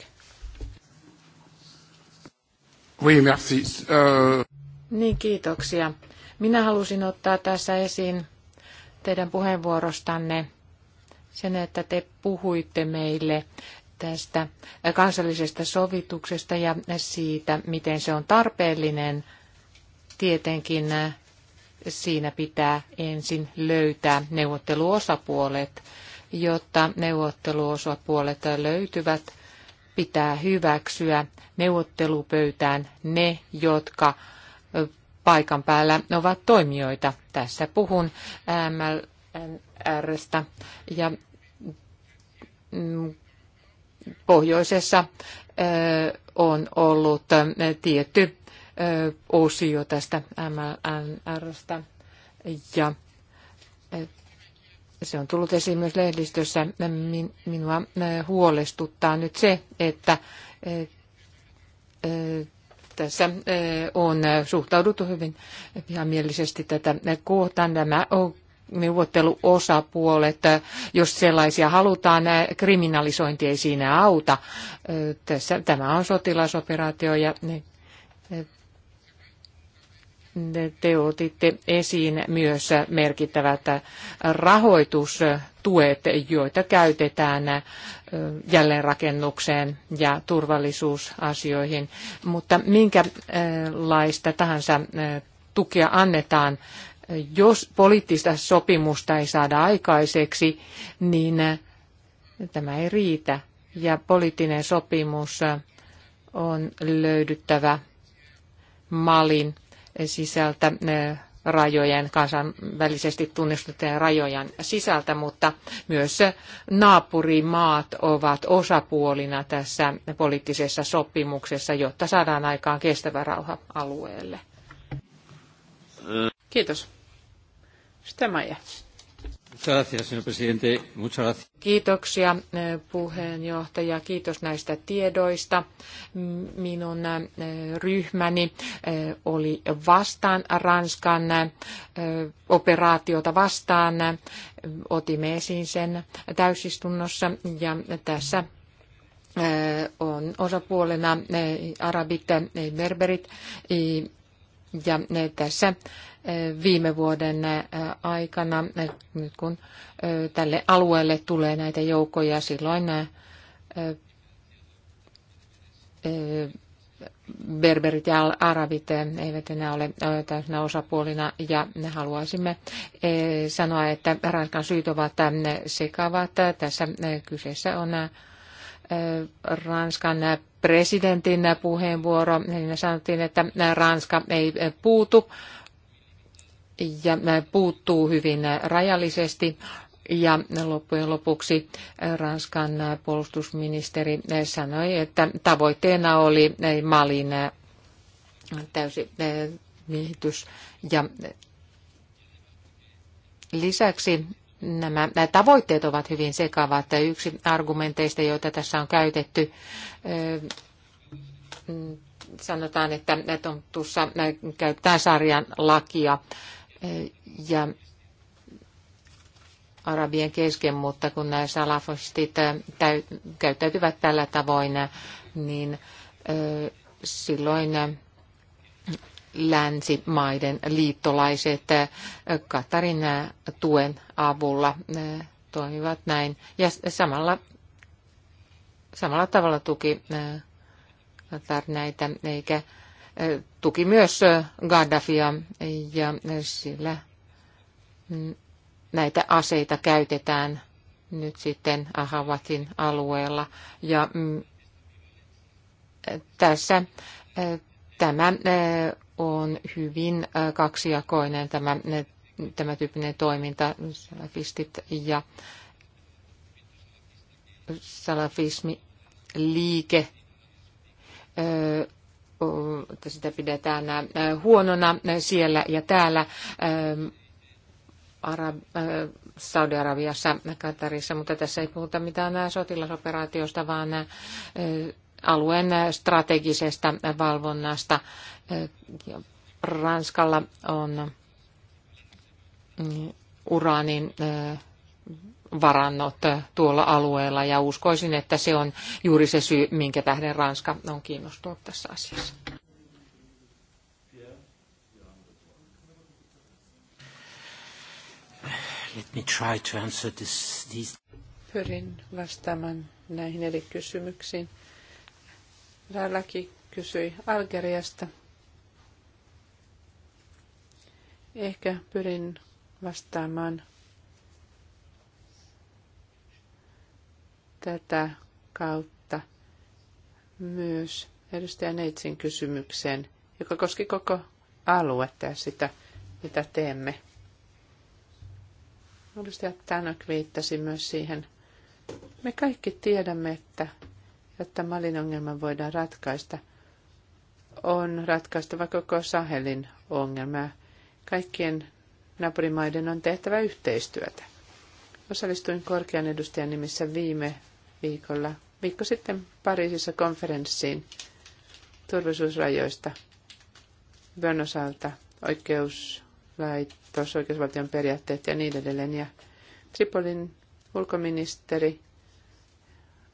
Oui, merci. Uh... Niin, kiitoksia. Minä halusin ottaa tässä esiin teidän puheenvuorostanne sen, että te puhuitte meille tästä kansallisesta sovituksesta ja siitä, miten se on tarpeellinen. Tietenkin siinä pitää ensin löytää neuvotteluosapuolet, jotta neuvotteluosapuolet löytyvät – pitää hyväksyä neuvottelupöytään ne, jotka paikan päällä ovat toimijoita. Tässä puhun MLNRstä ja pohjoisessa on ollut tietty osio tästä MLNRstä ja se on tullut esiin myös lehdistössä. Minua huolestuttaa nyt se, että tässä on suhtauduttu hyvin vihamielisesti tätä kohtaan. Nämä neuvotteluosapuolet, jos sellaisia halutaan, kriminalisointi ei siinä auta. Tässä, tämä on sotilasoperaatio ja te otitte esiin myös merkittävät rahoitustuet, joita käytetään jälleenrakennukseen ja turvallisuusasioihin. Mutta minkälaista tahansa tukea annetaan, jos poliittista sopimusta ei saada aikaiseksi, niin äh, tämä ei riitä. Ja poliittinen sopimus äh, on löydyttävä Malin sisältä äh, rajojen, kansainvälisesti tunnistettujen rajojen sisältä, mutta myös naapurimaat ovat osapuolina tässä poliittisessa sopimuksessa, jotta saadaan aikaan kestävä rauha alueelle. Kiitos. Stömaja. Kiitoksia eh, puheenjohtaja. Kiitos näistä tiedoista. Minun eh, ryhmäni eh, oli vastaan Ranskan operaatiota vastaan. Otimme esiin sen täysistunnossa ja tässä on osapuolena arabit, berberit ja tässä viime vuoden aikana, nyt kun tälle alueelle tulee näitä joukkoja, silloin berberit ja arabit eivät enää ole täysinä osapuolina ja me haluaisimme sanoa, että Ranskan syyt ovat sekavat. Tässä kyseessä on Ranskan presidentin puheenvuoro. Siinä sanottiin, että Ranska ei puutu ja puuttuu hyvin rajallisesti. Ja loppujen lopuksi Ranskan puolustusministeri sanoi, että tavoitteena oli Malin täysi miehitys. Ja lisäksi nämä tavoitteet ovat hyvin sekavat. Yksi argumenteista, joita tässä on käytetty, mm, sanotaan, että tuossa käyttää sarjan lakia ja arabien kesken, mutta kun nämä salafistit äh, käyttäytyvät tällä tavoin, äh, niin äh, silloin länsimaiden liittolaiset Katarin tuen avulla toimivat näin. Ja samalla, samalla tavalla tuki Katar näitä, eikä tuki myös Gaddafia ja sillä näitä aseita käytetään nyt sitten Ahavatin alueella. Ja mm, tässä e, tämä e, on hyvin e, kaksijakoinen tämä, tämä tyyppinen toiminta, salafistit ja salafismi liike että sitä pidetään äh, huonona siellä ja täällä ähm, äh, Saudi-Arabiassa, Katarissa, mutta tässä ei puhuta mitään äh, sotilasoperaatiosta, vaan alueen strategisesta valvonnasta. Ranskalla on uraanin varannot tuolla alueella ja uskoisin, että se on juuri se syy, minkä tähden Ranska on kiinnostunut tässä asiassa. Let me try to answer this, these. Pyrin vastaamaan näihin eri kysymyksiin. Rallaki kysyi Algeriasta. Ehkä pyrin vastaamaan tätä kautta myös edustaja Neitsin kysymykseen, joka koski koko aluetta ja sitä, mitä teemme. Edustaja Tänök viittasi myös siihen. Me kaikki tiedämme, että jotta Malin ongelma voidaan ratkaista, on ratkaistava koko Sahelin ongelma. Kaikkien naapurimaiden on tehtävä yhteistyötä. Osallistuin korkean edustajan nimissä viime viikolla, viikko sitten Pariisissa konferenssiin turvallisuusrajoista työn osalta oikeuslaitos, oikeusvaltion periaatteet ja niin edelleen. Ja Tripolin ulkoministeri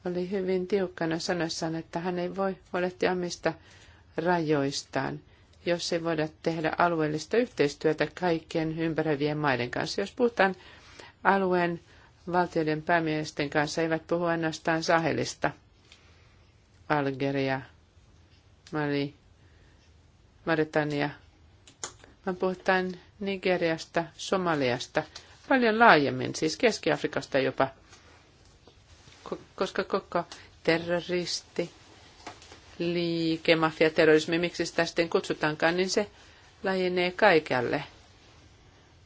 oli hyvin tiukkana sanoessaan, että hän ei voi huolehtia omista rajoistaan, jos ei voida tehdä alueellista yhteistyötä kaikkien ympäröivien maiden kanssa. Jos puhutaan alueen valtioiden päämiesten kanssa eivät puhu ainoastaan Sahelista, Algeria, Mali, Maritania, vaan puhutaan Nigeriasta, Somaliasta, paljon laajemmin, siis Keski-Afrikasta jopa, koska koko terroristi, liike, mafia, terrorismi, miksi sitä sitten kutsutaankaan, niin se laajenee kaikelle.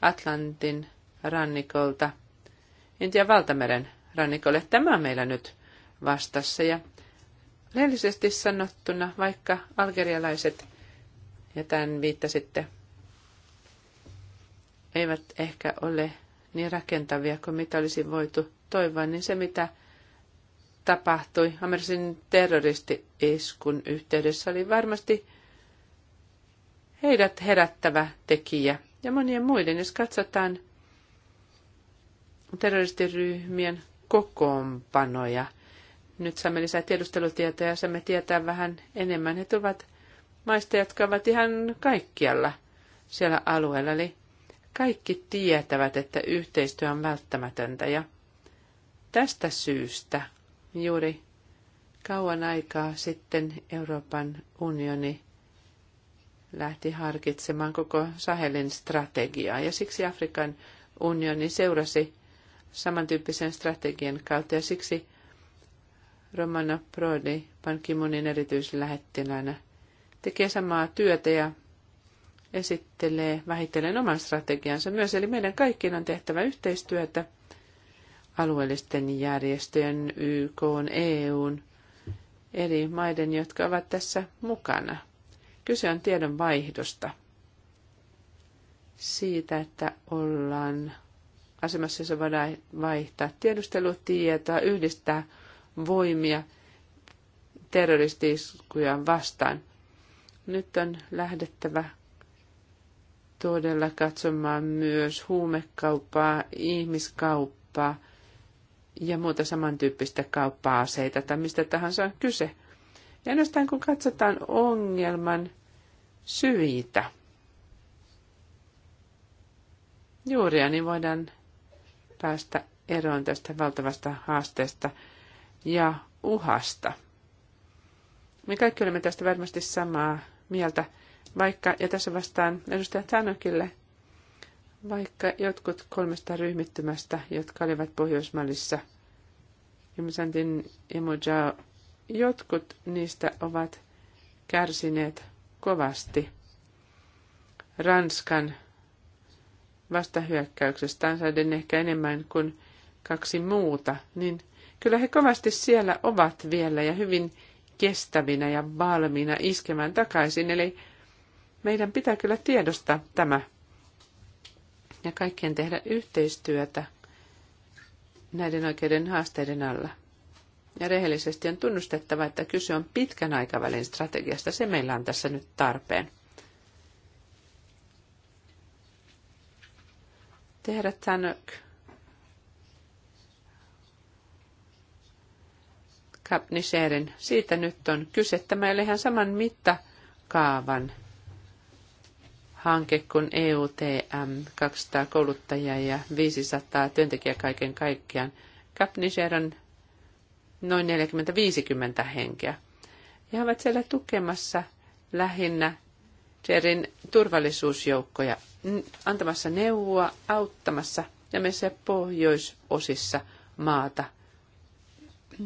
Atlantin rannikolta Intian valtameren rannikolle. Tämä on meillä nyt vastassa ja leellisesti sanottuna, vaikka algerialaiset, ja tämän viittasitte, eivät ehkä ole niin rakentavia kuin mitä olisi voitu toivoa, niin se mitä tapahtui Amersin terroristi-iskun yhteydessä oli varmasti heidät herättävä tekijä. Ja monien muiden, jos katsotaan terroristiryhmien kokoonpanoja. Nyt saamme lisää tiedustelutietoja ja saamme tietää vähän enemmän. He tulevat maista, jotka ovat ihan kaikkialla siellä alueella. Eli kaikki tietävät, että yhteistyö on välttämätöntä ja tästä syystä juuri kauan aikaa sitten Euroopan unioni lähti harkitsemaan koko Sahelin strategiaa ja siksi Afrikan unioni seurasi samantyyppisen strategian kautta. Ja siksi Romana Prodi, Ban Ki-moonin erityislähettiläänä, tekee samaa työtä ja esittelee vähitellen oman strategiansa myös. Eli meidän kaikkien on tehtävä yhteistyötä alueellisten järjestöjen, YK, EUn, eri maiden, jotka ovat tässä mukana. Kyse on tiedon vaihdosta. Siitä, että ollaan asemassa, jossa voidaan vaihtaa tiedustelutietoa, yhdistää voimia terroristiskuja vastaan. Nyt on lähdettävä todella katsomaan myös huumekauppaa, ihmiskauppaa ja muuta samantyyppistä kauppaa, aseita tai mistä tahansa on kyse. Ja ainoastaan kun katsotaan ongelman syitä, juuria, niin voidaan päästä eroon tästä valtavasta haasteesta ja uhasta. Me kaikki olemme tästä varmasti samaa mieltä, vaikka, ja tässä vastaan edustaja Tanokille, vaikka jotkut kolmesta ryhmittymästä, jotka olivat Pohjoismallissa, Jumsantin emoja, jotkut niistä ovat kärsineet kovasti Ranskan vastahyökkäyksestään saiden ehkä enemmän kuin kaksi muuta, niin kyllä he kovasti siellä ovat vielä ja hyvin kestävinä ja valmiina iskemään takaisin. Eli meidän pitää kyllä tiedostaa tämä ja kaikkien tehdä yhteistyötä näiden oikeiden haasteiden alla. Ja rehellisesti on tunnustettava, että kyse on pitkän aikavälin strategiasta. Se meillä on tässä nyt tarpeen. tehdä Tanök. Kapniseerin. Siitä nyt on kyse. Tämä ei ole ihan saman mittakaavan hanke kuin EUTM, 200 kouluttajaa ja 500 työntekijää kaiken kaikkiaan. Kapniseer on noin 40-50 henkeä. Ja he ovat siellä tukemassa lähinnä Tierin turvallisuusjoukkoja antamassa neuvoa, auttamassa ja meissä pohjoisosissa maata,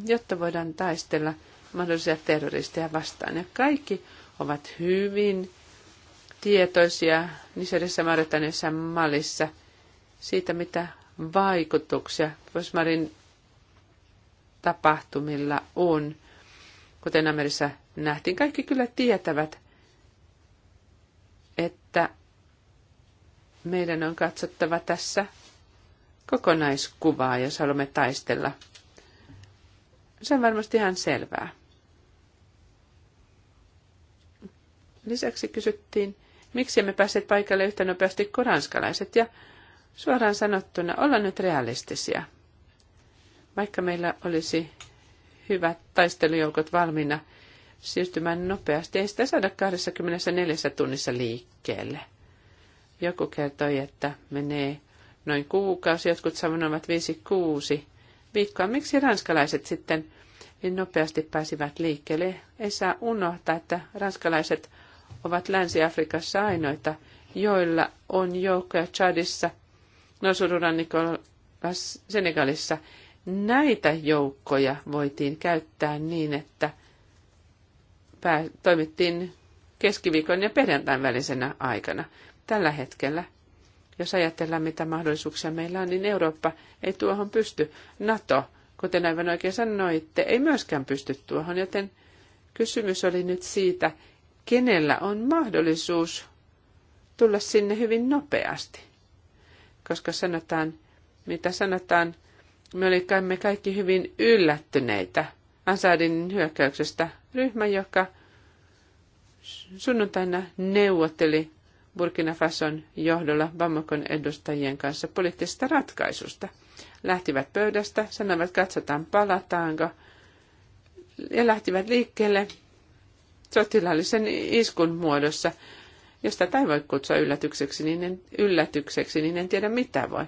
jotta voidaan taistella mahdollisia terroristeja vastaan. Ja kaikki ovat hyvin tietoisia Niserissa, Mauritaniassa Malissa siitä, mitä vaikutuksia Bosmarin tapahtumilla on. Kuten Amerissa nähtiin, kaikki kyllä tietävät, Meidän on katsottava tässä kokonaiskuvaa, jos haluamme taistella. Se on varmasti ihan selvää. Lisäksi kysyttiin, miksi emme päässeet paikalle yhtä nopeasti kuin ranskalaiset, ja suoraan sanottuna olla nyt realistisia. Vaikka meillä olisi hyvät taistelujoukot valmiina siirtymään nopeasti, ei sitä saada 24 tunnissa liikkeelle – joku kertoi, että menee noin kuukausi, jotkut sanovat viisi, kuusi viikkoa. Miksi ranskalaiset sitten niin nopeasti pääsivät liikkeelle? Ei saa unohtaa, että ranskalaiset ovat Länsi-Afrikassa ainoita, joilla on joukkoja Chadissa, Nosururannikolla, Senegalissa. Näitä joukkoja voitiin käyttää niin, että pää, toimittiin keskiviikon ja perjantain välisenä aikana. Tällä hetkellä, jos ajatellaan mitä mahdollisuuksia meillä on, niin Eurooppa ei tuohon pysty. NATO, kuten aivan oikein sanoitte, ei myöskään pysty tuohon, joten kysymys oli nyt siitä, kenellä on mahdollisuus tulla sinne hyvin nopeasti. Koska sanotaan, mitä sanotaan, me olimme kaikki hyvin yllättyneitä Ansadin hyökkäyksestä. Ryhmä, joka sunnuntaina neuvotteli Burkina Fason johdolla Bamako'n edustajien kanssa poliittisesta ratkaisusta. Lähtivät pöydästä, sanoivat katsotaan palataanko, ja lähtivät liikkeelle sotilaallisen iskun muodossa. josta tai voi kutsua yllätykseksi, niin en, yllätykseksi, niin en tiedä mitä voi.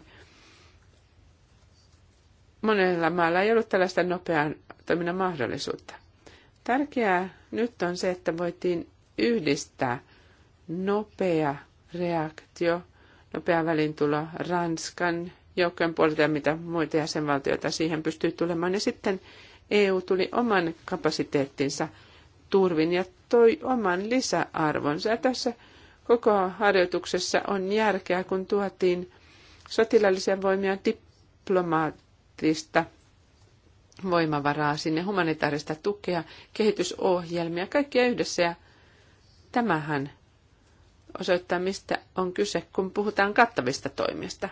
Monella maalla ei ollut tällaista nopeaa toiminnan mahdollisuutta. Tärkeää nyt on se, että voitiin yhdistää – nopea reaktio, nopea välintulo Ranskan joukkojen puolelta ja mitä muita jäsenvaltioita siihen pystyy tulemaan. Ja sitten EU tuli oman kapasiteettinsa turvin ja toi oman lisäarvonsa. Ja tässä koko harjoituksessa on järkeä, kun tuotiin sotilaallisia voimia diplomaattista voimavaraa sinne, humanitaarista tukea, kehitysohjelmia, kaikkia yhdessä. Ja tämähän osoittaa, mistä on kyse, kun puhutaan kattavista toimista.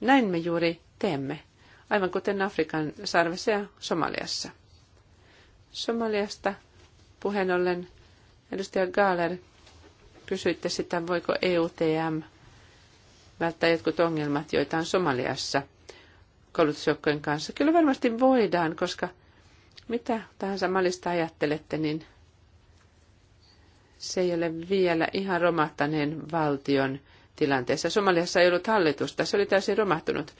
Näin me juuri teemme, aivan kuten Afrikan sarvessa ja Somaliassa. Somaliasta puheen ollen edustaja Gaaler kysyitte sitä, voiko EUTM välttää jotkut ongelmat, joita on Somaliassa koulutusjoukkojen kanssa. Kyllä varmasti voidaan, koska mitä tahansa malista ajattelette, niin – se ei ole vielä ihan romahtaneen valtion tilanteessa. Somaliassa ei ollut hallitusta, se oli täysin romahtunut.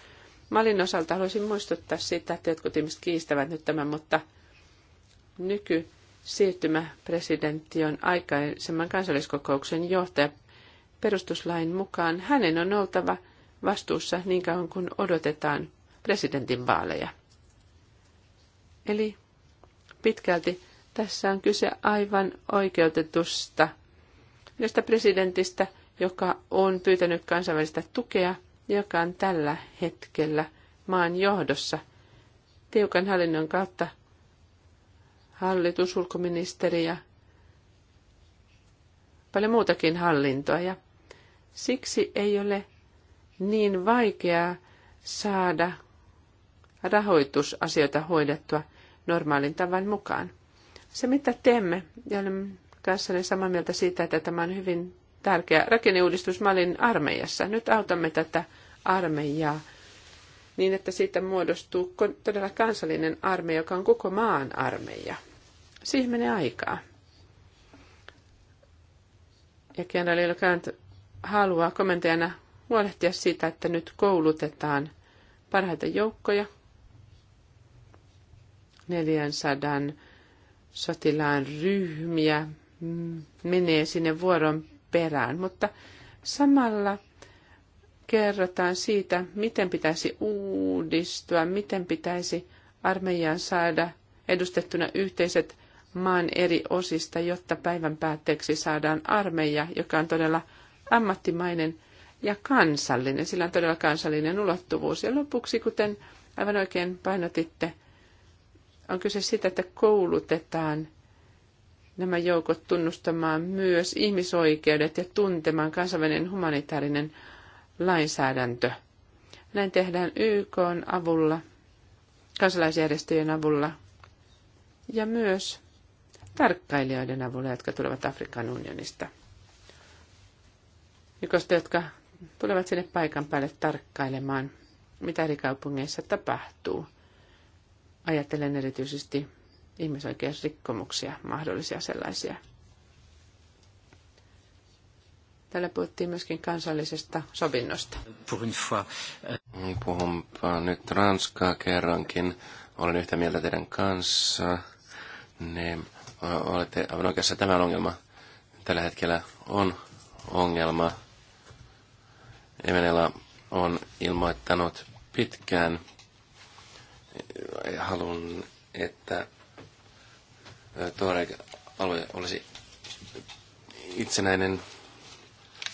Malin osalta haluaisin muistuttaa siitä, että jotkut ihmiset kiistävät nyt tämän, mutta nyky siirtymäpresidentti on aikaisemman kansalliskokouksen johtaja. Perustuslain mukaan hänen on oltava vastuussa niin kauan kuin odotetaan presidentin vaaleja. Eli pitkälti tässä on kyse aivan oikeutetusta yhdestä presidentistä, joka on pyytänyt kansainvälistä tukea, joka on tällä hetkellä maan johdossa. Tiukan hallinnon kautta hallitus, ulkoministeri ja paljon muutakin hallintoa. Ja siksi ei ole niin vaikeaa saada rahoitusasioita hoidettua normaalin tavan mukaan. Se, mitä teemme, ja olen kanssani samaa mieltä siitä, että tämä on hyvin tärkeä rakenneuudistus. Mä olin armeijassa. Nyt autamme tätä armeijaa niin, että siitä muodostuu todella kansallinen armeija, joka on koko maan armeija. Siihen menee aikaa. Ja kenraali Lekant haluaa komentajana huolehtia siitä, että nyt koulutetaan parhaita joukkoja 400 sotilaan ryhmiä mm, menee sinne vuoron perään, mutta samalla kerrotaan siitä, miten pitäisi uudistua, miten pitäisi armeijaan saada edustettuna yhteiset maan eri osista, jotta päivän päätteeksi saadaan armeija, joka on todella ammattimainen ja kansallinen. Sillä on todella kansallinen ulottuvuus. Ja lopuksi, kuten aivan oikein painotitte, on kyse siitä, että koulutetaan nämä joukot tunnustamaan myös ihmisoikeudet ja tuntemaan kansainvälinen humanitaarinen lainsäädäntö. Näin tehdään YK avulla, kansalaisjärjestöjen avulla ja myös tarkkailijoiden avulla, jotka tulevat Afrikan unionista. Ykosta, jotka tulevat sinne paikan päälle tarkkailemaan, mitä eri kaupungeissa tapahtuu – Ajattelen erityisesti ihmisoikeusrikkomuksia, mahdollisia sellaisia. Täällä puhuttiin myöskin kansallisesta sovinnosta. Euh, Puhunpa nyt ranskaa kerrankin. Olen yhtä mieltä teidän kanssa. Ne, olette aivan oikeassa tämä on ongelma. Tällä hetkellä on ongelma. Emenela on ilmoittanut pitkään halun, että tuore alue olisi itsenäinen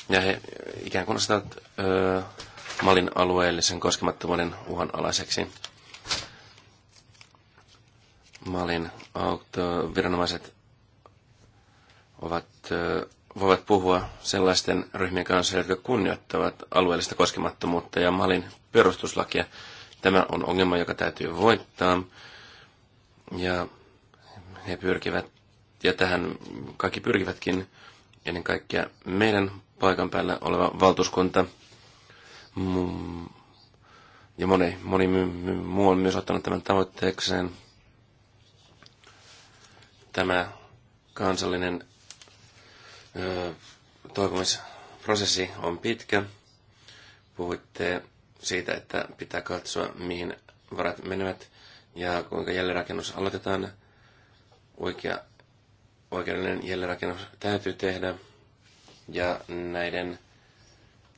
ja he ikään kuin asettavat Malin alueellisen koskemattomuuden uhanalaiseksi. Malin auto, viranomaiset ovat, öö, voivat puhua sellaisten ryhmien kanssa, jotka kunnioittavat alueellista koskemattomuutta ja Malin perustuslakia. Tämä on ongelma, joka täytyy voittaa. Ja he pyrkivät, ja tähän kaikki pyrkivätkin, ennen kaikkea meidän paikan päällä oleva valtuuskunta. Mm, ja moni, moni muu on myös ottanut tämän tavoitteekseen. Tämä kansallinen ö, toipumisprosessi on pitkä. Puhuitte siitä, että pitää katsoa, mihin varat menevät ja kuinka jälleenrakennus aloitetaan. Oikea, oikeudellinen jälleenrakennus täytyy tehdä ja näiden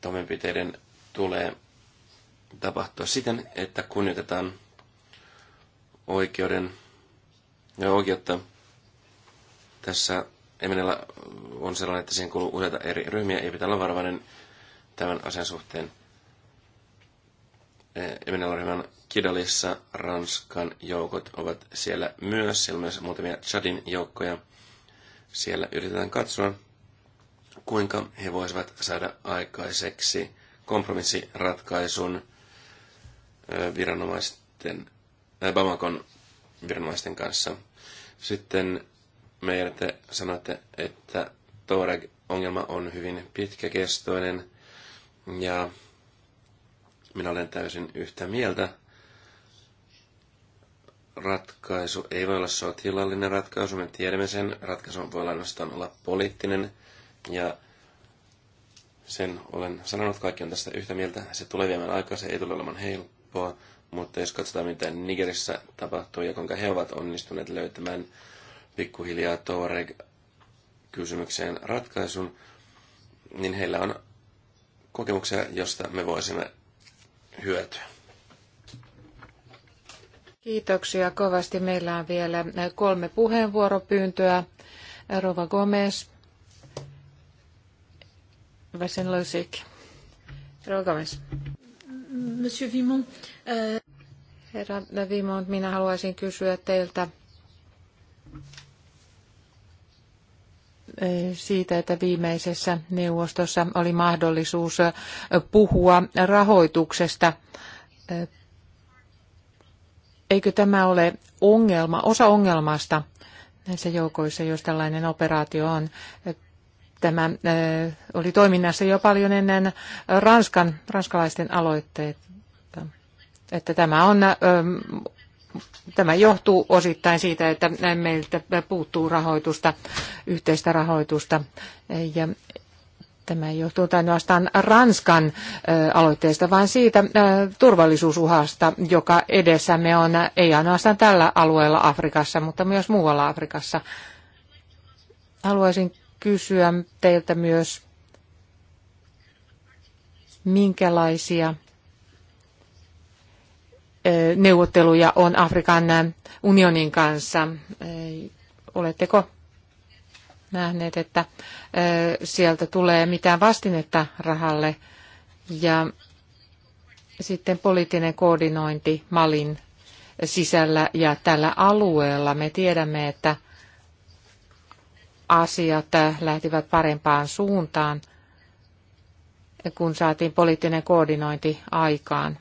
toimenpiteiden tulee tapahtua siten, että kunnioitetaan oikeuden ja oikeutta. Tässä Eminellä on sellainen, että siihen kuuluu useita eri ryhmiä ei pitää olla varovainen tämän asian suhteen. Eminaloryhmän Kidalissa Ranskan joukot ovat siellä myös. Siellä on myös muutamia Chadin joukkoja. Siellä yritetään katsoa, kuinka he voisivat saada aikaiseksi kompromissiratkaisun viranomaisten, äh, Bamakon viranomaisten kanssa. Sitten meidän te sanotte, että toreg ongelma on hyvin pitkäkestoinen ja minä olen täysin yhtä mieltä. Ratkaisu ei voi olla sotilallinen ratkaisu, me tiedämme sen. Ratkaisu voi ainoastaan olla poliittinen ja sen olen sanonut, kaikki on tästä yhtä mieltä. Se tulee viemään aikaa, se ei tule olemaan helppoa, mutta jos katsotaan mitä Nigerissä tapahtuu ja kuinka he ovat onnistuneet löytämään pikkuhiljaa Touareg-kysymykseen ratkaisun, niin heillä on kokemuksia, josta me voisimme hyötyä. Kiitoksia kovasti. Meillä on vielä kolme puheenvuoropyyntöä. Rova Gomez, Vesen Losik. Rova Gomez. Monsieur Vimon. Euh, Herra Vimon, minä haluaisin kysyä teiltä siitä, että viimeisessä neuvostossa oli mahdollisuus puhua rahoituksesta. Eikö tämä ole ongelma, osa ongelmasta näissä joukoissa, jos tällainen operaatio on? Tämä oli toiminnassa jo paljon ennen Ranskan, ranskalaisten aloitteet että tämä on Tämä johtuu osittain siitä, että meiltä puuttuu rahoitusta, yhteistä rahoitusta. Ja tämä johtuu ainoastaan Ranskan aloitteesta, vaan siitä turvallisuusuhasta, joka edessämme on, ei ainoastaan tällä alueella Afrikassa, mutta myös muualla Afrikassa. Haluaisin kysyä teiltä myös, minkälaisia neuvotteluja on Afrikan unionin kanssa. Oletteko nähneet, että sieltä tulee mitään vastinetta rahalle? Ja sitten poliittinen koordinointi Malin sisällä ja tällä alueella. Me tiedämme, että asiat lähtivät parempaan suuntaan, kun saatiin poliittinen koordinointi aikaan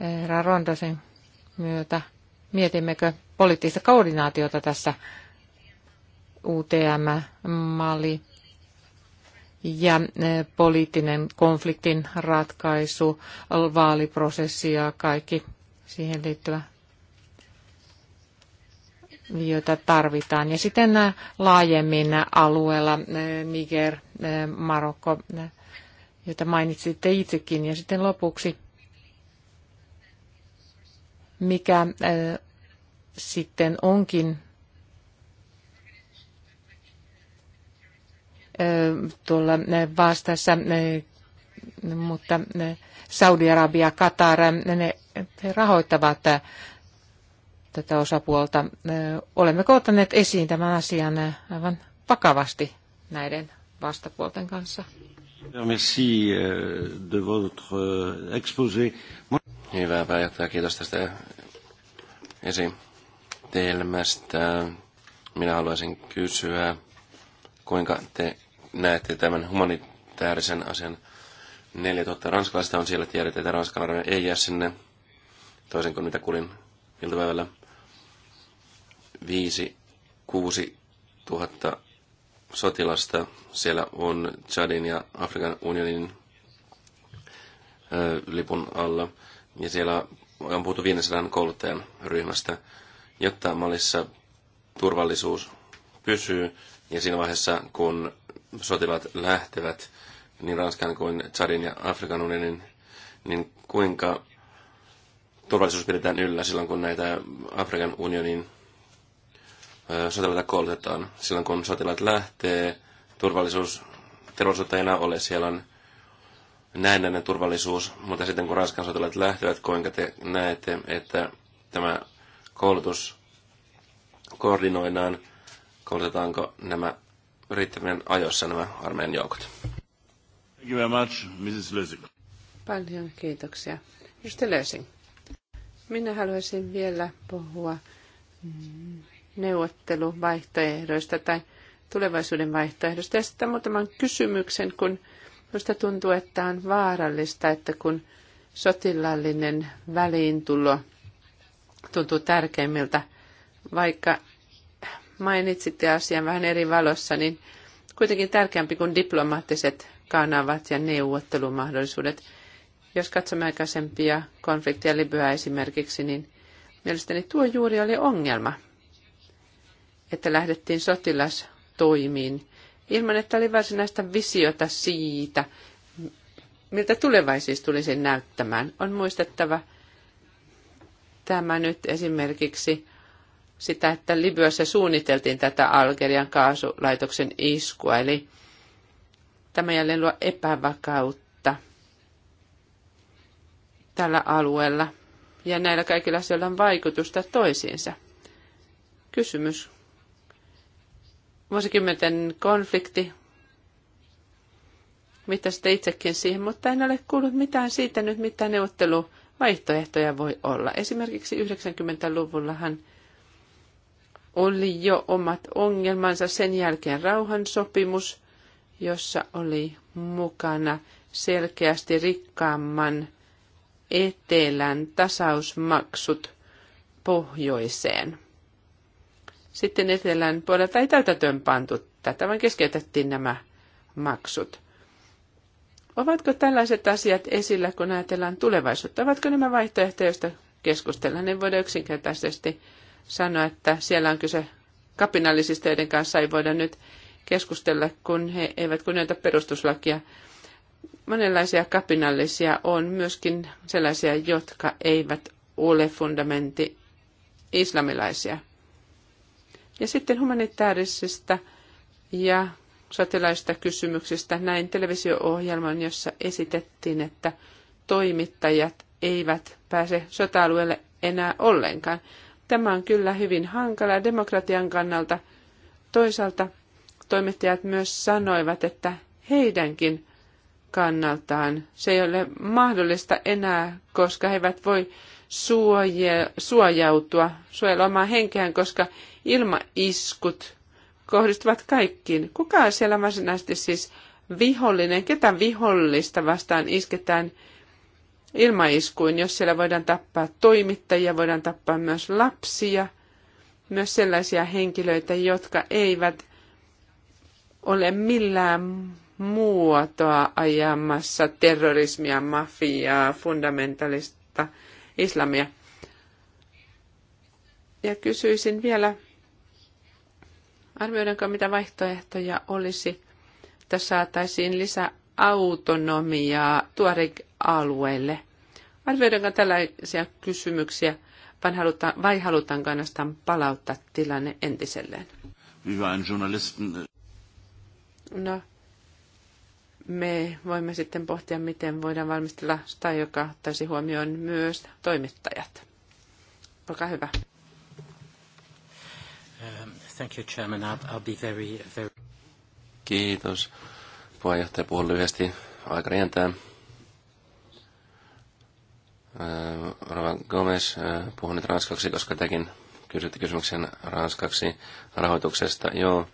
herra Rondasen myötä. Mietimmekö poliittista koordinaatiota tässä UTM-malli ja e, poliittinen konfliktin ratkaisu, vaaliprosessi ja kaikki siihen liittyvä, joita tarvitaan. Ja sitten e, laajemmin alueella e, Niger, Marokko, joita mainitsitte itsekin. Ja sitten lopuksi mikä äh, sitten onkin äh, tuolla äh, vastassa, mutta Saudi-Arabia, Katar, ne, rahoittavat tätä osapuolta. Olemme ottaneet esiin tämän asian aivan vakavasti näiden vastapuolten kanssa? Merci euh, de votre euh, exposé. Hyvää pääjohtaja, kiitos tästä esitelmästä. Minä haluaisin kysyä, kuinka te näette tämän humanitaarisen asian 4000 ranskalaista on siellä, tiedetty, että Ranskan armeija ei jää sinne, toisin kuin mitä kuulin iltapäivällä. 5, 6 tuhatta sotilasta. Siellä on Chadin ja Afrikan unionin lipun alla. Ja siellä on puhuttu 500 kouluttajan ryhmästä, jotta Malissa turvallisuus pysyy. Ja siinä vaiheessa, kun sotilaat lähtevät niin Ranskan kuin Chadin ja Afrikan unionin, niin kuinka turvallisuus pidetään yllä silloin, kun näitä Afrikan unionin sotilaita koulutetaan. Silloin kun sotilaat lähtee, turvallisuus, turvallisuutta ei enää ole. Siellä on näennäinen turvallisuus, mutta sitten kun Ranskan sotilaat lähtevät, kuinka te näette, että tämä koulutus koordinoidaan, koulutetaanko nämä riittävän ajoissa nämä armeijan joukot? Thank you very much, Mrs. Lösing. Paljon kiitoksia. Just Lösing. Minä haluaisin vielä puhua mm, neuvotteluvaihtoehdoista tai tulevaisuuden vaihtoehdosta. Ja sitten muutaman kysymyksen, kun minusta tuntuu, että on vaarallista, että kun sotilaallinen väliintulo tuntuu tärkeimmiltä, vaikka mainitsitte asian vähän eri valossa, niin kuitenkin tärkeämpi kuin diplomaattiset kanavat ja neuvottelumahdollisuudet. Jos katsomme aikaisempia konflikteja Libyaa esimerkiksi, niin mielestäni tuo juuri oli ongelma – että lähdettiin sotilastoimiin ilman, että oli varsinaista visiota siitä, miltä tulevaisuus tulisi näyttämään. On muistettava tämä nyt esimerkiksi sitä, että Libyassa suunniteltiin tätä Algerian kaasulaitoksen iskua, eli tämä jälleen luo epävakautta tällä alueella, ja näillä kaikilla asioilla on vaikutusta toisiinsa. Kysymys vuosikymmenten konflikti viittasitte itsekin siihen, mutta en ole kuullut mitään siitä nyt, mitä neuvotteluvaihtoehtoja voi olla. Esimerkiksi 90-luvullahan oli jo omat ongelmansa, sen jälkeen rauhansopimus, jossa oli mukana selkeästi rikkaamman etelän tasausmaksut pohjoiseen sitten etelän puolelta ei täytäntöön pantu tätä, vaan keskeytettiin nämä maksut. Ovatko tällaiset asiat esillä, kun ajatellaan tulevaisuutta? Ovatko nämä vaihtoehtoja, joista keskustellaan? Niin voidaan yksinkertaisesti sanoa, että siellä on kyse kapinallisista, joiden kanssa ei voida nyt keskustella, kun he eivät kunnioita perustuslakia. Monenlaisia kapinallisia on myöskin sellaisia, jotka eivät ole fundamentti islamilaisia. Ja sitten humanitaarisista ja sotilaista kysymyksistä näin televisio-ohjelman, jossa esitettiin, että toimittajat eivät pääse sota-alueelle enää ollenkaan. Tämä on kyllä hyvin hankala demokratian kannalta. Toisaalta toimittajat myös sanoivat, että heidänkin kannaltaan se ei ole mahdollista enää, koska he eivät voi suoje, suojautua, suojella omaa henkeään, koska ilmaiskut kohdistuvat kaikkiin. Kuka on siellä varsinaisesti siis vihollinen? Ketä vihollista vastaan isketään ilmaiskuin, jos siellä voidaan tappaa toimittajia, voidaan tappaa myös lapsia, myös sellaisia henkilöitä, jotka eivät ole millään muotoa ajamassa terrorismia, mafiaa, fundamentalista islamia. Ja kysyisin vielä, arvioidaanko mitä vaihtoehtoja olisi, että saataisiin lisää autonomiaa Tuareg-alueelle. Arvioidaanko tällaisia kysymyksiä vai, haluta, vai halutaanko ainoastaan palauttaa tilanne entiselleen? Äh, no, me voimme sitten pohtia, miten voidaan valmistella sitä, joka ottaisi huomioon myös toimittajat. Olkaa hyvä. Um, thank you, Chairman. I'll be very, very... Kiitos. Puheenjohtaja puhuu lyhyesti. Aika rientää. Uh, Rova Gomes, uh, puhun nyt ranskaksi, koska tekin kysytte kysymyksen ranskaksi rahoituksesta. Joo,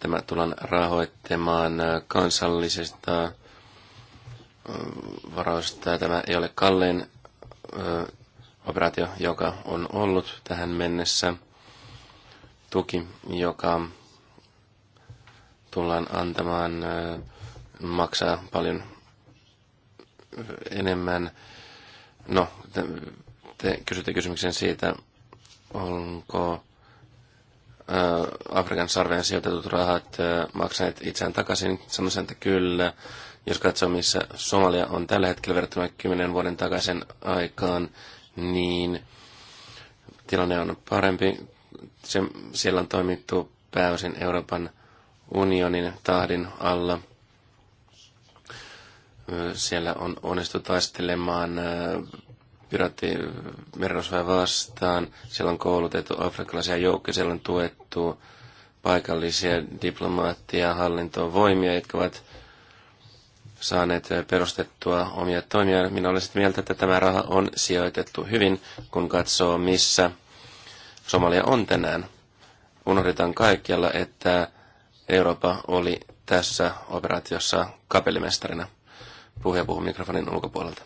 Tämä tullaan rahoittamaan kansallisesta varoista. Tämä ei ole kallein operaatio, joka on ollut tähän mennessä. Tuki, joka tullaan antamaan, maksaa paljon enemmän. No, te kysytte kysymyksen siitä, onko Äh, Afrikan sarveen sijoitetut rahat äh, maksaneet itseään takaisin? Sanoisin, että kyllä. Jos katsoo, missä Somalia on tällä hetkellä verrattuna 10 vuoden takaisin aikaan, niin tilanne on parempi. Se, siellä on toimittu pääosin Euroopan unionin tahdin alla. Siellä on onnistu taistelemaan piraatti merirosvoja vastaan. Siellä on koulutettu afrikkalaisia joukkoja, siellä on tuettu paikallisia diplomaattia, hallintovoimia, jotka ovat saaneet perustettua omia toimia. Minä olen sitä mieltä, että tämä raha on sijoitettu hyvin, kun katsoo, missä Somalia on tänään. Unohdetaan kaikkialla, että Eurooppa oli tässä operaatiossa kapellimestarina Puhuja puhuu mikrofonin ulkopuolelta.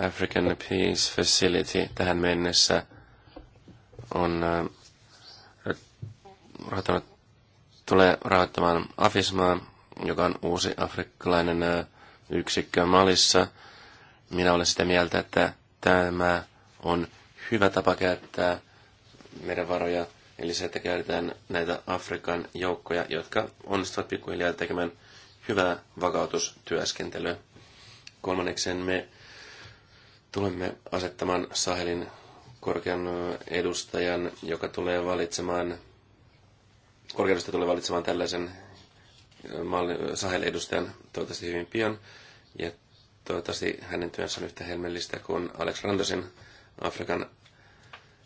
African Peace Facility tähän mennessä on äh, rahoittanut, tulee rahoittamaan Afismaa, joka on uusi afrikkalainen äh, yksikkö Malissa. Minä olen sitä mieltä, että tämä on hyvä tapa käyttää meidän varoja, eli se, että käytetään näitä Afrikan joukkoja, jotka onnistuvat pikkuhiljaa tekemään hyvää vakautustyöskentelyä. Kolmanneksen me Tulemme asettamaan Sahelin korkean edustajan, joka tulee valitsemaan, korkean tulee valitsemaan tällaisen äh, Sahelin edustajan toivottavasti hyvin pian. Ja toivottavasti hänen työnsä on yhtä helmellistä kuin Alex Randosin Afrikan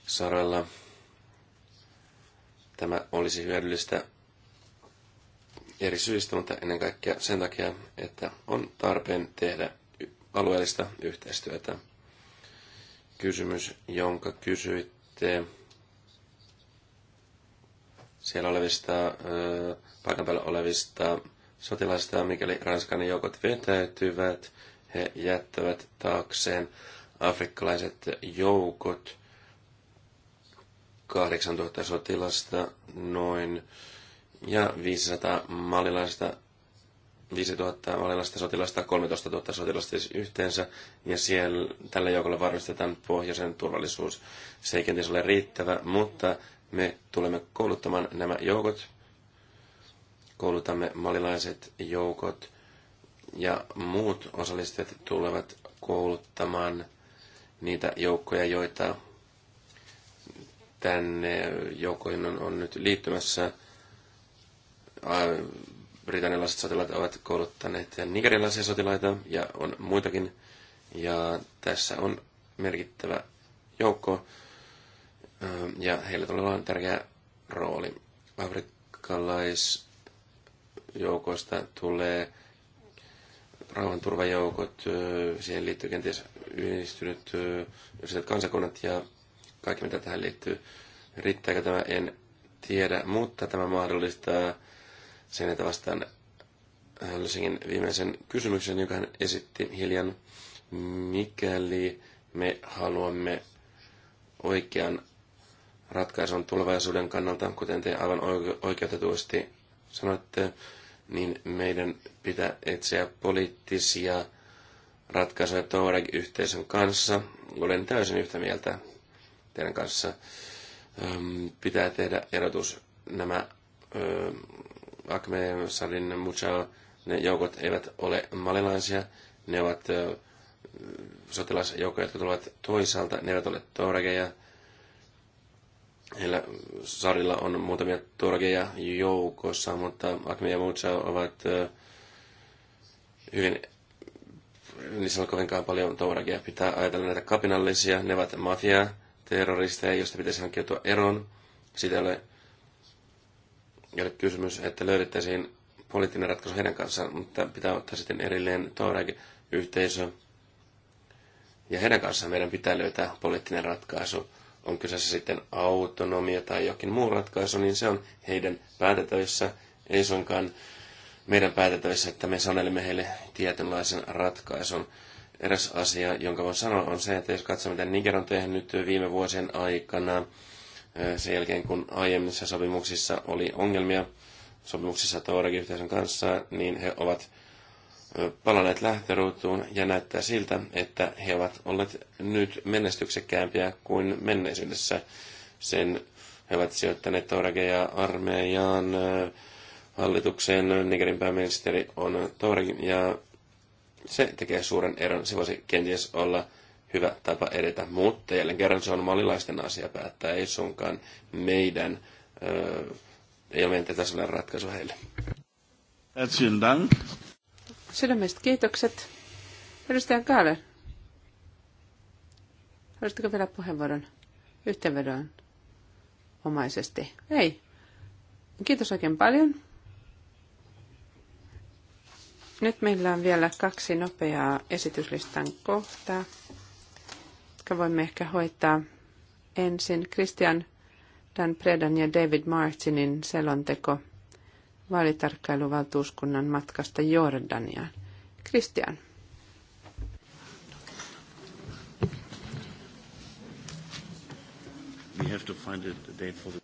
saralla. Tämä olisi hyödyllistä eri syistä, mutta ennen kaikkea sen takia, että on tarpeen tehdä alueellista yhteistyötä kysymys, jonka kysyitte siellä olevista, paikan päällä olevista sotilaista, mikäli Ranskan joukot vetäytyvät, he jättävät taakseen afrikkalaiset joukot, 8000 sotilasta noin ja 500 malilaista 5000 malilasta sotilasta, 13 000 sotilasta siis yhteensä, ja siellä tällä joukolla varmistetaan pohjoisen turvallisuus. Se ei kenties ole riittävä, mutta me tulemme kouluttamaan nämä joukot, koulutamme malilaiset joukot, ja muut osallistujat tulevat kouluttamaan niitä joukkoja, joita tänne joukkoihin on, on nyt liittymässä britannialaiset sotilaat ovat kouluttaneet nigerialaisia sotilaita ja on muitakin. Ja tässä on merkittävä joukko ja heillä tulee olemaan tärkeä rooli. Afrikkalaisjoukoista tulee rauhanturvajoukot, siihen liittyy kenties yhdistynyt yhdistet kansakunnat ja kaikki mitä tähän liittyy. Riittääkö tämä, en tiedä, mutta tämä mahdollistaa sen, että vastaan Helsingin viimeisen kysymyksen, joka hän esitti hiljan. Mikäli me haluamme oikean ratkaisun tulevaisuuden kannalta, kuten te aivan oikeutetusti sanoitte, niin meidän pitää etsiä poliittisia ratkaisuja Touareg-yhteisön kanssa. Olen täysin yhtä mieltä teidän kanssa. Pitää tehdä erotus nämä Akme, Salin, Mucha, ne joukot eivät ole malilaisia, ne ovat sotilasjoukkoja, jotka tulevat toisaalta, ne eivät ole toregeja. Heillä Sarilla on muutamia toregeja joukossa, mutta Akme ja Mucha ovat hyvin niissä on kovinkaan paljon touragia. Pitää ajatella näitä kapinallisia, ne ovat mafia, terroristeja, joista pitäisi hankkiutua eroon. Siitä ei ole ei kysymys, että löydettäisiin poliittinen ratkaisu heidän kanssaan, mutta pitää ottaa sitten erilleen Touareg yhteisö. Ja heidän kanssaan meidän pitää löytää poliittinen ratkaisu. On kyseessä sitten autonomia tai jokin muu ratkaisu, niin se on heidän päätetöissä. Ei suinkaan meidän päätetöissä, että me sanelemme heille tietynlaisen ratkaisun. Eräs asia, jonka voin sanoa, on se, että jos katsomme, mitä Niger on tehnyt viime vuosien aikana, sen jälkeen, kun aiemmissa sopimuksissa oli ongelmia sopimuksissa Touareg-yhteisön kanssa, niin he ovat palanneet lähtöruutuun ja näyttää siltä, että he ovat olleet nyt menestyksekkäämpiä kuin menneisyydessä. Sen he ovat sijoittaneet Touaregia armeijaan, hallituksen Nigerin pääministeri on Touareg ja se tekee suuren eron. Se voisi kenties olla hyvä tapa edetä, mutta jälleen kerran se on malilaisten asia päättää, ei sunkaan meidän, öö, ei ole meidän tässä ratkaisu heille. Herzlichen Sydämestä kiitokset. Edustaja Kaale, haluaisitko vielä puheenvuoron yhteenvedon omaisesti? Ei. Kiitos oikein paljon. Nyt meillä on vielä kaksi nopeaa esityslistan kohtaa jotka voimme ehkä hoitaa ensin. Christian Dan Predan ja David Martinin selonteko vaalitarkkailuvaltuuskunnan matkasta Jordaniaan. Christian. We have to find a date for the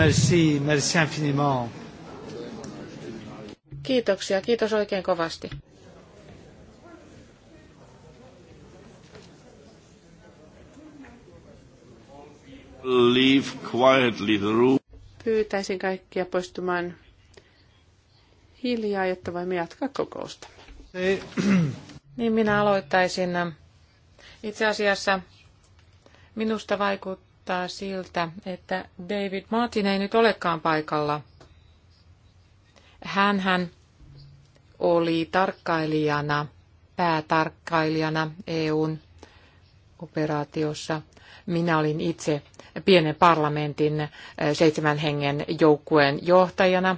Merci, merci infiniment. Kiitoksia, kiitos oikein kovasti. Leave quietly the room. Pyytäisin kaikkia poistumaan hiljaa, jotta voimme jatkaa kokousta. Niin minä aloittaisin. Itse asiassa minusta vaikuttaa, Vaikuttaa siltä, että David Martin ei nyt olekaan paikalla. Hän hän oli tarkkailijana, päätarkkailijana EUn operaatiossa. Minä olin itse pienen parlamentin seitsemän hengen joukkueen johtajana.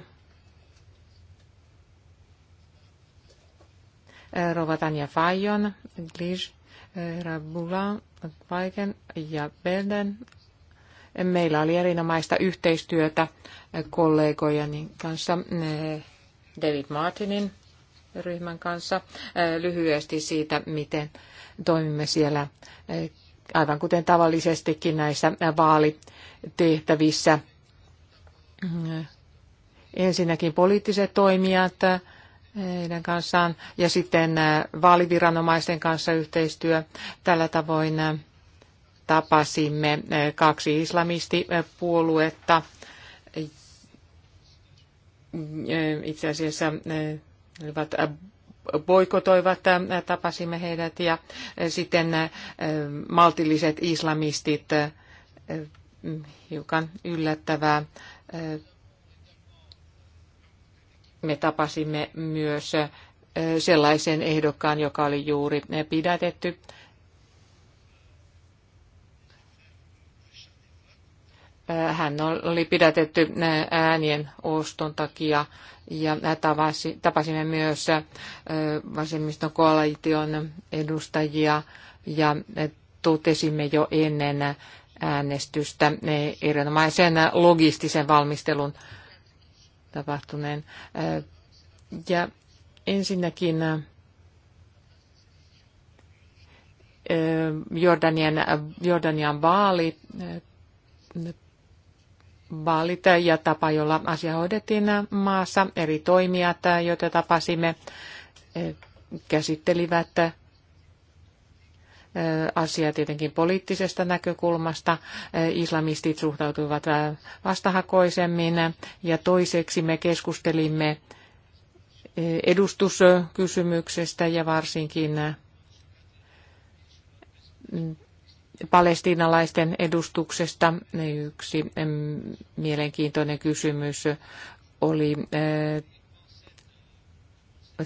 Rova Tanja Fajon, Glish, Rabula, Paiken ja Belden Meillä oli erinomaista yhteistyötä kollegojeni kanssa, eh, David Martinin ryhmän kanssa, eh, lyhyesti siitä, miten toimimme siellä eh, aivan kuten tavallisestikin näissä vaalitehtävissä. Ensinnäkin poliittiset toimijat heidän kanssaan ja sitten vaaliviranomaisten kanssa yhteistyö. Tällä tavoin tapasimme kaksi islamistipuoluetta. Itse asiassa olivat boikotoivat, tapasimme heidät ja sitten maltilliset islamistit, hiukan yllättävää. Me tapasimme myös sellaisen ehdokkaan, joka oli juuri pidätetty Äh, hän oli pidätetty äh, äänien oston takia ja äh, tavasi, tapasimme myös vasemmiston koalition edustajia ja totesimme jo ennen äänestystä erinomaisen logistisen valmistelun tapahtuneen. Ja ensinnäkin Jordanian, Jordanian vaali vaalit ja tapa, jolla asia hoidettiin maassa. Eri toimijat, joita tapasimme, eh, käsittelivät eh, asiaa tietenkin poliittisesta näkökulmasta. Eh, islamistit suhtautuivat vastahakoisemmin ja toiseksi me keskustelimme edustuskysymyksestä ja varsinkin palestiinalaisten edustuksesta yksi mielenkiintoinen kysymys oli eh,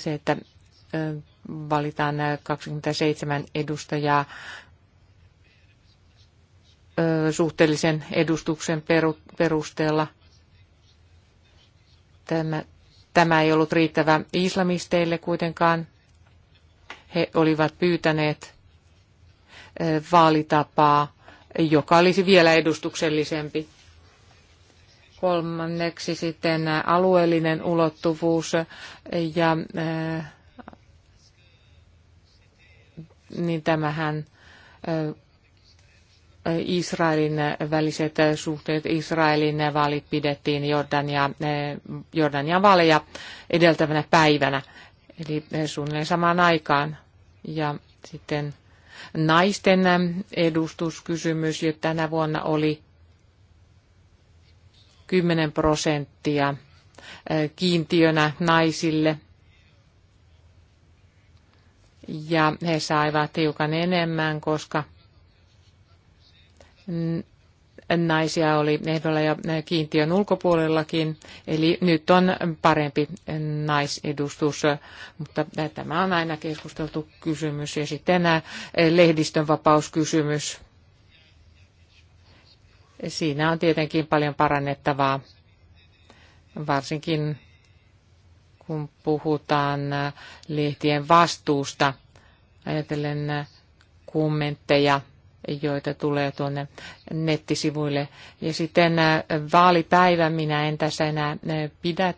se, että eh, valitaan 27 edustajaa eh, suhteellisen edustuksen perusteella. Tämä, tämä ei ollut riittävä islamisteille kuitenkaan. He olivat pyytäneet vaalitapaa, joka olisi vielä edustuksellisempi. Kolmanneksi sitten alueellinen ulottuvuus ja äh, niin tämähän äh, Israelin väliset suhteet, Israelin vaalit pidettiin Jordania, äh, Jordanian vaaleja edeltävänä päivänä, eli suunnilleen samaan aikaan. Ja sitten naisten edustuskysymys jo tänä vuonna oli 10 prosenttia kiintiönä naisille. Ja he saivat hiukan enemmän, koska naisia oli ehdolla ja kiintiön ulkopuolellakin, eli nyt on parempi naisedustus, mutta tämä on aina keskusteltu kysymys. Ja sitten lehdistön vapauskysymys. Siinä on tietenkin paljon parannettavaa, varsinkin kun puhutaan lehtien vastuusta. Ajatellen kommentteja joita tulee tuonne nettisivuille. Ja sitten vaalipäivä, minä en tässä enää pidä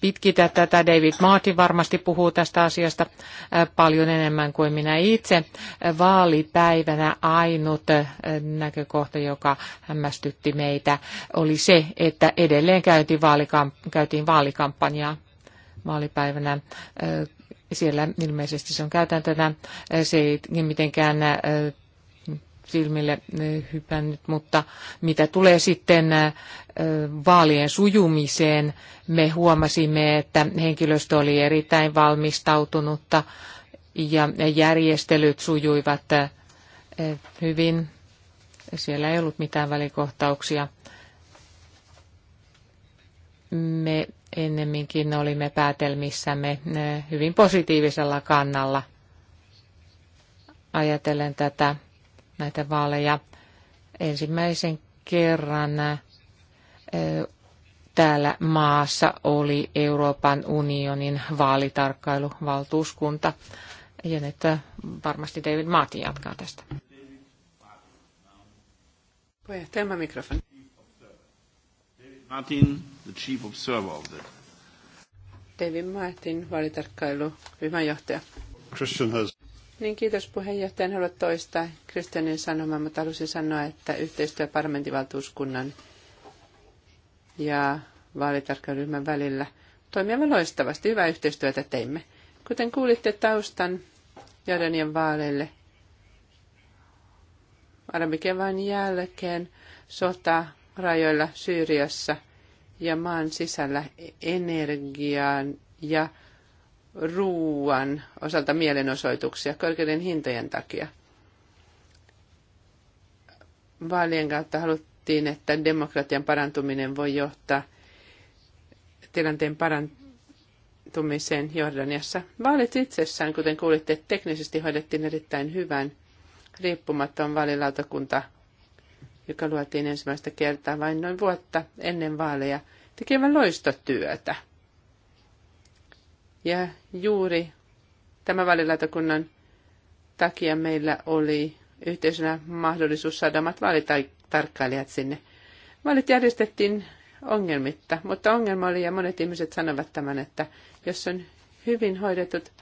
pitkitä tätä. David Martin varmasti puhuu tästä asiasta paljon enemmän kuin minä itse. Vaalipäivänä ainut näkökohta, joka hämmästytti meitä, oli se, että edelleen käytiin, vaalikamp- käytiin vaalikampanjaa vaalipäivänä. Siellä ilmeisesti se on käytäntönä. Se ei mitenkään silmille eh, hypännyt, mutta mitä tulee sitten eh, vaalien sujumiseen, me huomasimme, että henkilöstö oli erittäin valmistautunutta ja järjestelyt sujuivat eh, hyvin. Siellä ei ollut mitään välikohtauksia. Me ennemminkin olimme päätelmissämme hyvin positiivisella kannalla ajatellen tätä näitä vaaleja. Ensimmäisen kerran täällä maassa oli Euroopan unionin vaalitarkkailuvaltuuskunta. Ja nyt varmasti David Martin jatkaa tästä. Puheenjohtaja, mikrofoni. Martin, the chief observer of the... David Martin, vaalitarkkailu, ryhmänjohtaja. Christian has... Niin kiitos puheenjohtaja. En halua toistaa Kristianin sanomaa, mutta halusin sanoa, että yhteistyö parlamentivaltuuskunnan ja vaalitarkkailuryhmän välillä toimimme loistavasti. Hyvää yhteistyötä teimme. Kuten kuulitte taustan Jordanian vaaleille, arabikevään jälkeen sota rajoilla Syyriassa ja maan sisällä energiaan ja ruuan osalta mielenosoituksia korkeiden hintojen takia. Vaalien kautta haluttiin, että demokratian parantuminen voi johtaa tilanteen parantumiseen Jordaniassa. Vaalit itsessään, kuten kuulitte, teknisesti hoidettiin erittäin hyvän riippumaton vaalilautakunta, joka luotiin ensimmäistä kertaa vain noin vuotta ennen vaaleja, tekevän loistotyötä – ja juuri tämän välilautakunnan takia meillä oli yhteisönä mahdollisuus saada omat vaalitarkkailijat sinne. Vaalit järjestettiin ongelmitta, mutta ongelma oli, ja monet ihmiset sanovat tämän, että jos on hyvin hoidetut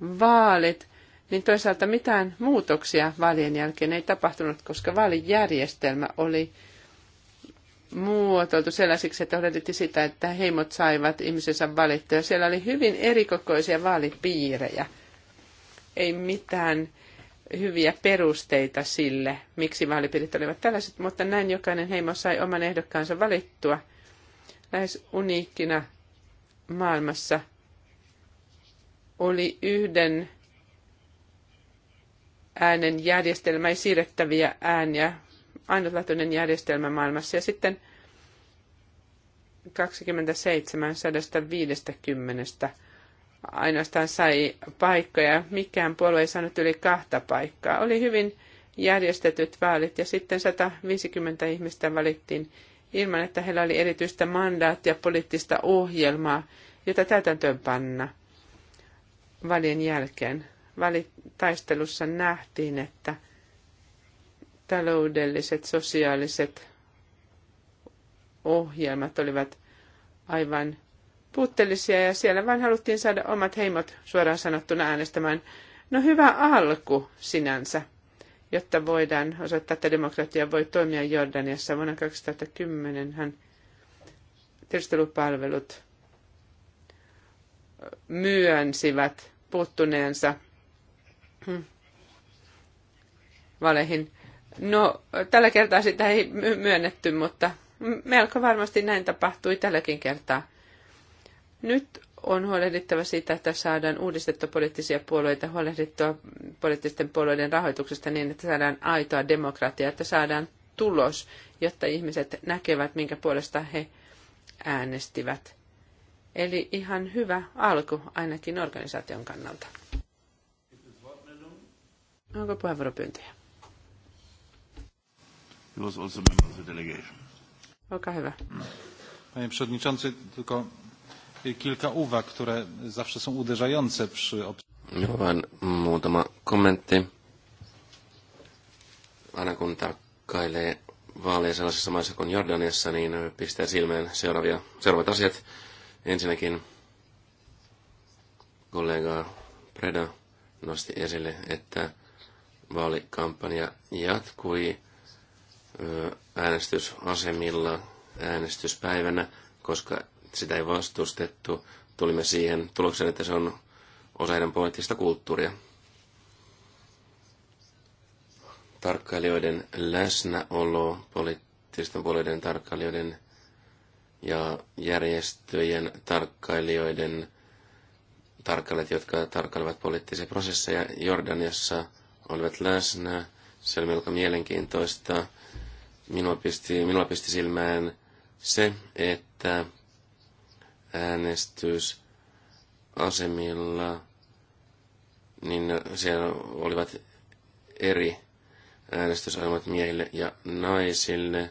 vaalit, niin toisaalta mitään muutoksia vaalien jälkeen ei tapahtunut, koska vaalijärjestelmä oli muotoiltu sellaisiksi, että odotetti sitä, että heimot saivat ihmisensä valittua. Siellä oli hyvin erikokoisia vaalipiirejä. Ei mitään hyviä perusteita sille, miksi vaalipiirit olivat tällaiset, mutta näin jokainen heimo sai oman ehdokkaansa valittua lähes uniikkina maailmassa. Oli yhden äänen järjestelmä, ja siirrettäviä ääniä, ainutlaatuinen järjestelmä maailmassa. Ja sitten 27 150 ainoastaan sai paikkoja. Mikään puolue ei saanut yli kahta paikkaa. Oli hyvin järjestetyt vaalit ja sitten 150 ihmistä valittiin ilman, että heillä oli erityistä mandaattia poliittista ohjelmaa, jota täytäntöön panna valien jälkeen. Valitaistelussa nähtiin, että taloudelliset, sosiaaliset ohjelmat olivat aivan puutteellisia ja siellä vain haluttiin saada omat heimot suoraan sanottuna äänestämään. No hyvä alku sinänsä, jotta voidaan osoittaa, että demokratia voi toimia Jordaniassa. Vuonna 2010 hän tiedustelupalvelut myönsivät puuttuneensa valeihin. No, tällä kertaa sitä ei myönnetty, mutta melko varmasti näin tapahtui tälläkin kertaa. Nyt on huolehdittava siitä, että saadaan uudistettua poliittisia puolueita, huolehdittua poliittisten puolueiden rahoituksesta niin, että saadaan aitoa demokratiaa, että saadaan tulos, jotta ihmiset näkevät, minkä puolesta he äänestivät. Eli ihan hyvä alku ainakin organisaation kannalta. Onko puheenvuoropyyntöjä? He was also member of the delegation. hyvä. Panie Przewodniczący, tylko kilka uwag, które zawsze są uderzające przy... vain muutama kommentti. Aina kun tarkkailee vaaleja sellaisessa maissa kuin Jordaniassa, niin pistää silmään seuraavia, seuraavat asiat. Ensinnäkin kollega Preda nosti esille, että vaalikampanja jatkui äänestysasemilla äänestyspäivänä, koska sitä ei vastustettu. Tulimme siihen tulokseen, että se on osa heidän poliittista kulttuuria. Tarkkailijoiden läsnäolo, poliittisten puolueiden tarkkailijoiden ja järjestöjen tarkkailijoiden tarkkailijat, jotka tarkkailevat poliittisia prosesseja Jordaniassa, olivat läsnä. Se oli melko mielenkiintoista minua pisti, minua pisti silmään se, että äänestysasemilla niin siellä olivat eri äänestysasemat miehille ja naisille,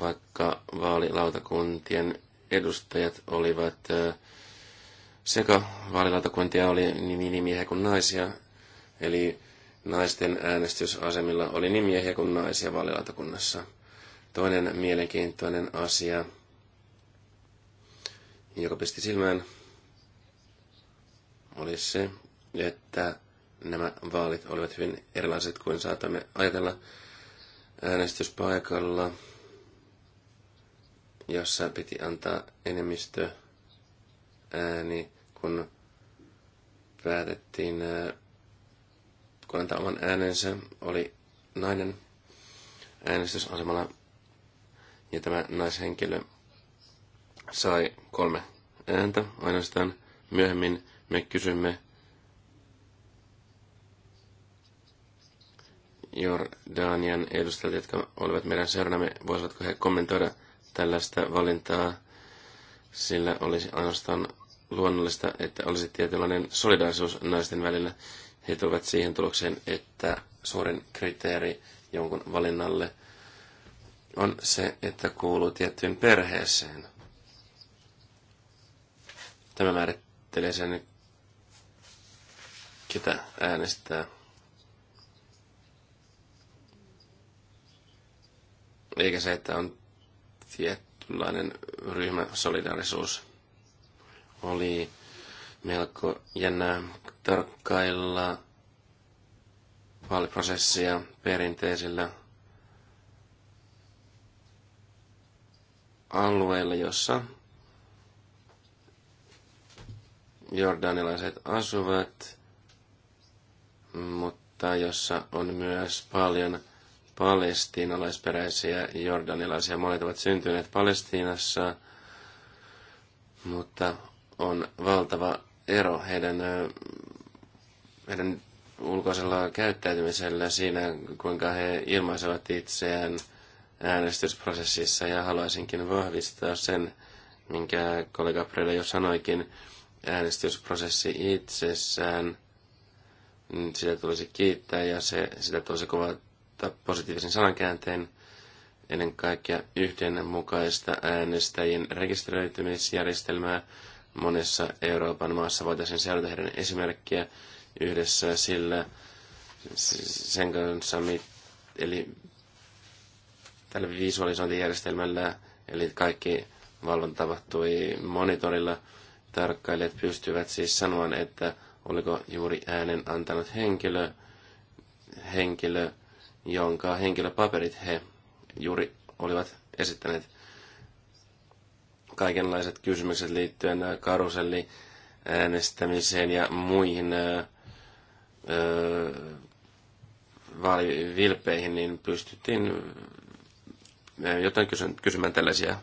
vaikka vaalilautakuntien edustajat olivat sekä vaalilautakuntia oli niin miehiä kuin naisia, eli naisten äänestysasemilla oli niin miehiä kuin naisia vaalilautakunnassa. Toinen mielenkiintoinen asia, joka pisti silmään, oli se, että nämä vaalit olivat hyvin erilaiset kuin saatamme ajatella äänestyspaikalla, jossa piti antaa enemmistö ääni, kun päätettiin kun antaa oman äänensä, oli nainen äänestysasemalla ja tämä naishenkilö sai kolme ääntä ainoastaan. Myöhemmin me kysymme Jordanian edustajat, jotka olivat meidän seurannamme, voisivatko he kommentoida tällaista valintaa, sillä olisi ainoastaan luonnollista, että olisi tietynlainen solidaarisuus naisten välillä he tuovat siihen tulokseen, että suurin kriteeri jonkun valinnalle on se, että kuuluu tiettyyn perheeseen. Tämä määrittelee sen, ketä äänestää. Eikä se, että on tietynlainen ryhmäsolidarisuus. Oli melko jännää tarkkailla vaaliprosessia perinteisillä alueilla, jossa jordanilaiset asuvat, mutta jossa on myös paljon palestiinalaisperäisiä jordanilaisia. Monet ovat syntyneet Palestiinassa, mutta on valtava ero heidän heidän ulkoisella käyttäytymisellä siinä, kuinka he ilmaisevat itseään äänestysprosessissa ja haluaisinkin vahvistaa sen, minkä kollega Preda jo sanoikin, äänestysprosessi itsessään, niin sitä tulisi kiittää ja se, sitä tulisi kuvata positiivisen sanankäänteen ennen kaikkea yhdenmukaista äänestäjien rekisteröitymisjärjestelmää. Monessa Euroopan maassa voitaisiin seurata heidän esimerkkiä yhdessä sillä sen kanssa, eli tällä visualisointijärjestelmällä, eli kaikki valvonta tapahtui monitorilla, tarkkailijat pystyvät siis sanomaan, että oliko juuri äänen antanut henkilö, henkilö, jonka henkilöpaperit he juuri olivat esittäneet. Kaikenlaiset kysymykset liittyen karuselli äänestämiseen ja muihin äh, vaalivilpeihin, niin pystyttiin jotain kysymään tällaisia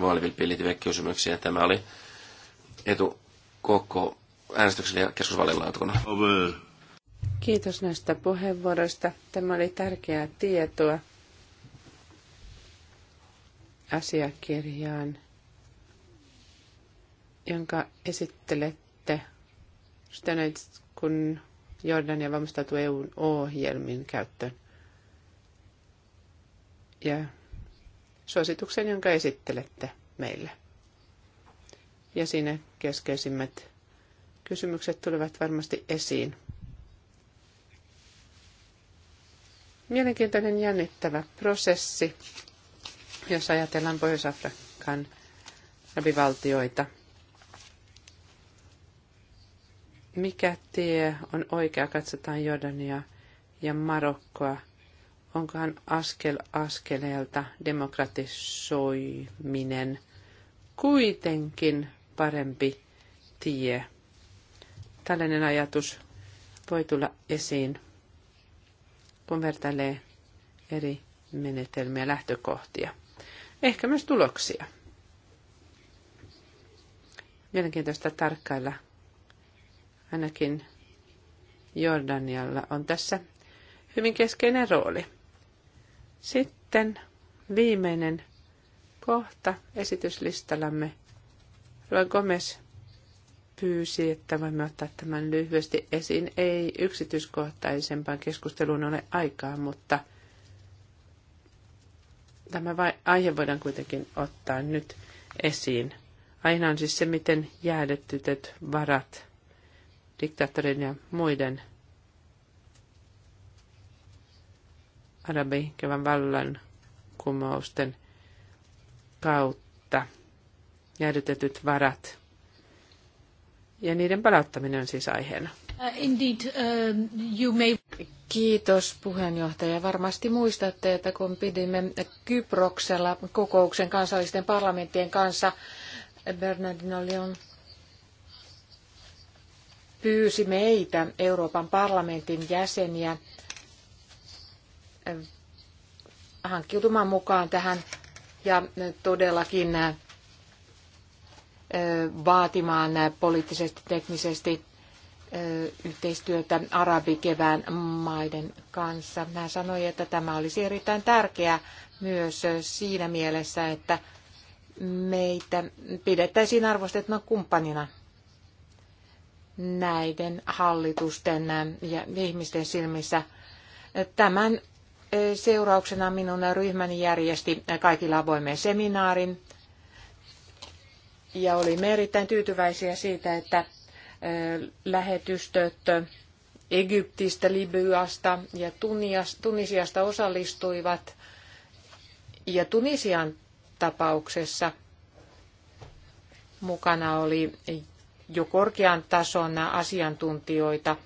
vaalivilpiin liittyviä kysymyksiä. Tämä oli etu koko äänestyksellä ja keskusvaalilautakunnalla. Kiitos näistä puheenvuoroista. Tämä oli tärkeää tietoa asiakirjaan, jonka esittelette Stenets, kun Jordania valmistautu EUn ohjelmin käyttöön. Ja suosituksen, jonka esittelette meille. Ja siinä keskeisimmät kysymykset tulevat varmasti esiin. Mielenkiintoinen jännittävä prosessi, jos ajatellaan Pohjois-Afrikan rabivaltioita – mikä tie on oikea, katsotaan Jordania ja Marokkoa. Onkohan askel askeleelta demokratisoiminen kuitenkin parempi tie? Tällainen ajatus voi tulla esiin, kun vertailee eri menetelmiä, lähtökohtia, ehkä myös tuloksia. Mielenkiintoista tarkkailla ainakin Jordanialla on tässä hyvin keskeinen rooli. Sitten viimeinen kohta esityslistallamme. Roy Gomez pyysi, että voimme ottaa tämän lyhyesti esiin. Ei yksityiskohtaisempaan keskusteluun ole aikaa, mutta tämä aihe voidaan kuitenkin ottaa nyt esiin. Aina on siis se, miten jäädettytet varat diktaattoreiden ja muiden arabikevän vallan kumousten kautta jäädytetyt varat. Ja niiden palauttaminen on siis aiheena. Uh, indeed, uh, you may... Kiitos puheenjohtaja. Varmasti muistatte, että kun pidimme Kyproksella kokouksen kansallisten parlamenttien kanssa, Bernardino Leon pyysi meitä, Euroopan parlamentin jäseniä, äh, hankkiutumaan mukaan tähän ja todellakin äh, vaatimaan poliittisesti, teknisesti äh, yhteistyötä arabikevään maiden kanssa. Hän sanoi, että tämä olisi erittäin tärkeää myös siinä mielessä, että meitä pidettäisiin arvostettuna kumppanina näiden hallitusten ja ihmisten silmissä. Tämän eh, seurauksena minun ryhmäni järjesti kaikilla avoimen seminaarin ja olimme erittäin tyytyväisiä siitä, että eh, lähetystöt Egyptistä, Libyasta ja Tunisiasta osallistuivat. Ja Tunisian tapauksessa mukana oli jo korkean tason asiantuntijoita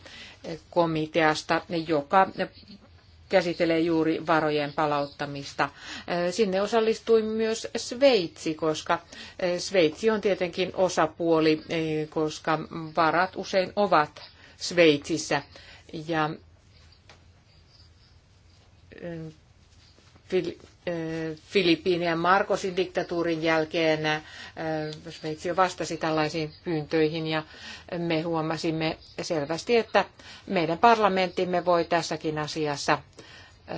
komiteasta, joka käsittelee juuri varojen palauttamista. Sinne osallistui myös Sveitsi, koska Sveitsi on tietenkin osapuoli, koska varat usein ovat Sveitsissä. Ja Filippiinien Marcosin diktatuurin jälkeen Sveitsi äh, jo vastasi tällaisiin pyyntöihin ja me huomasimme selvästi, että meidän parlamenttimme voi tässäkin asiassa äh,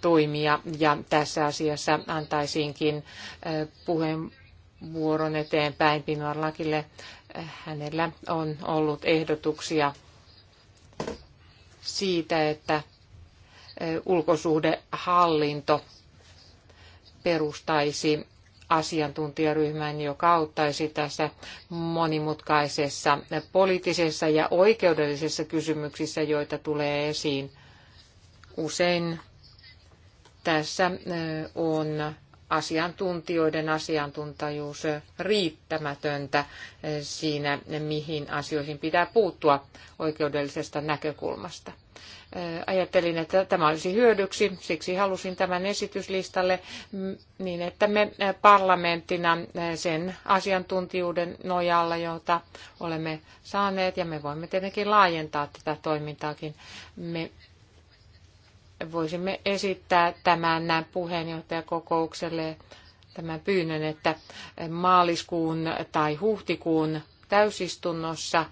toimia ja tässä asiassa antaisinkin äh, puheenvuoron eteenpäin Pinarlakille. Hänellä on ollut ehdotuksia siitä, että ulkosuhdehallinto perustaisi asiantuntijaryhmän, joka auttaisi tässä monimutkaisessa poliittisessa ja oikeudellisessa kysymyksissä, joita tulee esiin. Usein tässä on asiantuntijoiden asiantuntajuus riittämätöntä siinä, mihin asioihin pitää puuttua oikeudellisesta näkökulmasta ajattelin, että tämä olisi hyödyksi, siksi halusin tämän esityslistalle niin, että me parlamenttina sen asiantuntijuuden nojalla, jota olemme saaneet, ja me voimme tietenkin laajentaa tätä toimintaakin, me voisimme esittää tämän puheenjohtajakokoukselle tämän pyynnön, että maaliskuun tai huhtikuun täysistunnossa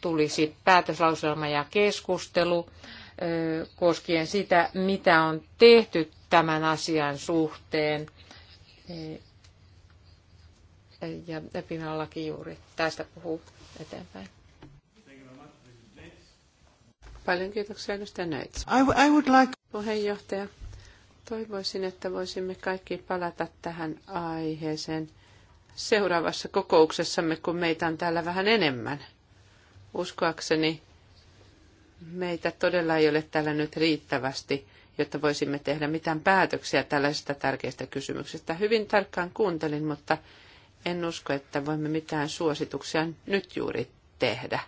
tulisi päätöslauselma ja keskustelu koskien sitä, mitä on tehty tämän asian suhteen. E, e, ja Epinallaki juuri tästä puhuu eteenpäin. Paljon kiitoksia edustaja Neitz. I, I would like... Puheenjohtaja, toivoisin, että voisimme kaikki palata tähän aiheeseen seuraavassa kokouksessamme, kun meitä on täällä vähän enemmän. Uskoakseni Meitä todella ei ole täällä nyt riittävästi, jotta voisimme tehdä mitään päätöksiä tällaisista tärkeistä kysymyksistä. Hyvin tarkkaan kuuntelin, mutta en usko, että voimme mitään suosituksia nyt juuri tehdä.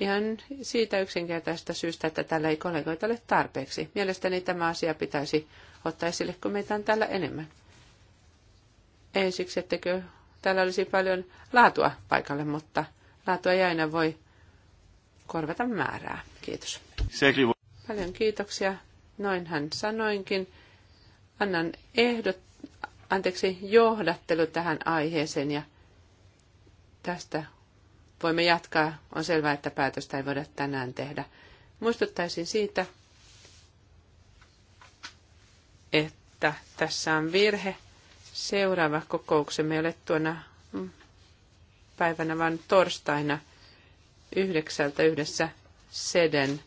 Ihan siitä yksinkertaisesta syystä, että täällä ei kollegoita ole tarpeeksi. Mielestäni tämä asia pitäisi ottaa esille, kun meitä on täällä enemmän. Ei siksi, ettekö täällä olisi paljon laatua paikalle, mutta laatua ei aina voi korvata määrää. Kiitos. Paljon kiitoksia. Noin hän sanoinkin. Annan ehdot, anteeksi, johdattelu tähän aiheeseen ja tästä voimme jatkaa. On selvää, että päätöstä ei voida tänään tehdä. Muistuttaisin siitä, että tässä on virhe. Seuraava kokouksemme ei ole tuona päivänä, vaan torstaina yhdeksältä yhdessä Seden,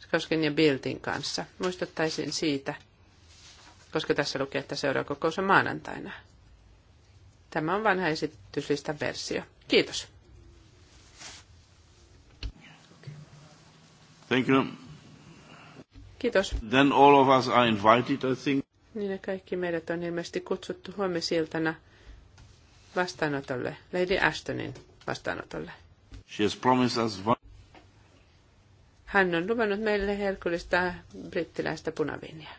Skosken ja Biltin kanssa. Muistuttaisin siitä, koska tässä lukee, että seuraava kokous on maanantaina. Tämä on vanha esityslistan versio. Kiitos. Thank you. Kiitos. Then all of us are invited, I think. Niin kaikki meidät on ilmeisesti kutsuttu huomisiltana vastaanotolle, Lady Ashtonin vastaanotolle. She has promised us one hän on luvannut meille herkullista brittiläistä punaviiniä.